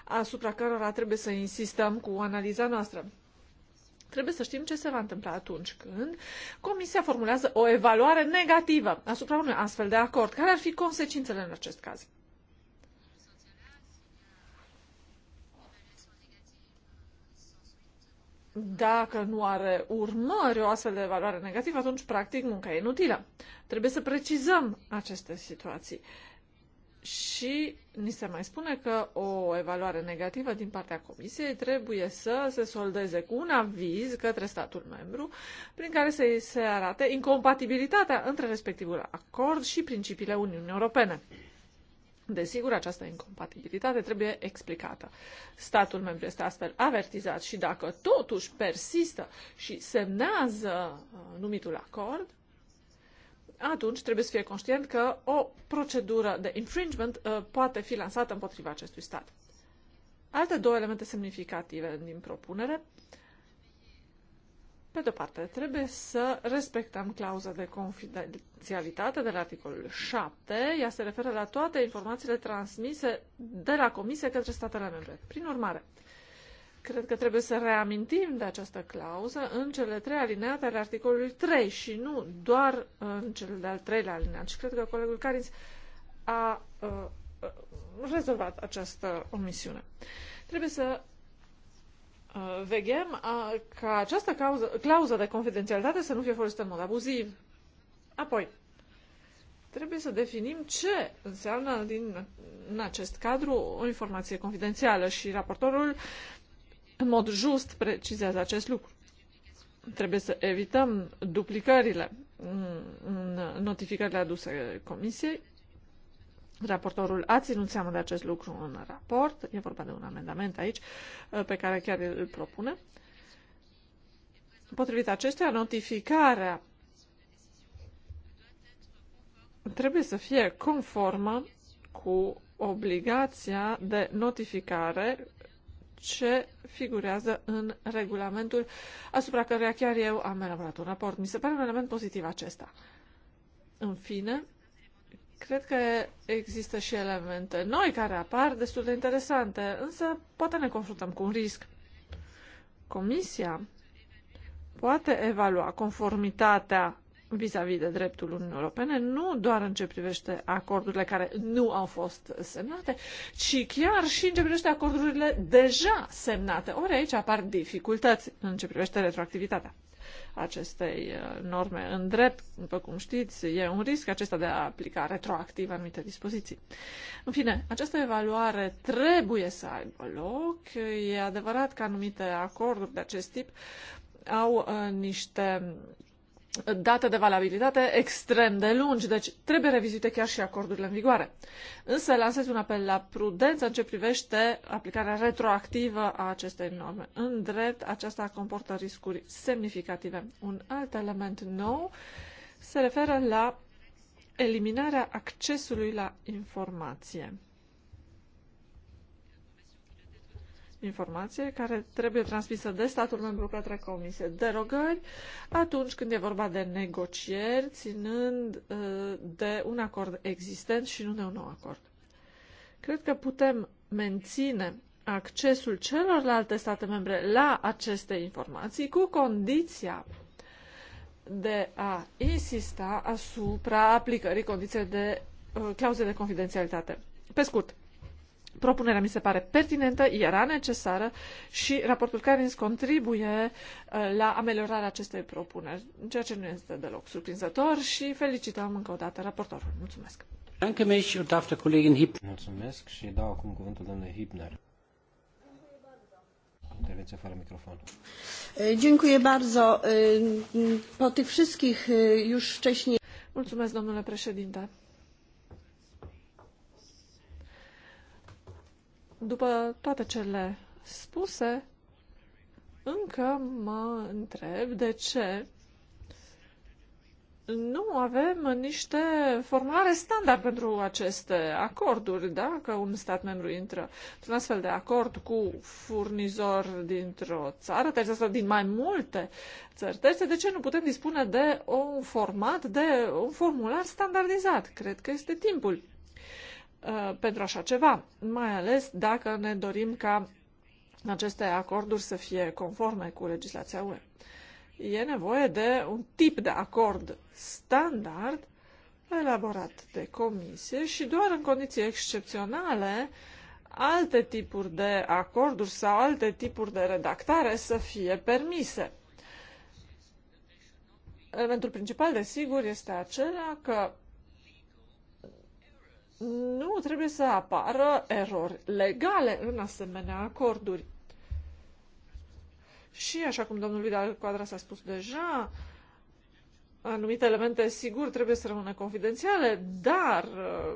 asupra cărora trebuie să insistăm cu analiza noastră. Trebuie să știm ce se va întâmpla atunci când Comisia formulează o evaluare negativă asupra unui astfel de acord. Care ar fi consecințele în acest caz? dacă nu are urmări o astfel de evaluare negativă, atunci, practic, munca e inutilă. Trebuie să precizăm aceste situații. Și ni se mai spune că o evaluare negativă din partea Comisiei trebuie să se soldeze cu un aviz către statul membru prin care să se arate incompatibilitatea între respectivul acord și principiile Uniunii Europene. Desigur, această incompatibilitate trebuie explicată. Statul membru este astfel avertizat și dacă totuși persistă și semnează uh, numitul acord, atunci trebuie să fie conștient că o procedură de infringement uh, poate fi lansată împotriva acestui stat. Alte două elemente semnificative din propunere pe de-o parte, trebuie să respectăm clauza de confidențialitate de la articolul 7. Ea se referă la toate informațiile transmise de la Comisie către statele membre. Prin urmare, cred că trebuie să reamintim de această clauză în cele trei alineate ale articolului 3 și nu doar în cel de-al treilea alineat. Și cred că colegul Carins a, a uh, uh, rezolvat această omisiune. Trebuie să Uh, veghem a, uh, ca această cauză, clauză de confidențialitate să nu fie folosită în mod abuziv. Apoi, trebuie să definim ce înseamnă din, în acest cadru o informație confidențială și raportorul în mod just precizează acest lucru. Trebuie să evităm duplicările în notificările aduse Comisiei Raportorul a ținut seama de acest lucru în raport, e vorba de un amendament aici uh, pe care chiar îl propune. Potrivit acestea, notificarea trebuie să fie conformă cu obligația de notificare ce figurează în regulamentul asupra căruia chiar eu am elaborat un raport. Mi se pare un element pozitiv acesta. În fine, Cred că există și elemente noi care apar destul de interesante, însă poate ne confruntăm cu un risc. Comisia poate evalua conformitatea vis-a-vis -vis de dreptul Uniunii Europene, nu doar în ce privește acordurile care nu au fost semnate, ci chiar și în ce privește acordurile deja semnate. Ori aici apar dificultăți în ce privește retroactivitatea acestei uh, norme în drept. După cum știți, e un risc acesta de a aplica retroactiv anumite dispoziții. În fine, această evaluare trebuie să aibă loc. E adevărat că anumite acorduri de acest tip au uh, niște date de valabilitate extrem de lungi, deci trebuie revizuite chiar și acordurile în vigoare. Însă lansez un apel la prudență în ce privește aplicarea retroactivă a acestei norme. În drept, aceasta comportă riscuri semnificative. Un alt element nou se referă la eliminarea accesului la informație. informație care trebuie transmisă de statul membru către comisie. rogări atunci când e vorba de negocieri, ținând uh, de un acord existent și nu de un nou acord. Cred că putem menține accesul celorlalte state membre la aceste informații cu condiția de a insista asupra aplicării condiției de uh, clauze de confidențialitate. Pe scurt, Propunerea mi se pare pertinentă, era necesară și raportul Carins contribuie uh, la ameliorarea acestei propuneri, ceea ce nu este deloc surprinzător și felicităm încă o dată raportorul. Mulțumesc! Mulțumesc și dau acum cuvântul domnului Hipner. Dziękuję bardzo. Po tych wszystkich już wcześniej... Mulțumesc, domnule președinte. După toate cele spuse, încă mă întreb de ce nu avem niște formulare standard pentru aceste acorduri. Dacă un stat membru intră într-un astfel de acord cu furnizor dintr-o țară terță sau din mai multe țări terțe, de ce nu putem dispune de un format, de un formular standardizat? Cred că este timpul. Uh, pentru așa ceva, mai ales dacă ne dorim ca aceste acorduri să fie conforme cu legislația UE. E nevoie de un tip de acord standard elaborat de comisie și doar în condiții excepționale alte tipuri de acorduri sau alte tipuri de redactare să fie permise. Elementul principal, desigur, este acela că nu trebuie să apară erori legale în asemenea acorduri. Și așa cum domnul Vidal Quadras a spus deja, anumite elemente, sigur, trebuie să rămână confidențiale, dar uh,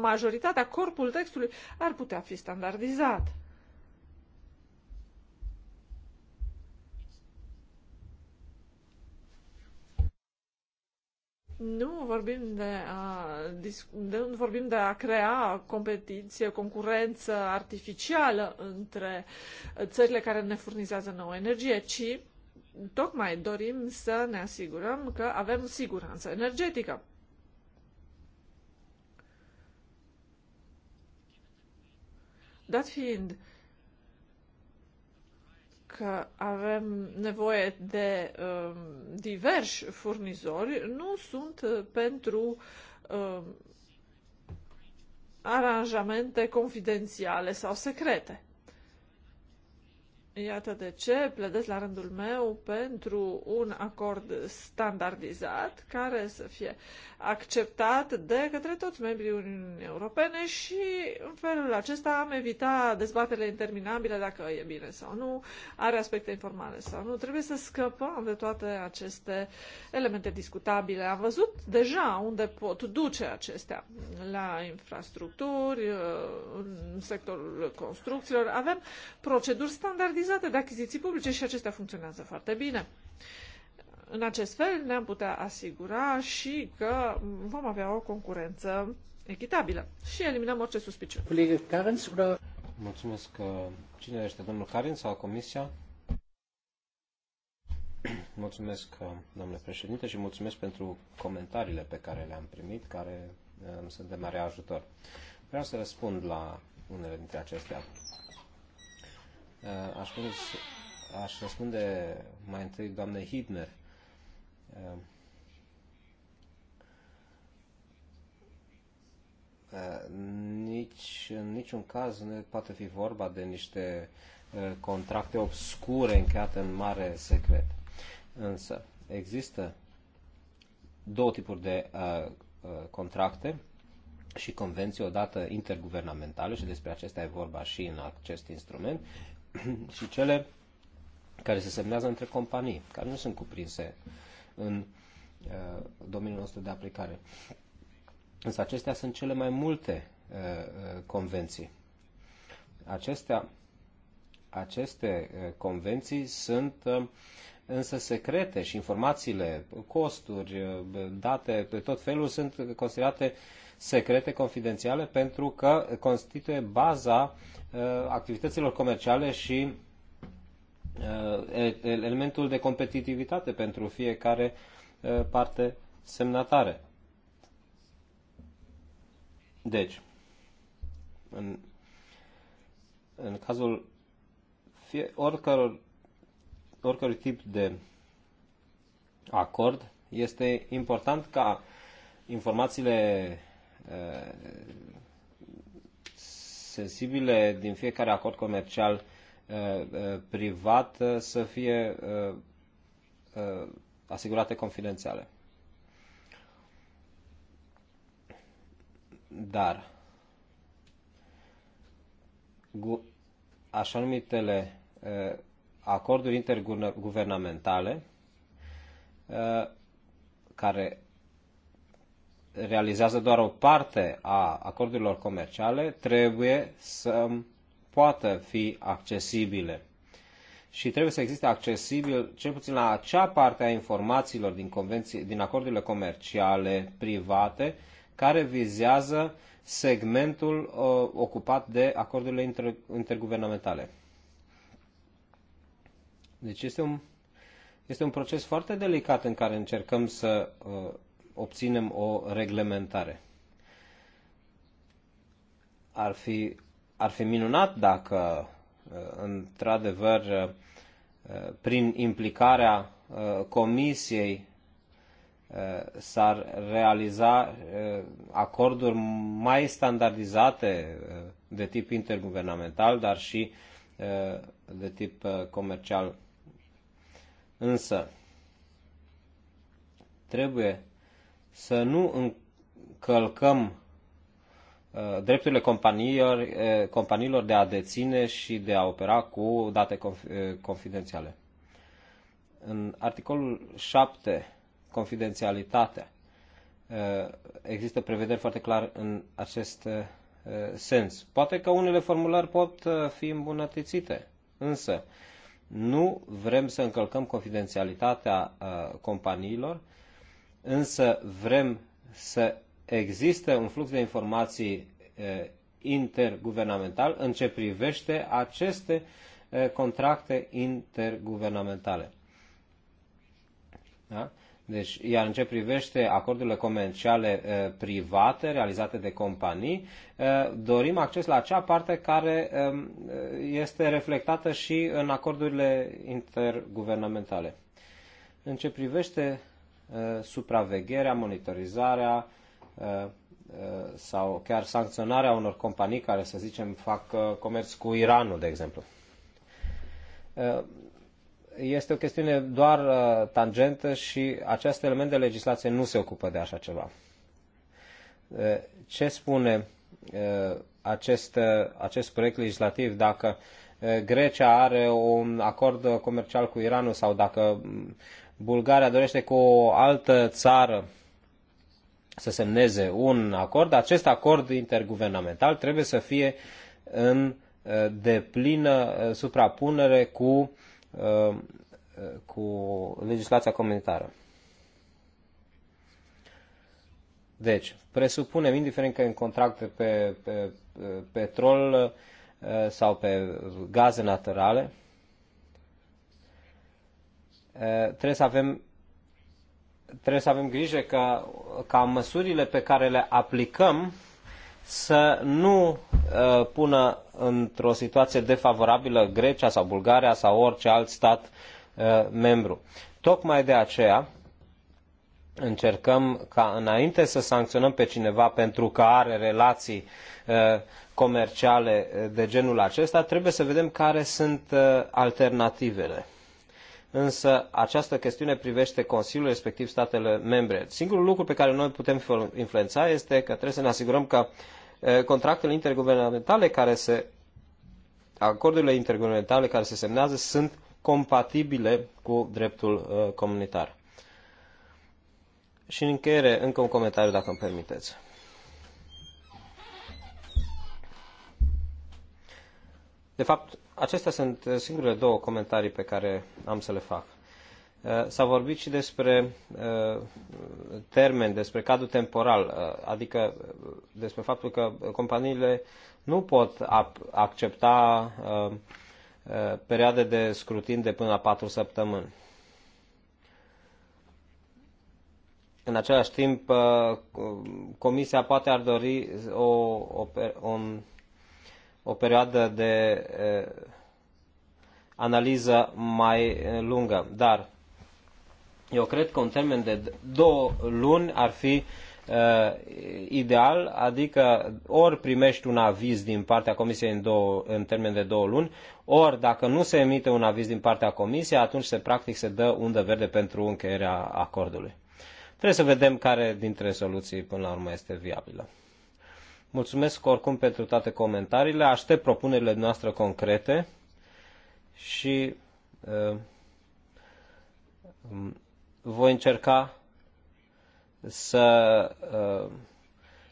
majoritatea, corpul textului ar putea fi standardizat. Nu vorbim de a, de, nu vorbim de a crea competiție, concurență artificială între țările care ne furnizează nouă energie, ci tocmai dorim să ne asigurăm că avem siguranță energetică. Dat fiind uh, că avem nevoie de uh, diversi furnizori, nu sunt uh, pentru uh, aranjamente confidențiale sau secrete. Iată de ce pledez la rândul meu pentru un acord standardizat care să fie acceptat de către toți membrii Uniunii Europene și în felul acesta am evita dezbatele interminabile dacă e bine sau nu, are aspecte informale sau nu. Trebuie să scăpăm de toate aceste elemente discutabile. Am văzut deja unde pot duce acestea la infrastructuri, în sectorul construcțiilor. Avem proceduri standardizate furnizate de achiziții publice și acestea funcționează foarte bine. În acest fel ne-am putea asigura și că vom avea o concurență echitabilă și eliminăm orice suspiciune. Colegă Carens, Mulțumesc. Uh, cine este domnul Carin sau comisia? Mulțumesc, uh, domnule președinte, și mulțumesc pentru comentariile pe care le-am primit, care uh, sunt de mare ajutor. Vreau să răspund la unele dintre acestea. Uh, aș, spune, aș răspunde mai întâi doamnei Hidner. Uh, uh, nici, în niciun caz nu poate fi vorba de niște contracte obscure încheiate în mare secret. Însă, există două tipuri de uh, contracte și convenții odată interguvernamentale și despre acesta e vorba și în acest instrument și cele care se semnează între companii, care nu sunt cuprinse în uh, domeniul nostru de aplicare. Însă acestea sunt cele mai multe uh, uh convenții. Acestea, aceste uh, convenții sunt uh, însă secrete și informațiile, costuri, uh, date, tot felul sunt considerate uh, secrete confidențiale pentru că constituie baza uh, activităților comerciale și uh, elementul de competitivitate pentru fiecare uh, parte semnatare. Deci, în, în cazul fie, oricăror, oricărui tip de acord, este important ca informațiile sensibile din fiecare acord comercial uh, uh, privat uh, să fie asigurate confidențiale. Dar așa numitele acorduri interguvernamentale care realizează doar o parte a acordurilor comerciale, trebuie să poată fi accesibile. Și trebuie să existe accesibil cel puțin la acea parte a informațiilor din, convenții, din acordurile comerciale private care vizează segmentul uh, ocupat de acordurile inter, interguvernamentale. Deci este un, este un proces foarte delicat în care încercăm să uh, obținem o reglementare. Ar fi, ar fi minunat dacă, uh, într-adevăr, uh, prin implicarea uh, Comisiei s-ar realiza acorduri mai standardizate de tip interguvernamental, dar și de tip comercial. Însă, trebuie să nu încălcăm uh, drepturile companiilor, uh, companiilor de a deține și de a opera cu date uh, confidențiale. În articolul 7, confidențialitatea, există prevederi foarte clar în acest sens. Poate că unele formulări pot fi îmbunătățite, însă nu vrem să încălcăm confidențialitatea companiilor însă vrem să existe un flux de informații eh, interguvernamental în ce privește aceste eh, contracte interguvernamentale. Da? Deci, iar în ce privește acordurile comerciale uh, private realizate de companii, uh, dorim acces la acea parte care uh, este reflectată și în acordurile interguvernamentale. În ce privește Uh, supravegherea, monitorizarea uh, uh, sau chiar sancționarea unor companii care, să zicem, fac comerț cu Iranul, de exemplu. Este o chestiune doar tangentă și acest element de legislație nu se ocupă de așa ceva. Ce spune acest, acest proiect legislativ dacă Grecia are un acord comercial cu Iranul sau dacă Bulgaria dorește cu o altă țară să semneze un acord, acest acord interguvernamental trebuie să fie în uh, deplină uh, suprapunere cu, uh, cu legislația comunitară. Deci, presupunem, indiferent că în contracte pe, pe, pe petrol sau pe gaze naturale, Eh, trebuie să avem trebuie să avem grijă ca ca măsurile pe care le aplicăm să nu uh, pună într-o situație defavorabilă Grecia sau Bulgaria sau orice alt stat uh, membru. Tocmai de aceea încercăm ca înainte să sancționăm pe cineva pentru că are relații uh, comerciale de genul acesta, trebuie să vedem care sunt alternativele însă această chestiune privește Consiliul, respectiv statele membre. Singurul lucru pe care noi putem influența este că trebuie să ne asigurăm că contractele interguvernamentale care se acordurile interguvernamentale care se semnează sunt compatibile cu dreptul comunitar. Și în încheiere, încă un comentariu, dacă îmi permiteți. De fapt, Acestea sunt uh, singurele două comentarii pe care am să le fac. Uh, s-a vorbit și despre uh, termen, despre cadru temporal, adică despre faptul că companiile nu pot accepta perioade de scrutin de până la patru săptămâni. În același timp, Comisia poate ar dori o, o, un o perioadă de analiză mai lungă. Dar eu cred că un termen de două luni ar fi uh, ideal, adică ori primești un aviz din partea Comisiei în, două, în termen de două luni, ori dacă nu se emite un aviz din partea Comisiei, atunci se practic se dă undă verde pentru încheierea acordului. Trebuie să vedem care dintre soluții până la urmă este viabilă. Mulțumesc oricum pentru toate comentariile, aștept propunerile noastre concrete și uh, um, voi încerca să uh,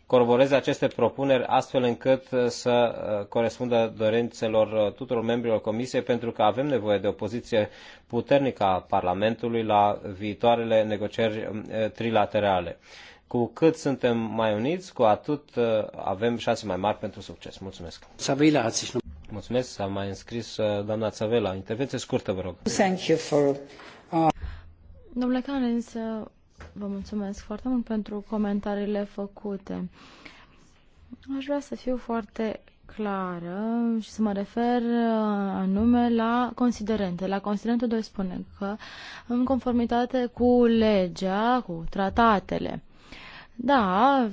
corboreze aceste propuneri astfel încât uh, să uh, corespundă dorințelor uh, tuturor membrilor Comisiei, pentru că avem nevoie de o poziție puternică a Parlamentului la viitoarele negocieri trilaterale. Cu cât suntem mai uniți, cu atât uh, avem șanse mai mari pentru succes. Mulțumesc. Savila ați Mulțumesc, s-a mai înscris uh, doamna Țavela. Intervenție scurtă, vă rog. Thank you for... Uh, Domnule Canens, vă mulțumesc foarte mult pentru comentariile făcute. Aș vrea să fiu foarte clară și să mă refer anume la considerente. La considerente 2 spune că în conformitate cu legea, cu tratatele, da,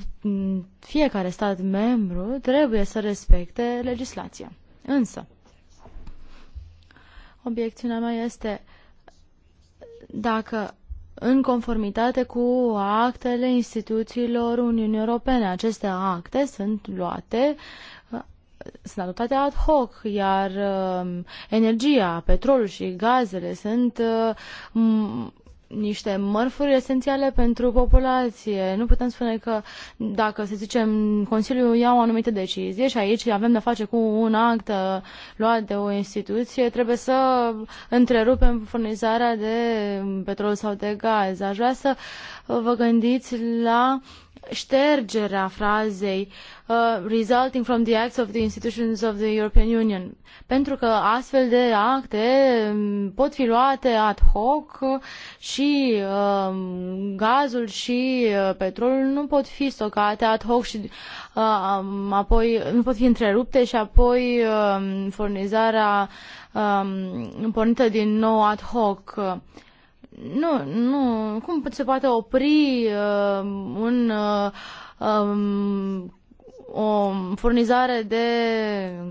fiecare stat membru trebuie să respecte legislația. Însă, obiecțiunea mea este dacă în conformitate cu actele instituțiilor Uniunii Europene. Aceste acte sunt luate sunt adoptate ad hoc, iar um, energia, petrolul și gazele sunt uh, niște mărfuri esențiale pentru populație. Nu putem spune că dacă, să zicem, Consiliul ia o anumită decizie și aici avem de face cu un act uh, luat de o instituție, trebuie să întrerupem furnizarea de petrol sau de gaz. Aș vrea să vă gândiți la ștergerea frazei uh, resulting from the acts of the institutions of the European Union, pentru că astfel de acte um, pot fi luate ad hoc și uh, gazul și uh, petrolul nu pot fi stocate ad hoc și uh, apoi nu pot fi întrerupte și apoi um, furnizarea pornită din nou ad hoc. Uh, nu, nu, cum se poate opri uh, un uh, um, o furnizare de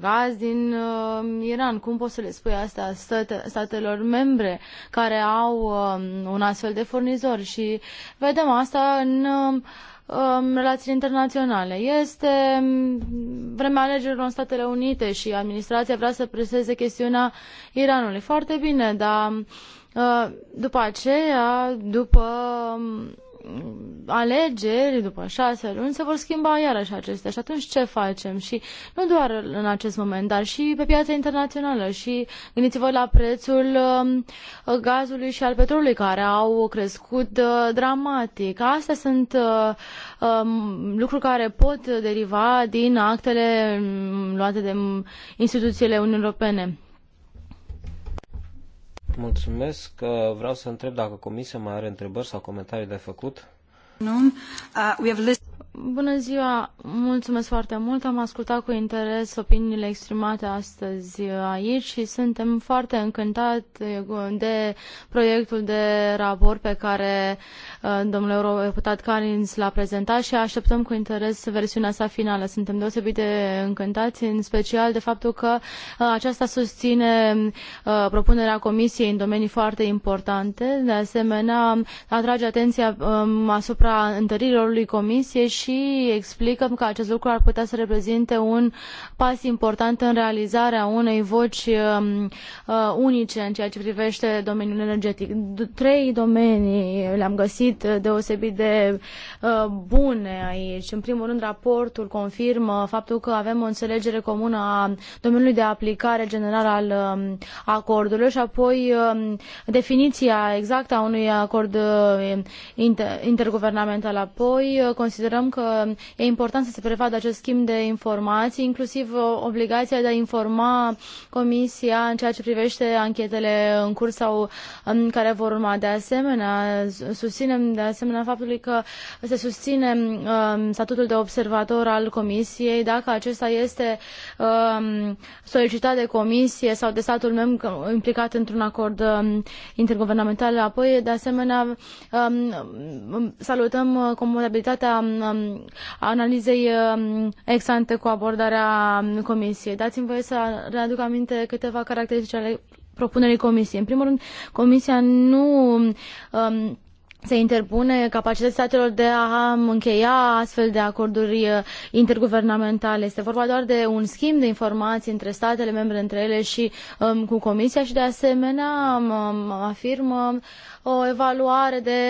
gaz din uh, Iran. Cum poți să le spui asta state, statelor membre care au uh, un astfel de furnizor? Și vedem asta în uh, relațiile internaționale. Este um, vremea alegerilor în Statele Unite și administrația vrea să preseze chestiunea Iranului. Foarte bine, dar uh, Uh, după aceea, după um, alegeri, după șase luni, se vor schimba iarăși acestea. Și atunci ce facem? Și nu doar în acest moment, dar și pe piața internațională. Și gândiți-vă la prețul um, gazului și al petrolului, care au crescut uh, dramatic. Astea sunt uh, um, lucruri care pot deriva din actele luate de instituțiile Uniunii Europene. Mulțumesc. Vreau să întreb dacă comisia mai are întrebări sau comentarii de făcut. Uh, we have list- Bună ziua, mulțumesc foarte mult. Am ascultat cu interes opiniile exprimate astăzi aici și suntem foarte încântat de proiectul de raport pe care uh, domnul eurodeputat Carins l-a prezentat și așteptăm cu interes versiunea sa finală. Suntem deosebit de încântați, în special de faptul că uh, aceasta susține uh, propunerea Comisiei în domenii foarte importante. De asemenea, atrage atenția um, asupra întăririi lui Comisiei și și explică că acest lucru ar putea să reprezinte un pas important în realizarea unei voci um, uh, unice în ceea ce privește domeniul energetic. Trei domenii le-am găsit deosebit de uh, bune aici. În primul rând, raportul confirmă faptul că avem o înțelegere comună a domeniului de aplicare general al um, acordului, și apoi um, definiția exactă a unui acord uh, interguvernamental. Apoi considerăm că e important să se prevadă acest schimb de informații, inclusiv obligația de a informa Comisia în ceea ce privește anchetele în curs sau în um, care vor urma. De asemenea, susținem de asemenea faptul că se susține um, statutul de observator al Comisiei dacă acesta este um, solicitat de Comisie sau de statul membru implicat într-un acord interguvernamental. Apoi, de asemenea, salutăm uh, comodabilitatea Um, analizei um, ex ante cu abordarea um, Comisiei. Dați-mi voie să readuc aminte câteva caracteristici ale propunerii Comisiei. În primul rând, Comisia nu um, se interpune capacitatea statelor de a încheia astfel de acorduri uh, interguvernamentale. Este vorba doar de un schimb de informații între statele membre, între ele și um, cu Comisia și de asemenea um, afirmă uh, o evaluare de,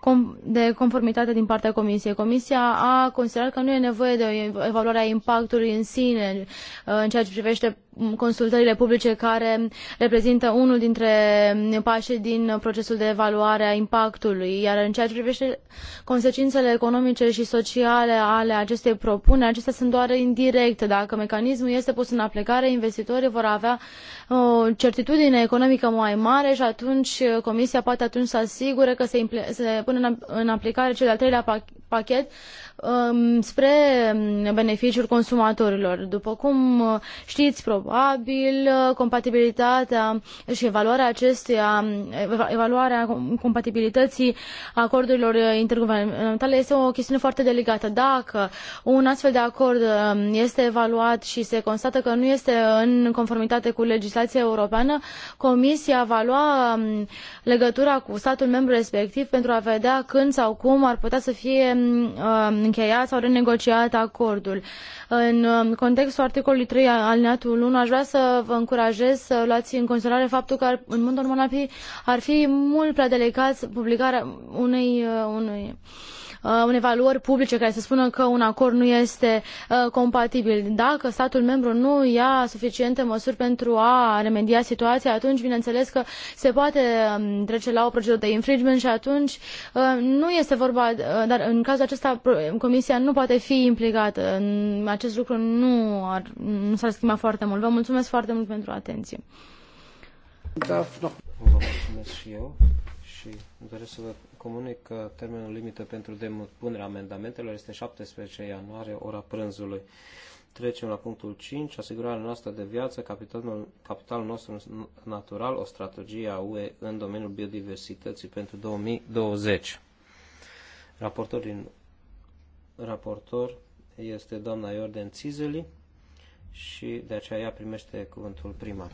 com- de conformitate din partea Comisiei. Comisia a considerat că nu e nevoie de o evaluare a impactului în sine uh, în ceea ce privește mm, consultările publice care reprezintă unul dintre mm, pașii din procesul de evaluare a impactului, iar în ceea ce privește consecințele economice și sociale ale acestei propuneri, acestea sunt doar indirecte. Dacă mecanismul este pus în aplicare, investitorii vor avea o certitudine economică mai mare și atunci uh, Comisia poate atunci să asigure că se, pun în, aplicare cel de-al treilea pachet Um, spre um, beneficiul consumatorilor. După cum uh, știți, probabil, uh, compatibilitatea și evaluarea acesteia, um, evaluarea compatibilității acordurilor uh, interguvernamentale este o chestiune foarte delicată. Dacă un astfel de acord este evaluat și se constată că nu este în conformitate cu legislația europeană, Comisia va lua legătura cu statul membru respectiv pentru a vedea când sau cum ar putea să fie încheiat sau renegociat acordul. În um, contextul articolului 3 neatul 1 aș vrea să vă încurajez să luați în considerare faptul că în mod normal ar fi, ar fi mult prea delicat publicarea unei, uh, unei Uh, unei evaluări publice care să spună că un acord nu este uh, compatibil. Dacă statul membru nu ia suficiente măsuri pentru a remedia situația, atunci bineînțeles că se poate um, trece la o procedură de infringement și atunci uh, nu este vorba, dar în cazul acesta Comisia nu poate fi implicată. Acest lucru nu, ar, nu s-ar schimba foarte mult. Vă mulțumesc foarte mult pentru atenție. Da, Vă mulțumesc și eu și doresc să vă comunic că termenul limită pentru depunerea amendamentelor este 17 ianuarie, ora prânzului. Trecem la punctul 5, asigurarea noastră de viață, capitalul, capitalul nostru natural, o strategie a UE în domeniul biodiversității pentru 2020. Raportor, din, raportor este doamna Iorden Țizeli și de aceea ea primește cuvântul prima.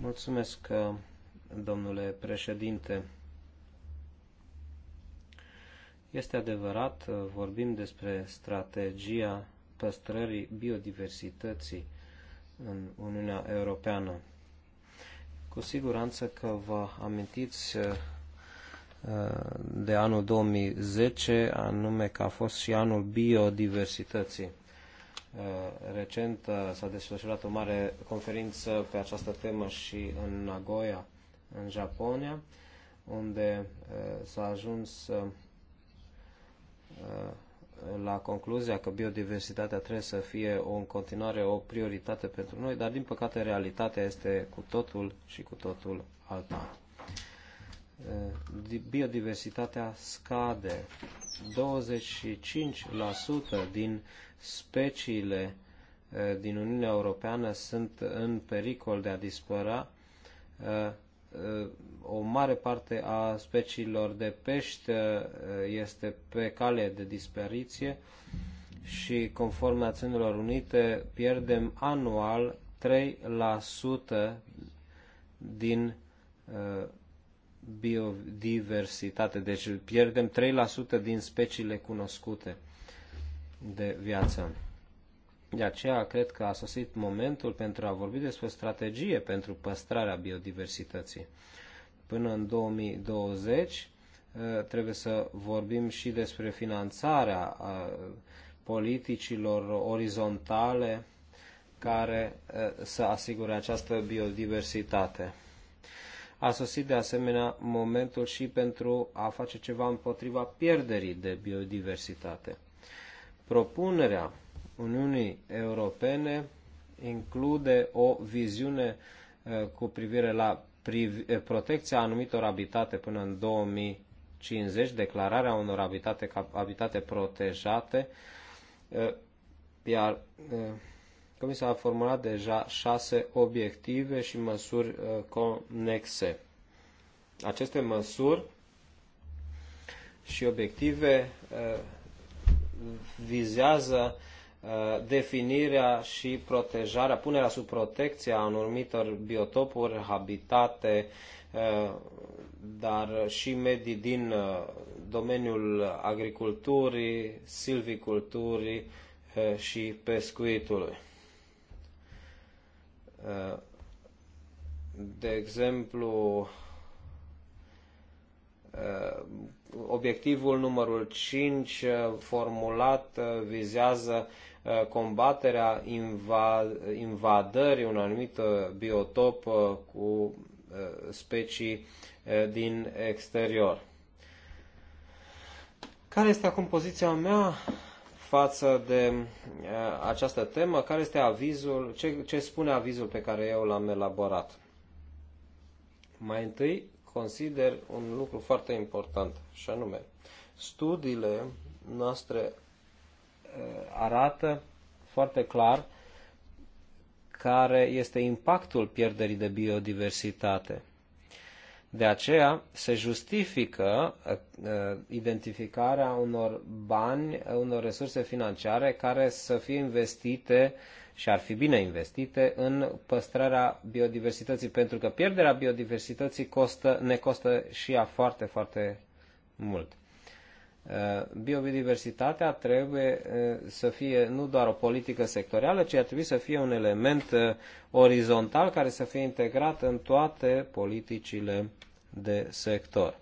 Mulțumesc, domnule președinte. Este adevărat, uh, vorbim despre strategia păstrării biodiversității în Uniunea Europeană. Cu siguranță că vă amintiți uh, uh, de anul 2010, anume că a fost și anul biodiversității. Recent s-a desfășurat o mare conferință pe această temă și în Nagoya, în Japonia, unde s-a ajuns la concluzia că biodiversitatea trebuie să fie o, în continuare o prioritate pentru noi, dar din păcate realitatea este cu totul și cu totul alta. Biodiversitatea scade. 25% din speciile eh, din Uniunea Europeană sunt în pericol de a dispărea eh, Uh, o mare parte a speciilor de pești uh, este pe cale de dispariție și conform Națiunilor Unite pierdem anual 3% din uh, biodiversitate, deci pierdem 3% din speciile cunoscute de viață. De aceea cred că a sosit momentul pentru a vorbi despre o strategie pentru păstrarea biodiversității. Până în 2020 eh, trebuie să vorbim și despre finanțarea eh, politicilor orizontale care eh, să asigure această biodiversitate. A sosit de asemenea momentul și pentru a face ceva împotriva pierderii de biodiversitate. Propunerea Uniunii Europene include o viziune uh, cu privire la eh, protecția anumitor abitate până în 2050, declararea unor abitate, abitate protejate, uh, iar uh, Comisia a formulat deja șase obiective și măsuri conexe. Aceste măsuri și obiective vizează Uh, definirea și protejarea, punerea sub protecție a anumitor biotopuri, habitate, uh, dar și medii din uh, domeniul agriculturii, silviculturii și pescuitului. De exemplu, Uh, obiectivul numărul 5 uh, formulat uh, vizează combaterea invadării un anumit biotop cu specii din exterior. Care este acum poziția mea față de această temă? Care este avizul? Ce, ce spune avizul pe care eu l-am elaborat? Mai întâi, consider un lucru foarte important, și anume, studiile noastre eh, arată foarte clar care este impactul pierderii de biodiversitate. De aceea se justifică eh, eh, identificarea unor bani, unor resurse financiare care să fie investite și ar fi bine investite în păstrarea biodiversității, pentru că pierderea biodiversității costă, ne costă și ea foarte, foarte mult. Uh, biodiversitatea trebuie uh, să fie nu doar o politică sectorială, ci ar trebui să fie un element uh, orizontal care să fie integrat în toate politicile de sector.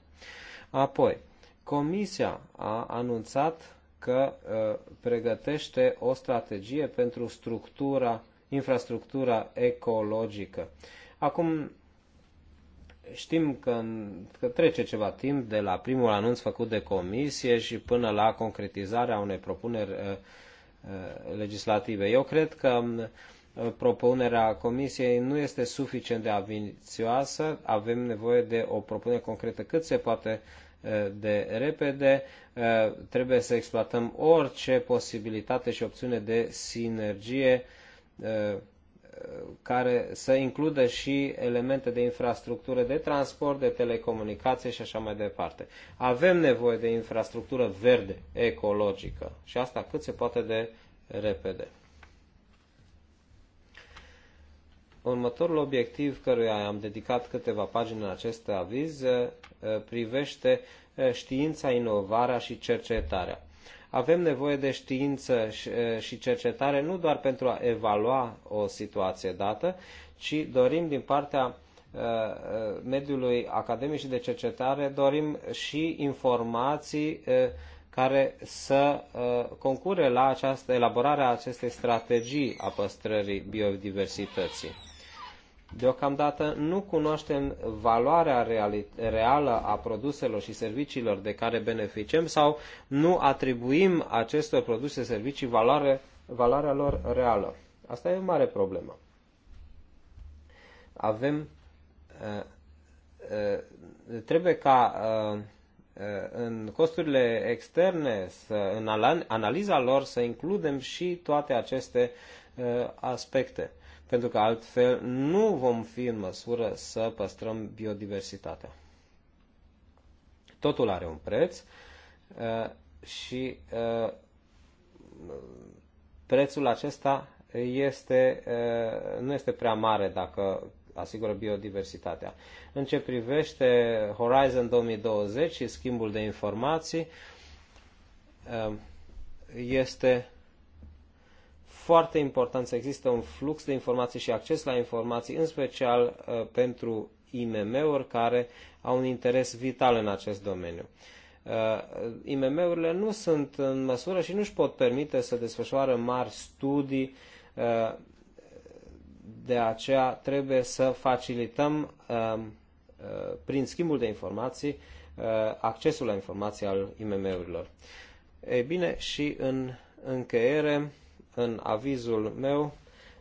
Apoi, Comisia a anunțat că uh, pregătește o strategie pentru structura, infrastructura ecologică. Acum, știm că, că trece ceva timp de la primul anunț făcut de comisie și până la concretizarea unei propuneri uh, uh, legislative. Eu cred că um, propunerea comisiei nu este suficient de ambițioasă, avem nevoie de o propunere concretă cât se poate de repede. Uh, trebuie să exploatăm orice posibilitate și opțiune de sinergie uh, care să includă și elemente de infrastructură de transport, de telecomunicație și așa mai departe. Avem nevoie de infrastructură verde, ecologică și asta cât se poate de repede. Următorul obiectiv căruia am dedicat câteva pagini în acest aviz eh, eh, privește eh, știința, inovarea și cercetarea. Avem nevoie de știință și cercetare nu doar pentru a evalua o situație dată, ci dorim din partea mediului academic și de cercetare, dorim și informații care să concure la această elaborarea acestei strategii a păstrării biodiversității. Deocamdată nu cunoaștem valoarea reală a produselor și serviciilor de care beneficiem sau nu atribuim acestor produse și servicii valoare, valoarea lor reală. Asta e o mare problemă. Avem. Eh, eh, trebuie ca eh, în costurile externe, să, în analiza lor, să includem și toate aceste aspecte pentru că altfel nu vom fi în măsură să păstrăm biodiversitatea. Totul are un preț uh, și uh, prețul acesta este, uh, nu este prea mare dacă asigură biodiversitatea. În ce privește Horizon 2020 și schimbul de informații, este foarte important să existe un flux de informații și acces la informații, în special uh, pentru IMM-uri care au un interes vital în acest domeniu. Uh, IMM-urile nu sunt în măsură și nu își pot permite să desfășoare mari studii, uh, de aceea trebuie să facilităm prin schimbul de informații accesul la informații al IMM-urilor. Ei bine, și în încheiere, în avizul meu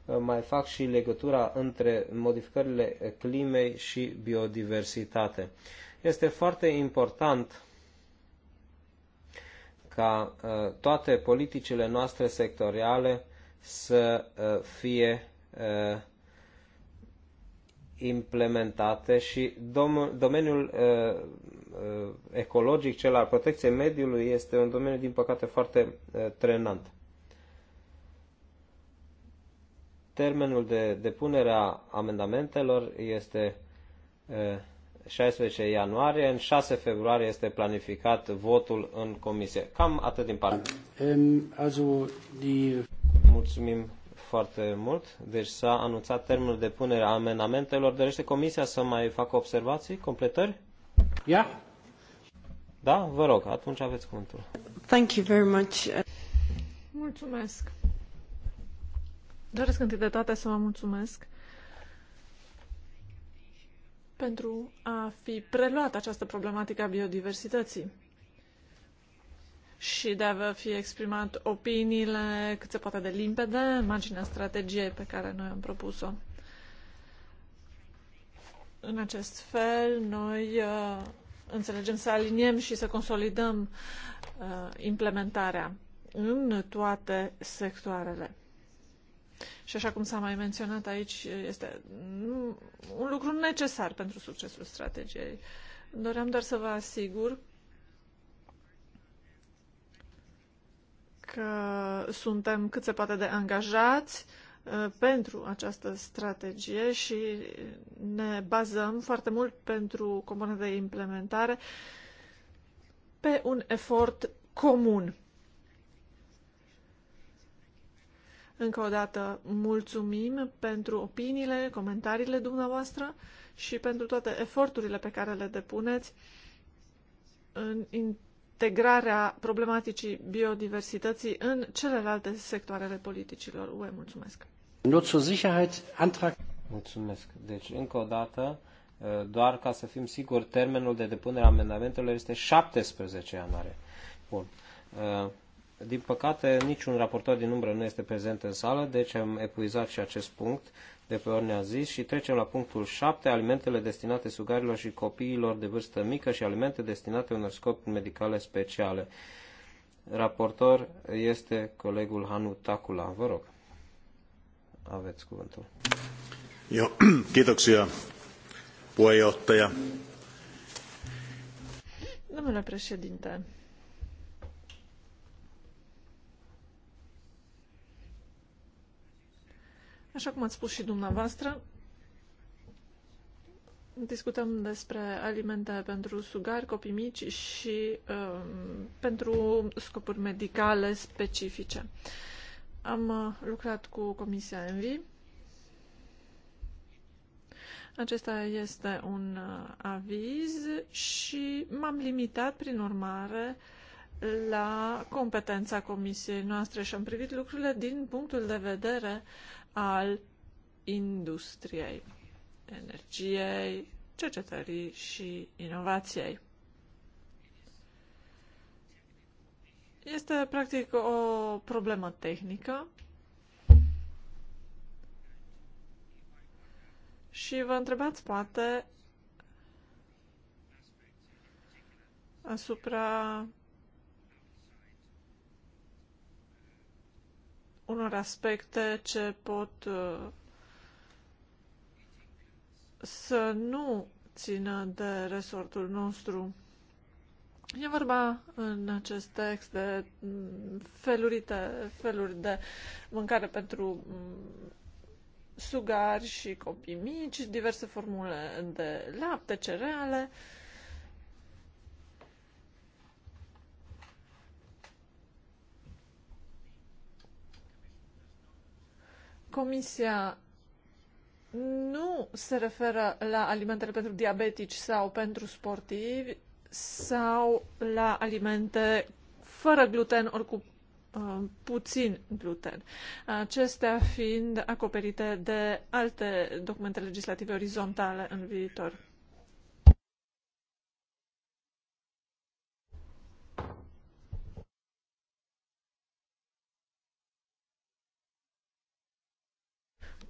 uh, mai fac și legătura între modificările climei și biodiversitate. Este foarte important ca uh, toate politicile noastre sectoriale să uh, fie implementate și domeniul ecologic, cel al protecției mediului, este un domeniu, din păcate, foarte trenant. Termenul de depunere a amendamentelor este 16 ianuarie, în 6 februarie este planificat votul în comisie. Cam atât din partea die... Mulțumim foarte mult. Deci s-a anunțat termenul de punere a amendamentelor. Dorește comisia să mai facă observații, completări? Ia. Da, vă rog, atunci aveți cuvântul. Thank you very much. Mulțumesc. Doresc întâi de toate să vă mulțumesc pentru a fi preluat această problematică a biodiversității și de a vă fi exprimat opiniile cât se poate de limpede în marginea strategiei pe care noi am propus-o. În acest fel, noi uh, înțelegem să aliniem și să consolidăm uh, implementarea în toate sectoarele. Și așa cum s-a mai menționat aici, este un lucru necesar pentru succesul strategiei. Doream doar să vă asigur că suntem cât se poate de angajați uh, pentru această strategie și ne bazăm foarte mult pentru componenta de implementare pe un efort comun. Încă o dată mulțumim pentru opiniile, comentariile dumneavoastră și pentru toate eforturile pe care le depuneți în integrarea problematicii biodiversității în celelalte sectoare ale politicilor UE. Mulțumesc! Mulțumesc! Deci, încă o dată, doar ca să fim siguri, termenul de depunere a amendamentelor este 17 ianuarie. Bun. Din păcate, niciun raportor din umbră nu este prezent în sală, deci am epuizat și acest punct de pe ordinea zi și trecem la punctul 7, alimentele destinate sugarilor și copiilor de vârstă mică și alimente destinate unor scopuri medicale speciale. Raportor este colegul Hanu Takula. Vă rog, aveți cuvântul. Joo, kiitoksia puheenjohtaja. Domnule președinte, Așa cum ați spus și dumneavoastră, discutăm despre alimente pentru sugari, copii mici și uh, pentru scopuri medicale specifice. Am uh, lucrat cu Comisia ENVI. Acesta este un uh, aviz și m-am limitat, prin urmare, la competența comisiei noastre și am privit lucrurile din punctul de vedere uh, al industriei, energiei, cercetării și inovației. Este practic o problemă tehnică și vă întrebați poate asupra unor aspecte ce pot uh, să nu țină de resortul nostru. E vorba în acest text de mm, felurite, feluri de mâncare pentru mm, sugari și copii mici, diverse formule de lapte, cereale, uh, Comisia nu se referă la alimentele pentru diabetici sau pentru sportivi sau la alimente fără gluten, ori cu uh, puțin gluten, acestea fiind acoperite de alte documente legislative orizontale în viitor.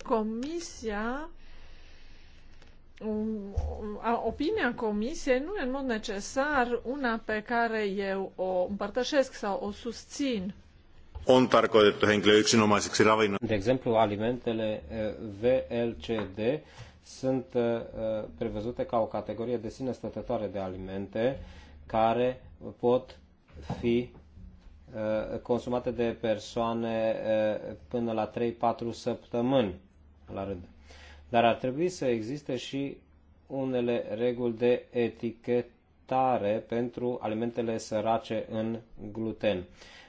Comisia, um, um, opinia Comisiei nu e în mod necesar una pe care eu o împărtășesc sau o susțin. Deci de exemplu, alimentele uh, VLCD sunt uh, uh, prevăzute ca o categorie de sine stătătoare de alimente care pot fi consumate de persoane până la 3-4 săptămâni la rând. Dar ar trebui să existe și unele reguli de etichetare pentru alimentele sărace în gluten.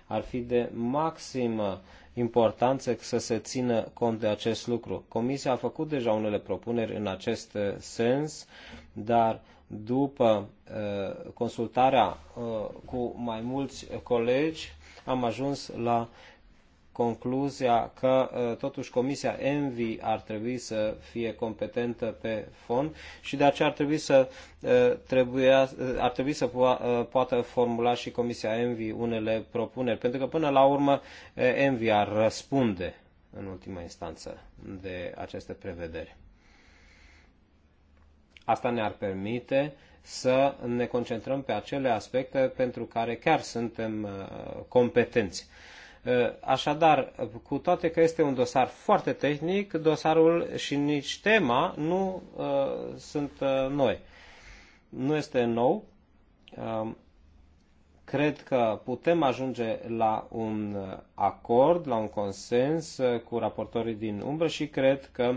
Ar fi de maximă importanță să se țină cont de acest lucru. Comisia a făcut deja unele propuneri în acest uh, sens, dar după uh, consultarea uh, cu mai mulți colegi am ajuns la concluzia că uh, totuși Comisia ENVI ar trebui să fie competentă pe fond și de aceea ar trebui să, uh, trebuia, uh, ar trebui să poată formula și Comisia ENVI unele propuneri, pentru că până la urmă ENVI ar răspunde în ultima instanță de aceste prevederi. Asta ne-ar permite să ne concentrăm pe acele aspecte pentru care chiar suntem competenți Eh, așadar, cu toate că este un dosar foarte tehnic, dosarul și nici tema nu eh, sunt eh, noi. Nu este nou. Cred că putem ajunge la un acord, la un consens cu raportorii din umbră și cred că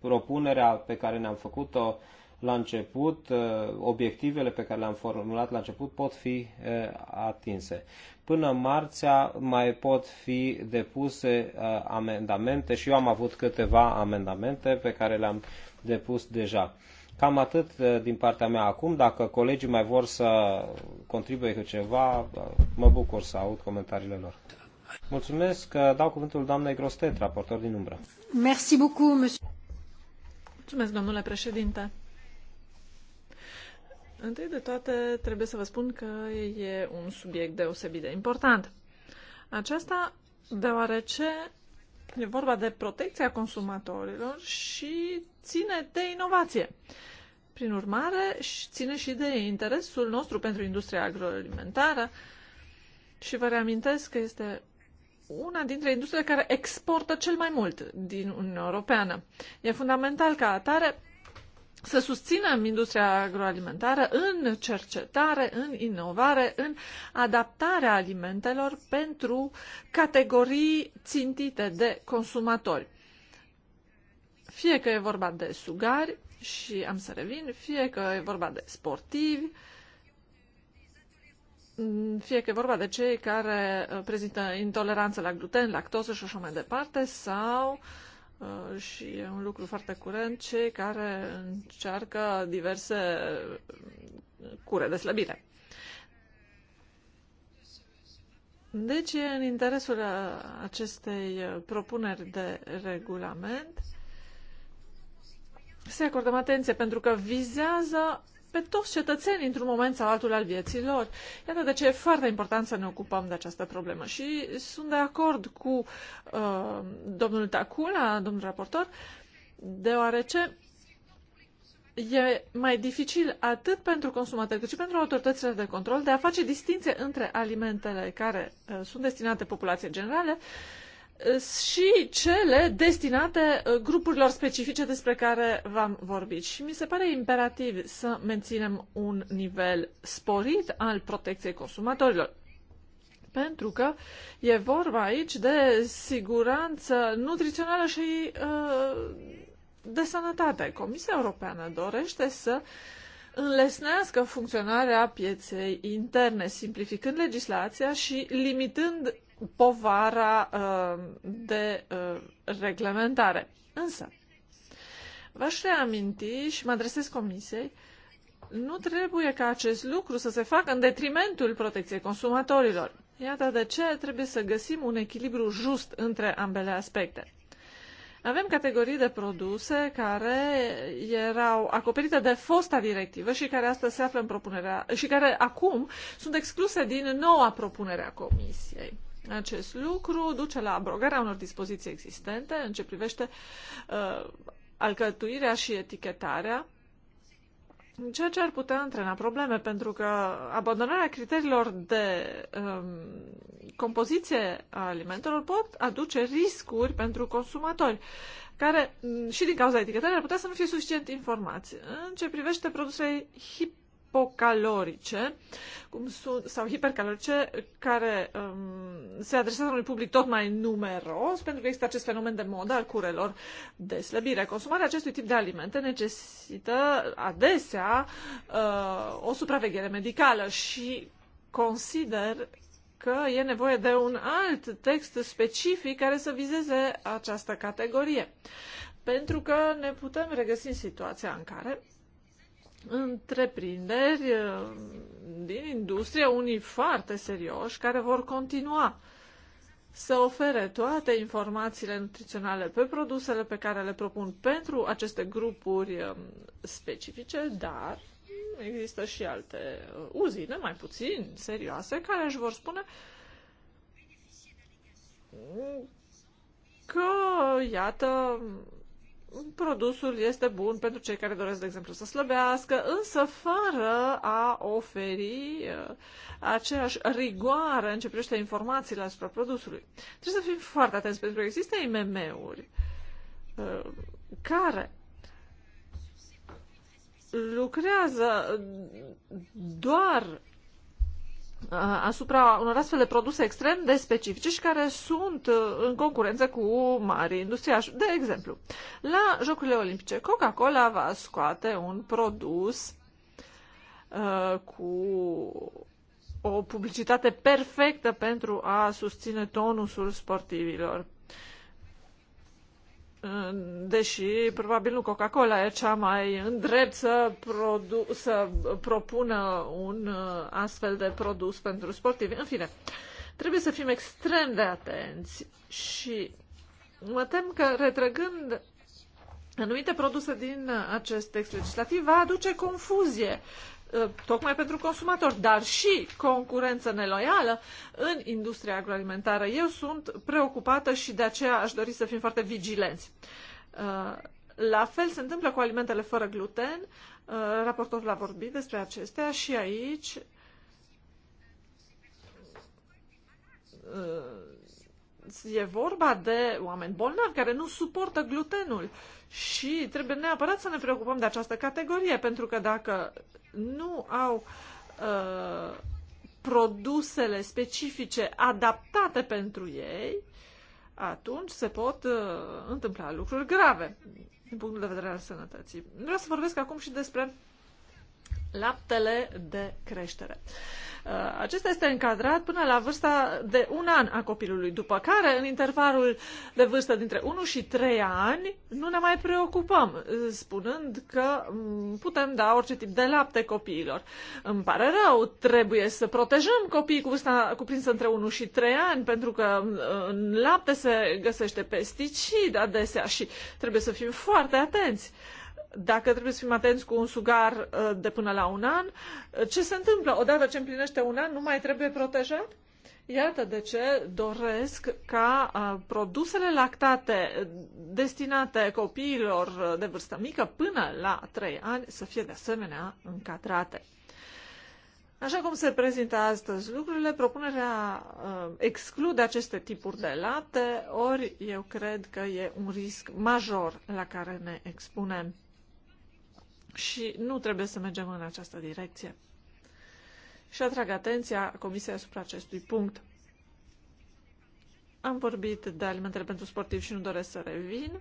propunerea pe care ne-am făcut-o la început, uh, obiectivele pe care le-am formulat la început pot fi uh, atinse. Până marțea mai pot fi depuse uh, amendamente și eu am avut câteva amendamente pe care le-am depus deja. Cam atât din partea mea acum. Dacă colegii mai vor să contribuie cu ceva, mă bucur să aud comentariile lor. Mulțumesc. Dau cuvântul doamnei Grostet, raportor din umbră. Merci beaucoup, monsieur. Mulțumesc, domnule președinte. Întâi de toate, trebuie să vă spun că e un subiect deosebit de important. Aceasta deoarece e vorba de protecția consumatorilor și ține de inovație. Prin urmare, ține și de interesul nostru pentru industria agroalimentară și vă reamintesc că este una dintre industriile care exportă cel mai mult din Uniunea Europeană. E fundamental ca atare să susținem industria agroalimentară în cercetare, în inovare, în adaptarea alimentelor pentru categorii țintite de consumatori. Fie că e vorba de sugari, și am să revin, fie că e vorba de sportivi, fie că e vorba de cei care uh, prezintă intoleranță la gluten, lactoză și așa mai departe, sau uh, Uh, și e un lucru foarte curent, cei care încearcă diverse uh, cure de slăbire. Deci, în interesul uh, acestei propuneri de regulament, se acordăm atenție pentru că vizează pe toți cetățenii într-un moment sau altul al vieții lor. Iată de ce e foarte important să ne ocupăm de această problemă. Și sunt de acord cu uh, domnul Tacula, domnul raportor, deoarece e mai dificil atât pentru consumatori cât și pentru autoritățile de control de a face distinție între alimentele care uh, sunt destinate populației generale uh, și cele destinate uh, grupurilor specifice despre care v-am vorbit. Și mi se pare imperativ să menținem un nivel sporit al protecției consumatorilor. Pentru că e vorba aici de siguranță nutrițională și uh, de sănătate. Comisia Europeană dorește să înlesnească funcționarea pieței interne, simplificând legislația și limitând povara uh, de uh, reglementare. Însă, v-aș reaminti și mă adresez Comisiei, nu trebuie ca acest lucru să se facă în detrimentul protecției consumatorilor. Iată de ce trebuie să găsim un echilibru just între ambele aspecte. Avem categorii de produse care erau acoperite de fosta directivă și care astăzi se află în propunerea și care acum sunt excluse din noua propunere a Comisiei. Acest lucru duce la abrogarea unor dispoziții existente în ce privește uh, alcătuirea și etichetarea, ceea ce ar putea întrena probleme, pentru că abandonarea criteriilor de um, compoziție a alimentelor pot aduce riscuri pentru consumatori, care mm, și din cauza etichetării ar putea să nu fie suficient informați. În ce privește produsele hip hipocalorice cum sunt, sau hipercalorice care um, se adresează unui public tot mai numeros pentru că există acest fenomen de modă al curelor de slăbire. Consumarea acestui tip de alimente necesită adesea uh, o supraveghere medicală și consider că e nevoie de un alt text specific care să vizeze această categorie. Pentru că ne putem regăsi în situația în care întreprinderi uh, din industrie, unii foarte serioși, care vor continua să ofere toate informațiile nutriționale pe produsele pe care le propun pentru aceste grupuri uh, specifice, dar există și alte uh, uzine mai puțin serioase care își vor spune că, iată, produsul este bun pentru cei care doresc, de exemplu, să slăbească, însă fără a oferi uh, aceeași rigoare în ce privește informațiile asupra produsului. Trebuie să fim foarte atenți, pentru că există IMM-uri uh, care lucrează doar Uh, asupra unor astfel de produse extrem de specifice și care sunt uh, în concurență cu mari industriași. De exemplu, la Jocurile Olimpice, Coca-Cola va scoate un produs uh, cu o publicitate perfectă pentru a susține tonusul sportivilor deși probabil nu Coca-Cola e cea mai îndrept să, produ- să propună un uh, astfel de produs pentru sportivi. În fine, trebuie să fim extrem de atenți și mă tem că retrăgând anumite produse din acest text legislativ va aduce confuzie Ă, tocmai pentru consumator dar și concurență neloială în industria agroalimentară. Eu sunt preocupată și de aceea aș dori să fim foarte vigilenți. Ă, la fel se întâmplă cu alimentele fără gluten. Ă, raportorul a vorbit despre acestea și aici e vorba de oameni bolnavi care nu suportă glutenul și trebuie neapărat să ne preocupăm de această categorie, pentru că dacă nu au uh, produsele specifice adaptate pentru ei, atunci se pot uh, întâmpla lucruri grave din punctul de vedere al sănătății. Vreau să vorbesc acum și despre laptele de creștere. Uh, Uh, acesta este încadrat până la vârsta de un an a copilului, după care, în intervalul de vârstă dintre 1 și 3 ani, nu ne mai preocupăm, uh, spunând că mm, putem da orice tip de lapte copiilor. Îmi pare rău, trebuie să protejăm copiii cu vârsta cuprinsă între 1 și 3 ani, pentru că mm, uh, în lapte se găsește pesticid adesea și trebuie să fim foarte atenți. Uh, dacă trebuie să fim atenți cu un sugar uh, de până la un an, uh, ce se întâmplă? Odată ce împlinește un an, nu mai trebuie protejat? Iată de ce doresc ca uh, produsele lactate destinate copiilor de vârstă mică până la 3 ani să fie de asemenea încadrate. Așa cum se prezintă astăzi lucrurile, propunerea exclude aceste tipuri de lapte, ori eu cred că e un risc major la care ne expunem și nu trebuie să mergem în această direcție. Și atrag atenția Comisiei asupra acestui punct. Am vorbit de alimentele pentru sportivi și nu doresc să revin.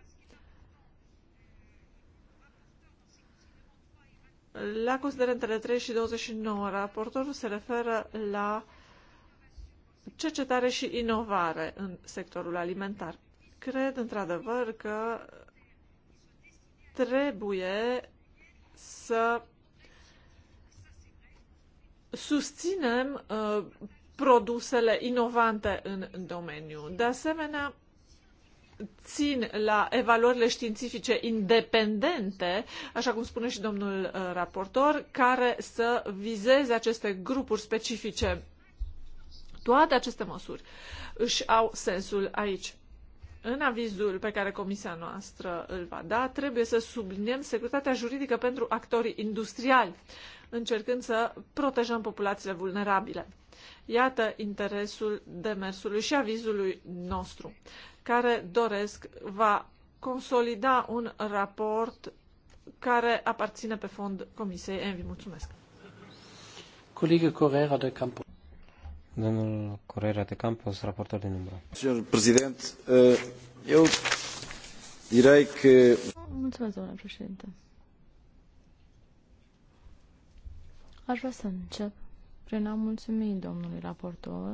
La considerentele 3 și 29, raportorul se referă la cercetare și inovare în sectorul alimentar. Cred într-adevăr că trebuie să susținem uh, produsele inovante în, domeniu. De asemenea, țin la evaluările științifice independente, așa cum spune și domnul uh, raportor, care să vizeze aceste grupuri specifice. Toate aceste măsuri își au sensul aici. În avizul pe care comisia noastră îl va da, trebuie să subliniem securitatea juridică pentru actorii industriali, încercând să protejăm populațiile vulnerabile. Iată interesul demersului și avizului nostru, care doresc va consolida un raport care aparține pe fond Comisiei Envi. Mulțumesc! Colegă Correa de Campos. Domnul Correa de Campos, raportor din umbră. Domnul președinte, eu direi că... Mulțumesc, domnule președinte. Aș vrea să încep prin a mulțumi domnului raportor,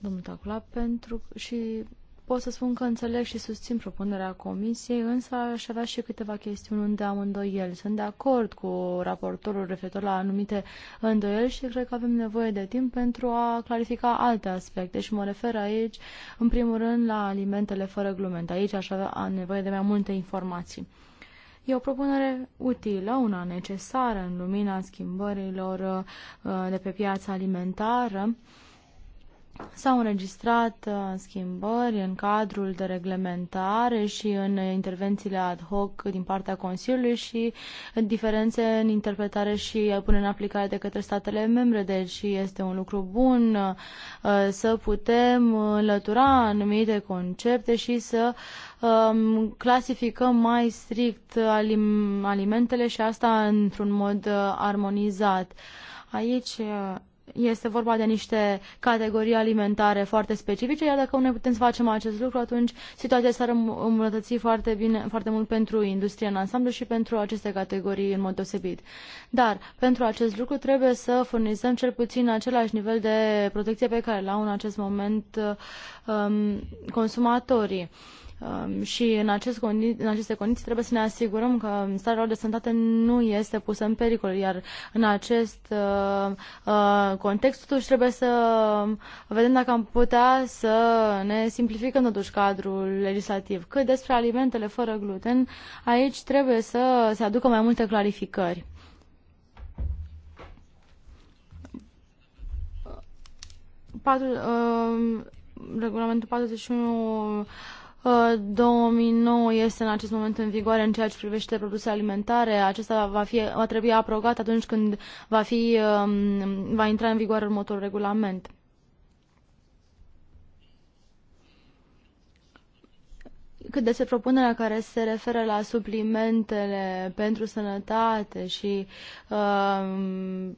domnul Tacula, pentru și Pot să spun că înțeleg și susțin propunerea comisiei, însă aș avea și câteva chestiuni unde am îndoieli. Sunt de acord cu raportorul referitor la anumite îndoieli și cred că avem nevoie de timp pentru a clarifica alte aspecte și mă refer aici, în primul rând, la alimentele fără glument. Aici aș avea nevoie de mai multe informații. E o propunere utilă, una necesară în lumina schimbărilor uh, de pe piața alimentară, S-au înregistrat uh, schimbări în cadrul de reglementare și în intervențiile ad hoc din partea Consiliului și diferențe în interpretare și până în aplicare de către statele membre. Deci este un lucru bun uh, să putem înlătura anumite concepte și să um, clasificăm mai strict alimentele și asta într-un mod uh, armonizat. Aici este vorba de niște categorii alimentare foarte specifice, iar dacă noi putem să facem acest lucru, atunci situația s-ar îmbunătăți foarte, bine, foarte mult pentru industria în ansamblu și pentru aceste categorii în mod deosebit. Dar pentru acest lucru trebuie să furnizăm cel puțin același nivel de protecție pe care l-au în acest moment um, consumatorii. Um, și în, acest condi- în aceste condiții trebuie să ne asigurăm că starea lor de sănătate nu este pusă în pericol, iar în acest uh, uh, context totuși trebuie să um, vedem dacă am putea să ne simplificăm totuși cadrul legislativ. Cât despre alimentele fără gluten, aici trebuie să se aducă mai multe clarificări. Patru, uh, regulamentul 41 2009 uh, este în acest moment în vigoare în ceea ce privește produsele alimentare. Acesta va, fi, va trebui aprobat atunci când va, fi, um, va intra în vigoare următorul regulament. Cât despre propunerea care se referă la suplimentele pentru sănătate și uh,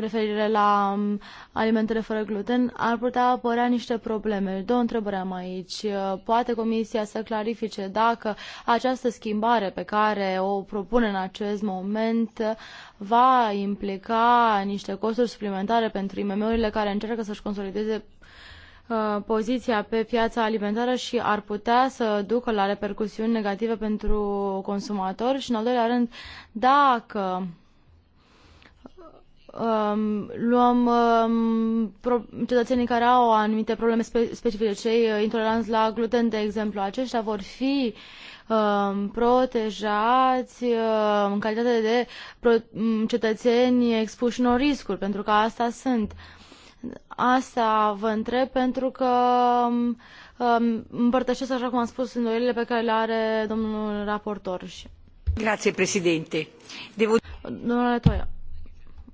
referire la um, alimentele fără gluten, ar putea apărea niște probleme. Două întrebări am aici. Uh, poate Comisia să clarifice dacă această schimbare pe care o propune în acest moment va implica niște costuri suplimentare pentru IMM-urile care încearcă să-și consolideze uh, poziția pe piața alimentară și ar putea să ducă la repercusiuni negative pentru consumatori și, în al doilea rând, dacă um, luăm um, pro- cetățenii care au anumite probleme spe- specifice, cei uh, intoleranți la gluten, de exemplu, aceștia vor fi um, protejați um, în calitate de pro- mm, cetățeni expuși unor riscuri, pentru că asta sunt. Asta vă întreb pentru că um, um, împărtășesc, așa cum am spus, îndoielile pe care le are domnul raportor. Grazie, președinte. Devo... Domnule Toia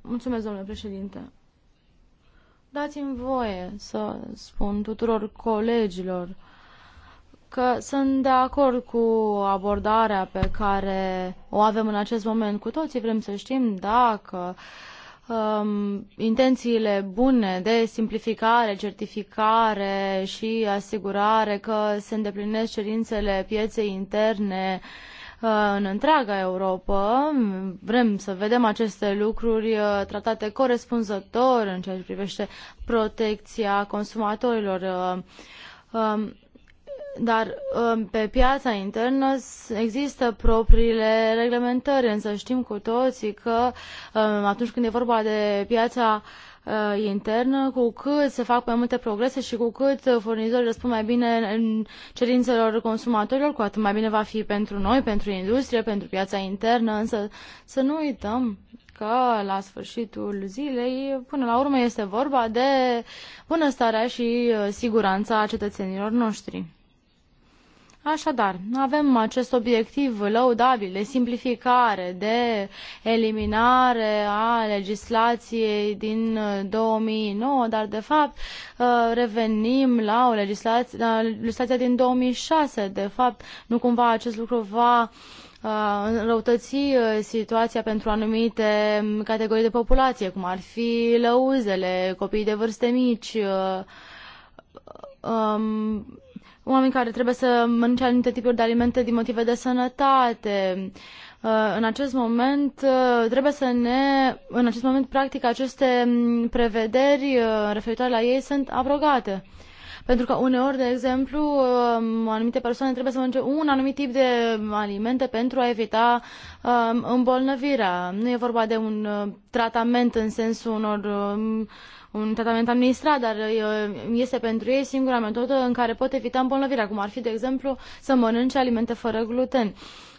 Mulțumesc, domnule președinte. Dați-mi voie să spun tuturor colegilor că sunt de acord cu abordarea pe care o avem în acest moment. Cu toții vrem să știm dacă um, intențiile bune de simplificare, certificare și asigurare că se îndeplinesc cerințele pieței interne uh, Uh, în întreaga Europa. Vrem să vedem aceste lucruri uh, tratate corespunzător în ceea ce privește protecția consumatorilor. Uh, um, dar um, pe piața internă există propriile reglementări, însă știm cu toții că um, atunci când e vorba de piața Uh, internă, cu cât se fac mai multe progrese și cu cât uh, furnizorii răspund mai bine cerințelor consumatorilor, cu atât mai bine va fi pentru noi, pentru industrie, pentru piața internă, însă să nu uităm că la sfârșitul zilei, până la urmă, este vorba de bunăstarea și uh, siguranța cetățenilor noștri. Așadar, avem acest obiectiv lăudabil de simplificare, de eliminare a legislației din 2009, uh, dar de fapt uh, revenim la o legislație, la legislația din 2006. De fapt, nu cumva acest lucru va uh, înrăutăți situația pentru anumite categorii de populație, cum ar fi lăuzele, copiii de vârste mici, um, oameni care trebuie să mănânce anumite tipuri de alimente din motive de sănătate. Uh, în acest moment uh, trebuie să ne, în acest moment practic aceste mm, prevederi uh, referitoare la ei sunt abrogate. Pentru că uneori, de exemplu, um, anumite persoane trebuie să mănânce un anumit tip de alimente pentru a evita um, îmbolnăvirea. Nu e vorba de un tratament în sensul unor um, un tratament administrat, dar uh, este pentru ei singura metodă în care pot evita îmbolnăvirea, cum ar fi, de exemplu, să mănânce alimente fără gluten.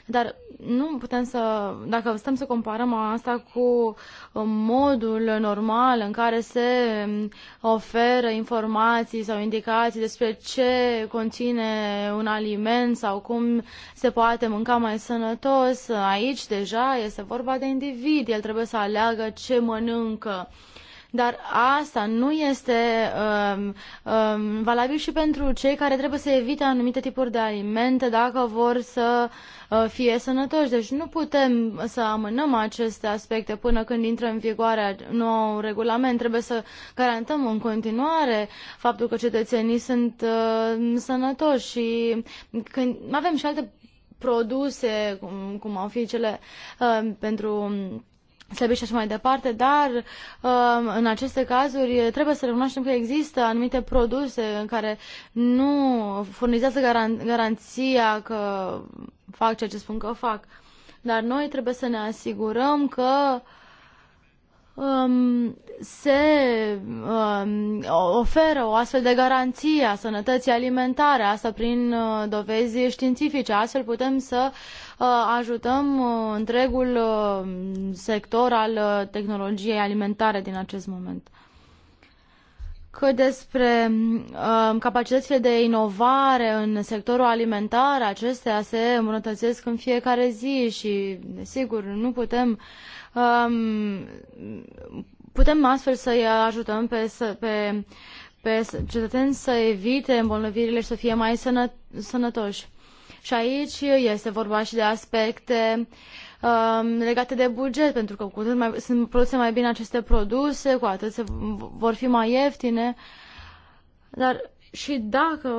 Dar nu putem să, dacă stăm să comparăm asta cu um, modul normal în care se um, oferă informații sau indicații despre ce conține un aliment sau cum se poate mânca mai sănătos, aici deja este vorba de individ, el trebuie să aleagă ce mănâncă. Uh, dar asta nu este um, um, valabil și pentru cei care trebuie să evite anumite tipuri de alimente dacă vor să uh, fie sănătoși. Deci nu putem să amânăm aceste aspecte până când intră în vigoare nou regulament. Trebuie să garantăm în continuare faptul că cetățenii sunt uh, sănătoși și când avem și alte produse, cum, cum au fi cele uh, pentru slăbiți și mai departe, dar um, în aceste cazuri trebuie să recunoaștem că există anumite produse în care nu furnizează garan- garanția că fac ceea ce spun că fac. Dar noi trebuie să ne asigurăm că um, se um, oferă o astfel de garanție a sănătății alimentare, asta prin uh, dovezi științifice. Astfel putem să uh, Uh, ajutăm uh, întregul uh, sector al tehnologiei alimentare din acest moment că despre uh, capacitățile de inovare în sectorul alimentar, acestea se îmbunătățesc în fiecare zi și, desigur, nu putem uh, putem astfel să-i ajutăm pe, pe, pe cetățeni să evite îmbolnăvirile și să fie mai sănă, sănătoși. Și aici este vorba și de aspecte um, legate de buget, pentru că cu cât mai, sunt produse mai bine aceste produse, cu atât se, vor fi mai ieftine. Dar și dacă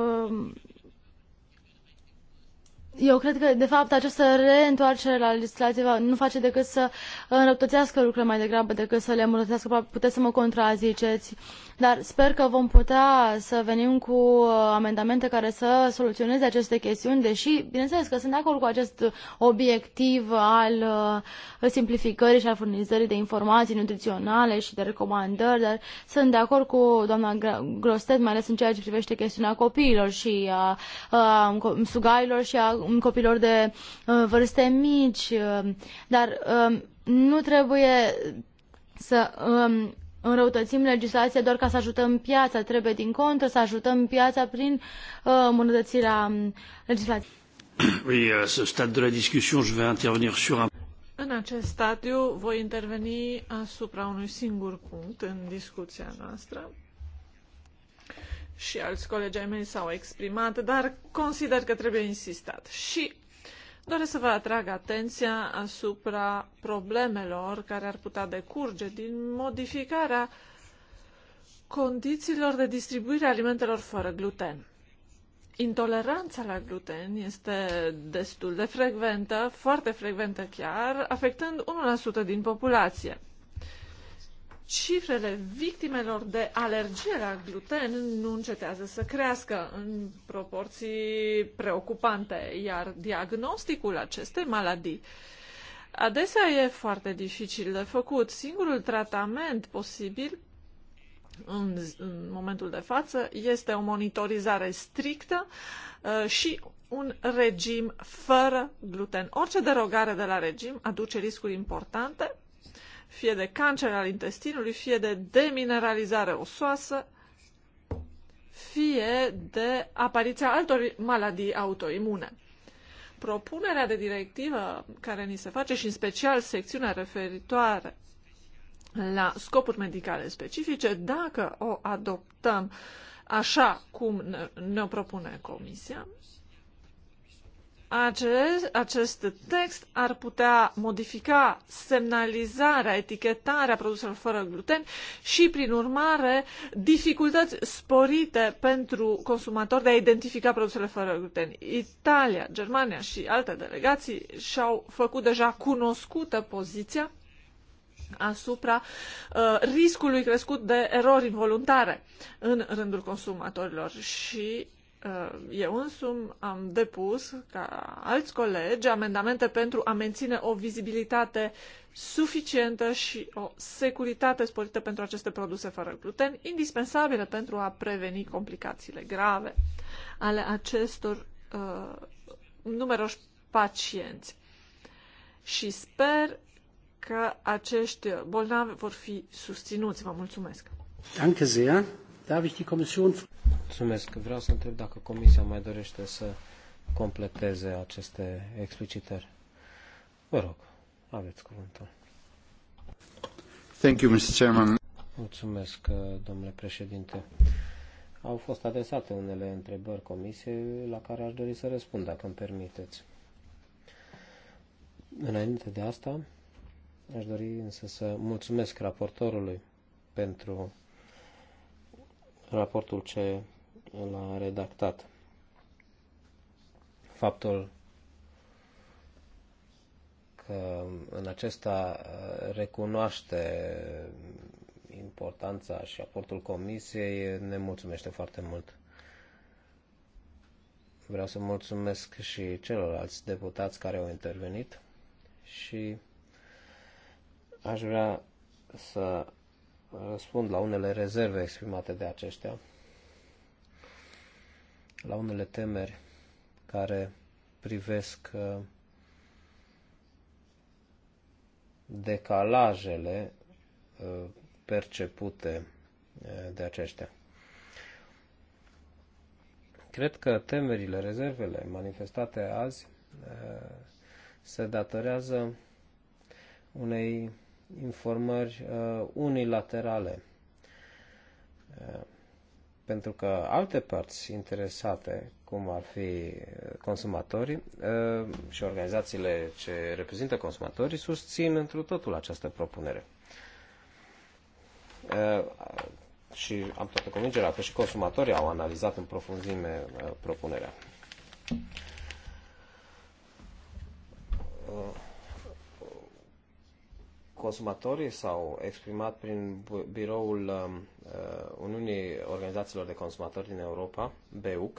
eu cred că, de fapt, această reîntoarcere la legislativă nu face decât să înrăptățească lucrurile mai degrabă decât să le îmbunătățească. Puteți să mă contraziceți, dar sper că vom putea să venim cu amendamente care să soluționeze aceste chestiuni, deși, bineînțeles că sunt de acord cu acest obiectiv al simplificării și al furnizării de informații nutriționale și de recomandări, dar sunt de acord cu doamna Grostet, mai ales în ceea ce privește chestiunea copiilor și a, a sugailor și a un copilor de uh, vârste mici, uh, dar um, nu trebuie să um, înrăutățim legislația doar ca să ajutăm piața, trebuie din contră să ajutăm piața prin uh, îmbunătățirea um, legislației. Oui, à ce stade de la discussion, je vais intervenir sur un... În acest stadiu voi interveni asupra unui singur punct în discuția noastră, și alți colegi ai mei s-au exprimat, dar consider că trebuie insistat. Și doresc să vă atrag atenția asupra problemelor care ar putea decurge din modificarea condițiilor de distribuire a alimentelor fără gluten. Intoleranța la gluten este destul de frecventă, foarte frecventă chiar, afectând 1% din populație cifrele victimelor de alergie la gluten nu încetează să crească în proporții preocupante, iar diagnosticul acestei maladii adesea e foarte dificil de făcut. Singurul tratament posibil în, în momentul de față este o monitorizare strictă uh, și un regim fără gluten. Orice derogare de la regim aduce riscuri importante fie de cancer al intestinului, fie de demineralizare osoasă, fie de apariția altor maladii autoimune. Propunerea de directivă care ni se face și în special secțiunea referitoare la scopuri medicale specifice, dacă o adoptăm așa cum ne-o propune Comisia, acest, acest text ar putea modifica semnalizarea, etichetarea produselor fără gluten și, prin urmare, dificultăți sporite pentru consumatori de a identifica produsele fără gluten. Italia, Germania și alte delegații și-au făcut deja cunoscută poziția asupra uh, riscului crescut de erori involuntare în rândul consumatorilor și Uh, eu însumi am depus, ca alți colegi, amendamente pentru a menține o vizibilitate suficientă și o securitate sporită pentru aceste produse fără gluten, indispensabile pentru a preveni complicațiile grave ale acestor uh, numeroși pacienți. Și sper că acești bolnavi vor fi susținuți. Vă mulțumesc! Danke sehr. Darf ich die Kommission... Mulțumesc. Vreau să întreb dacă Comisia mai dorește să completeze aceste explicitări. Vă rog, aveți cuvântul. Thank you, Mr. Chairman. Mulțumesc, domnule președinte. Au fost adresate unele întrebări comisiei la care aș dori să răspund, dacă îmi permiteți. Înainte de asta, aș dori însă să mulțumesc raportorului pentru raportul ce l-a redactat. Faptul că în acesta uh, recunoaște importanța și aportul comisiei ne mulțumește foarte mult. Vreau să mulțumesc și celorlalți deputați care au intervenit și aș vrea să răspund la unele rezerve exprimate de aceștia la unele temeri care privesc uh, decalajele uh, percepute uh, de aceștia. Cred că temerile, rezervele manifestate azi se datorează unei informări unilaterale pentru că alte părți interesate, cum ar fi eh, consumatorii eh, și organizațiile ce reprezintă consumatorii, susțin întru totul această propunere. Eh, și am toată convingerea că și consumatorii au analizat în profunzime propunerea consumatorii s-au exprimat prin biroul um, uh, Uniunii Organizațiilor de Consumatori din Europa, BEUC.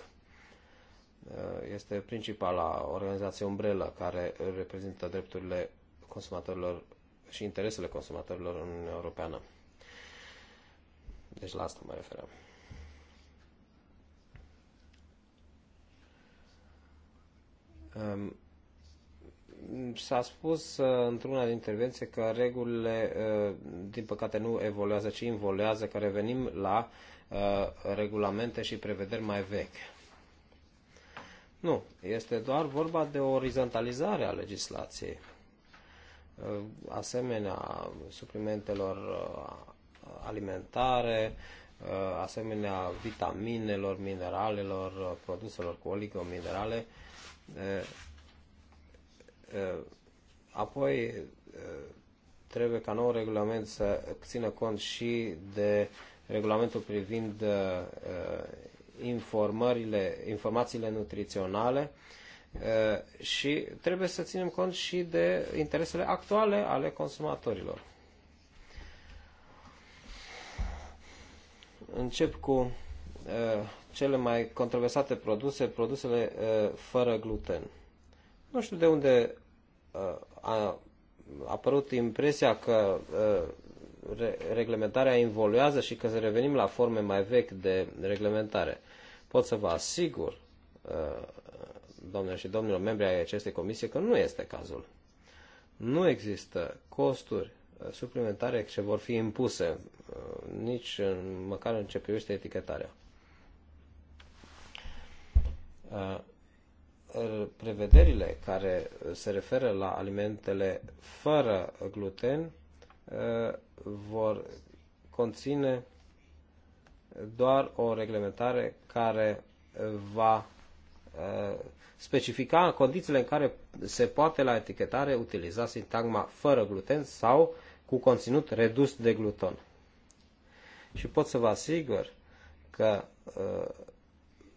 Uh, este principala organizație umbrelă care reprezintă drepturile consumatorilor și interesele consumatorilor în Uniunea Europeană. Deci la asta mă referam. Um, s-a spus uh, într-una din intervenții că regulile, uh, din păcate, nu evoluează, ci involuează, că revenim la uh, regulamente și prevederi mai vechi. Nu, este doar vorba de o orizontalizare a legislației. Asemenea, suplimentelor alimentare, asemenea vitaminelor, mineralelor, produselor cu oligominerale, Uh, apoi, uh, trebuie ca nou regulament să țină cont și de regulamentul privind uh, informările, informațiile nutriționale și trebuie să ținem cont și de interesele actuale ale consumatorilor. Încep cu cele mai controversate produse, produsele fără gluten nu știu de unde uh, a apărut impresia că uh, reglementarea involuează și că revenim la forme mai vechi de reglementare. Pot să vă asigur, uh, domnilor și domnilor membri ai acestei comisii, că nu este cazul. Nu există costuri suplimentare ce vor fi impuse, nici măcar în ce privește etichetarea prevederile care uh, se referă la alimentele fără gluten uh, vor conține doar o reglementare care va uh, specifica condițiile în care se poate la etichetare utiliza sintagma fără gluten sau cu conținut redus de gluten. Și pot să vă asigur că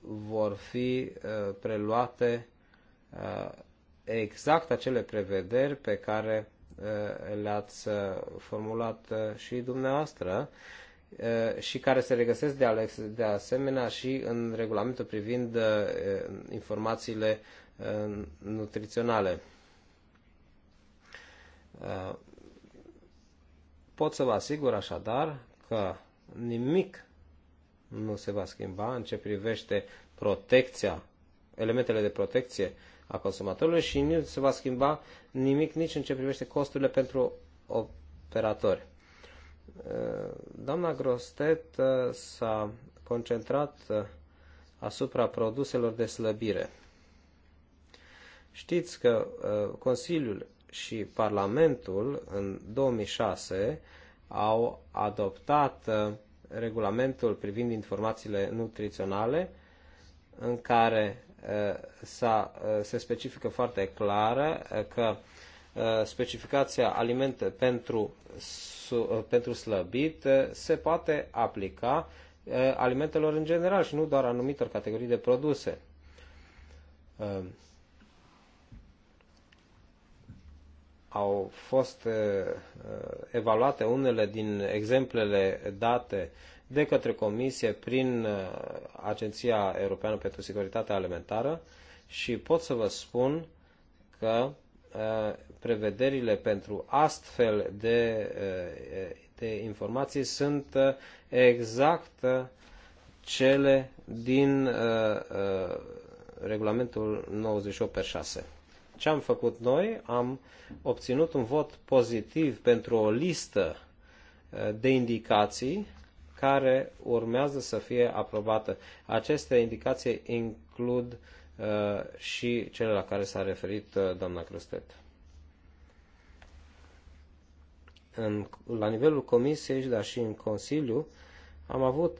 vor fi uh, preluate uh, exact acele prevederi pe care uh, le-ați formulat și dumneavoastră și care se regăsesc de asemenea și în regulamentul privind informațiile nutriționale. Pot să vă asigur așadar că nimic nu se va schimba în ce privește protecția, elementele de protecție a consumatorului și nu se va schimba nimic nici în ce privește costurile pentru operatori. Eh, doamna Grostet eh, s-a concentrat eh, asupra produselor de slăbire. Știți că Consiliul și Parlamentul în 2006 au adoptat regulamentul privind informațiile nutriționale, în care se specifică foarte uh, că specificația alimente pentru, pentru slăbit se poate aplica alimentelor în general și nu doar anumitor categorii de produse. au fost uh, uh, evaluate unele din exemplele date de către Comisie prin uh, Agenția Europeană pentru Securitatea Alimentară și pot să vă spun că prevederile pentru astfel de, de informații sunt exact cele din regulamentul 98 6. Ce am făcut noi? Am obținut un vot pozitiv pentru o listă uh, de indicații care urmează să fie aprobată. Aceste indicații includ uh, și cele la care s-a referit uh, doamna Crustet. În, la nivelul Comisiei, dar și în Consiliu, am avut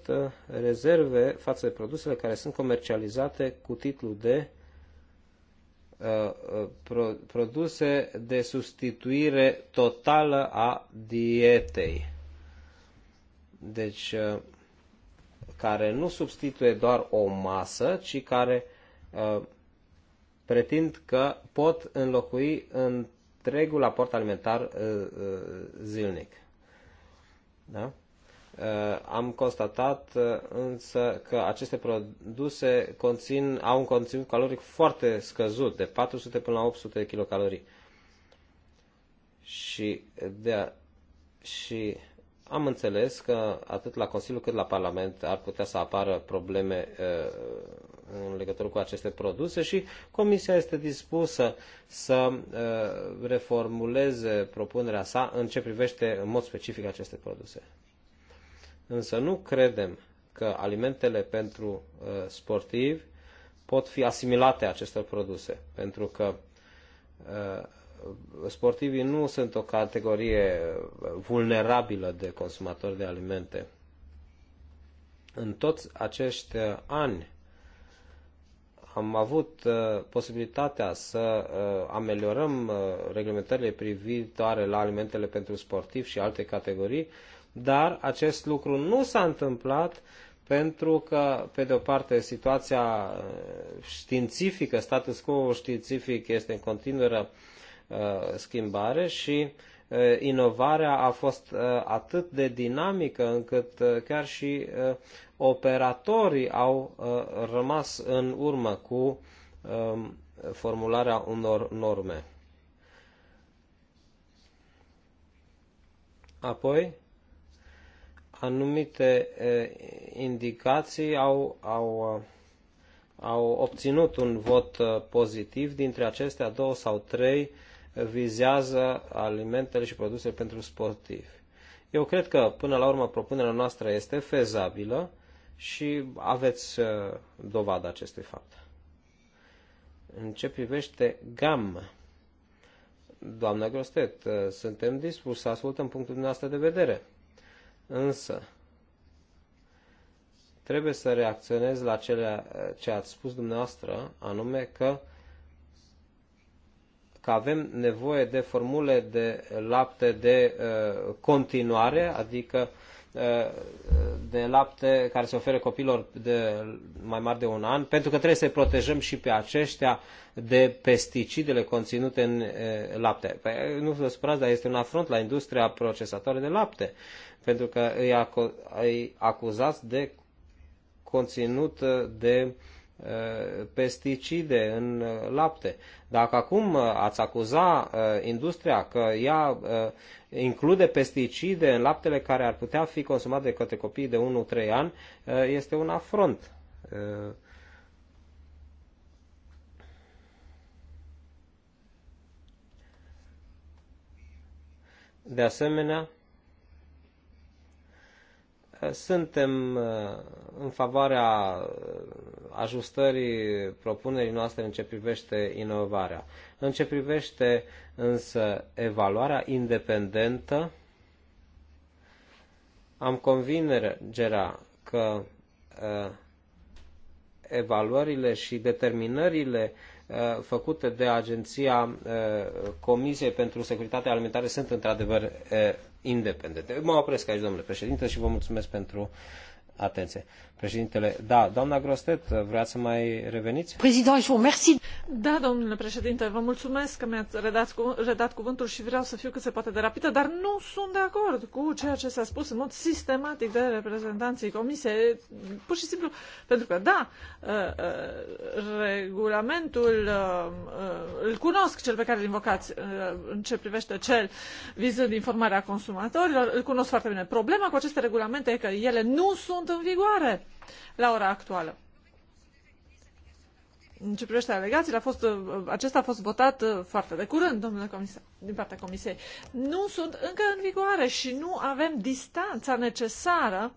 rezerve față de produsele care sunt comercializate cu titlul de Uh, produse de substituire totală a dietei. Deci, uh, care nu substituie doar o masă, ci care uh, pretind că pot înlocui întregul aport alimentar zilnic. Da? Uh, am constatat uh, însă că aceste produse conțin, au un conținut caloric foarte scăzut, de 400 până la 800 kilocalorii. Și, de, și am înțeles că atât la Consiliu cât la Parlament ar putea să apară probleme uh, în legătură cu aceste produse și Comisia este dispusă să reformuleze propunerea sa în ce privește în mod specific aceste produse. Însă nu credem că alimentele pentru uh, sportivi pot fi asimilate acestor produse, pentru că uh, sportivii nu sunt o categorie uh, vulnerabilă de consumatori de alimente. În toți acești ani am avut posibilitatea să ameliorăm reglementările privitoare la alimentele pentru sportivi și alte categorii, dar acest lucru nu s-a întâmplat pentru că, pe de o parte, situația uh, științifică, status quo științific este în continuă uh, schimbare și uh, inovarea a fost atât de dinamică încât chiar și operatorii au rămas în urmă cu um, formularea unor norme. Apoi, anumite indicații au, au, uh, au obținut un vot uh, pozitiv, dintre acestea două sau trei vizează alimentele și produsele pentru sportivi. Eu cred că, până la urmă, propunerea noastră este fezabilă și aveți uh, dovada acestui fapt. În ce privește gamă, doamna Grostet, suntem dispuși să ascultăm punctul dumneavoastră de vedere Însă, trebuie să reacționez la cele ce ați spus dumneavoastră, anume că, că avem nevoie de formule de lapte de uh, continuare, adică uh, Uh, de lapte care se oferă copilor de mai mari de un an, pentru că trebuie să-i protejăm și pe aceștia de pesticidele conținute în uh, lapte. Păi, nu vă supărați, dar este un afront la industria procesatoare de lapte, pentru că îi, acu- îi acuzați de conținut de uh, Uh, pesticide în uh, lapte. Dacă acum uh, ați acuza industria că ea include pesticide în laptele care ar putea fi consumate de către copiii de 1-3 ani, este un afront. De asemenea, suntem uh, în favoarea uh, ajustării propunerii noastre în ce privește inovarea. În ce privește însă evaluarea independentă, am convingerea că uh, evaluările și determinările făcute de Agenția Comisiei pentru Securitatea Alimentară sunt într-adevăr independente. Mă opresc aici, domnule președinte, și vă mulțumesc pentru atenție. Președintele, da, doamna Grostet, vreați să mai reveniți? Președinte, Da, domnule președinte, vă mulțumesc că mi-ați redat, cu, redat cuvântul și vreau să fiu cât se poate de rapidă, dar nu sunt de acord cu ceea ce s-a spus în mod sistematic de reprezentanții comisiei, pur și simplu, pentru că, da, uh, uh, regulamentul uh, îl cunosc, cel pe care îl invocați în ce privește cel vizând informarea consumatorilor, îl cunosc foarte bine. Problema cu aceste regulamente e că ele nu sunt în vigoare la ora actuală. În ce privește alegațiile, a fost, uh, acesta a fost votat uh, foarte de curând, domnule comisar, din partea comisiei. Nu sunt încă în vigoare și nu avem distanța necesară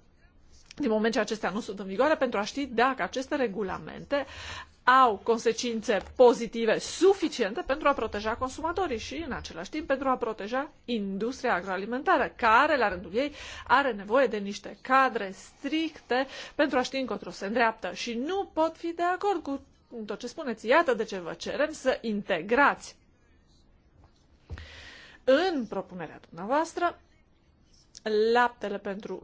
din moment ce acestea nu sunt în vigoare, pentru a ști dacă aceste regulamente au consecințe pozitive suficiente pentru a proteja consumatorii și, în același timp, pentru a proteja industria agroalimentară, care, la rândul ei, are nevoie de niște cadre stricte pentru a ști încotro se îndreaptă. Și nu pot fi de acord cu tot ce spuneți. Iată de ce vă cerem să integrați în propunerea dumneavoastră laptele pentru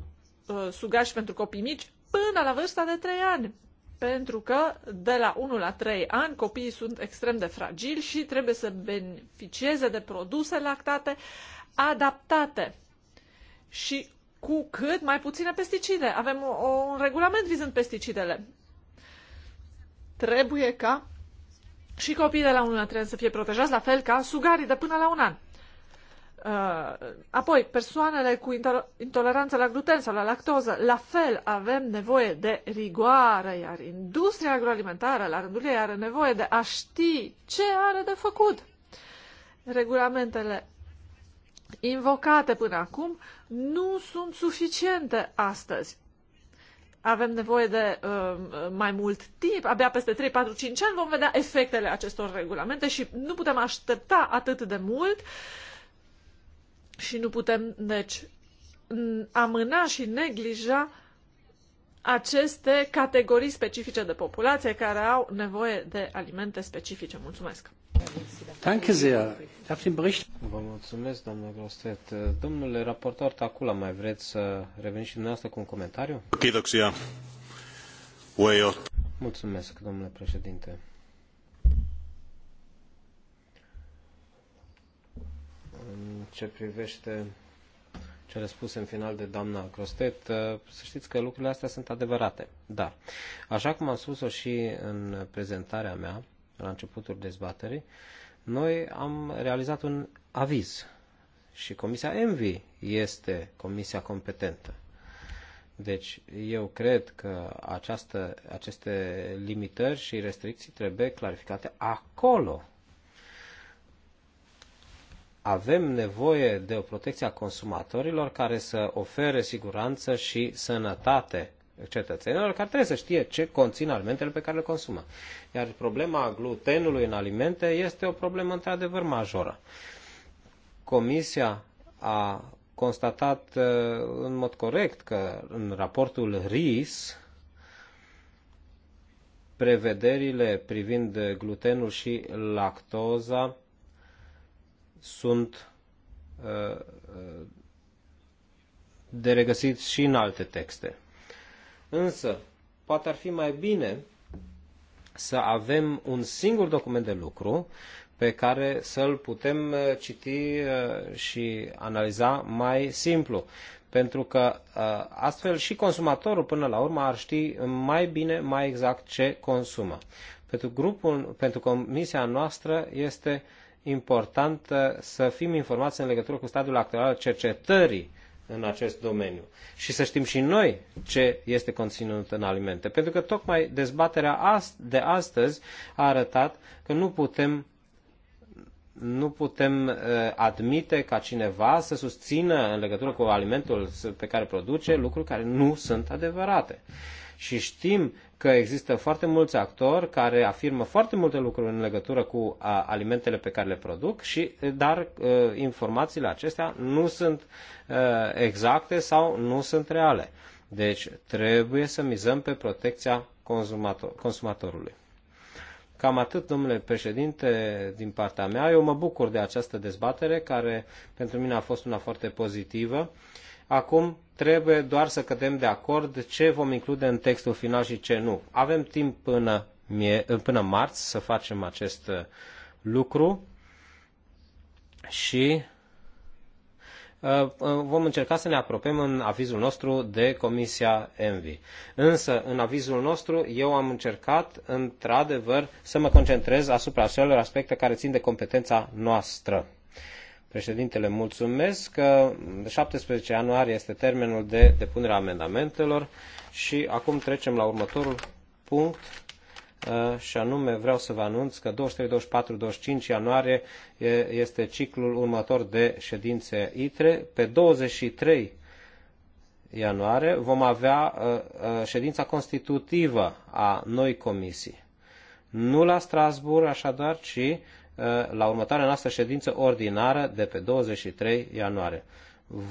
Uh, sugași pentru copii mici până la vârsta de 3 ani. Pentru că de la 1 la 3 ani copiii sunt extrem de fragili și trebuie să beneficieze de produse lactate adaptate și cu cât mai puține pesticide. Avem un regulament vizând pesticidele. Trebuie ca și copiii de la 1 la 3 ani să fie protejați, la fel ca sugarii de până la un an. Uh, apoi, persoanele cu intoleranță la gluten sau la lactoză, la fel avem nevoie de rigoare, iar industria agroalimentară, la rândul ei, are nevoie de a ști ce are de făcut. Regulamentele invocate până acum nu sunt suficiente astăzi. Avem nevoie de uh, mai mult timp, abia peste 3, 4, 5 ani vom vedea efectele acestor regulamente și nu putem aștepta atât de mult uh, și nu putem, deci, amâna și neglija aceste categorii specifice de populație care au nevoie de alimente specifice. Mulțumesc! Danke sehr. Darf den Bericht... Vă mulțumesc, doamnă Grostet. Domnule raportor Tacula, mai vreți să reveniți și dumneavoastră cu un comentariu? Mulțumesc, domnule președinte. În ce privește cele spuse în final de doamna Crostet, uh, să știți că lucrurile astea sunt adevărate. Da. așa cum am spus-o și în prezentarea mea, la începutul dezbaterii, noi am realizat un aviz și Comisia ENVI este comisia competentă. Deci eu cred că această, aceste limitări și restricții trebuie clarificate acolo, avem nevoie de o protecție a consumatorilor care să ofere siguranță și sănătate cetățenilor care trebuie să știe ce conțin alimentele pe care le consumă. Iar problema glutenului în alimente este o problemă într-adevăr majoră. Comisia a constatat uh, în mod corect că în raportul RIS prevederile privind glutenul și lactoza sunt uh, uh, de regăsit și în alte texte. Însă, poate ar fi mai bine să avem un singur document de lucru pe care să-l putem uh, citi și analiza mai simplu. Pentru că astfel și consumatorul până la urmă ar ști mai bine, mai exact ce consumă. Pentru grupul, pentru comisia noastră este uh, important să fim informați în legătură cu stadiul actual al cercetării în acest domeniu și să știm și noi ce este conținut în alimente. Pentru că tocmai dezbaterea de astăzi a arătat că nu putem nu putem uh, admite ca cineva să susțină în legătură cu alimentul pe care produce lucruri care nu sunt adevărate. Și știm că există foarte mulți actori care afirmă foarte multe lucruri în legătură cu alimentele pe care le produc, și, dar informațiile acestea nu sunt exacte sau nu sunt reale. Deci trebuie să mizăm pe protecția consumator- consumatorului. Cam atât, domnule președinte, din partea mea. Eu mă bucur de această dezbatere, care pentru mine a fost una foarte pozitivă Acum trebuie doar să cădem de acord ce vom include în textul final și ce nu. Avem timp până, mie, până marți să facem acest uh, lucru și uh, uh, vom încerca să ne apropiem în avizul nostru de Comisia Envi. Însă, în avizul nostru, eu am încercat, într-adevăr, să mă concentrez asupra acelor aspecte care țin de competența noastră. Președintele, mulțumesc. că 17 ianuarie este termenul de depunere a amendamentelor și acum trecem la următorul punct uh, și anume vreau să vă anunț că 23, 24, 25 ianuarie este ciclul următor de ședințe ITRE. Pe 23 ianuarie vom avea uh, uh, ședința constitutivă a noi comisii. Nu la Strasbourg, așadar, ci Uh, la următoarea noastră ședință ordinară de pe 23 ianuarie.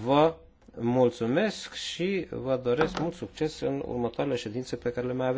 Vă mulțumesc și vă doresc mult succes în următoarele ședințe pe care le mai aveți.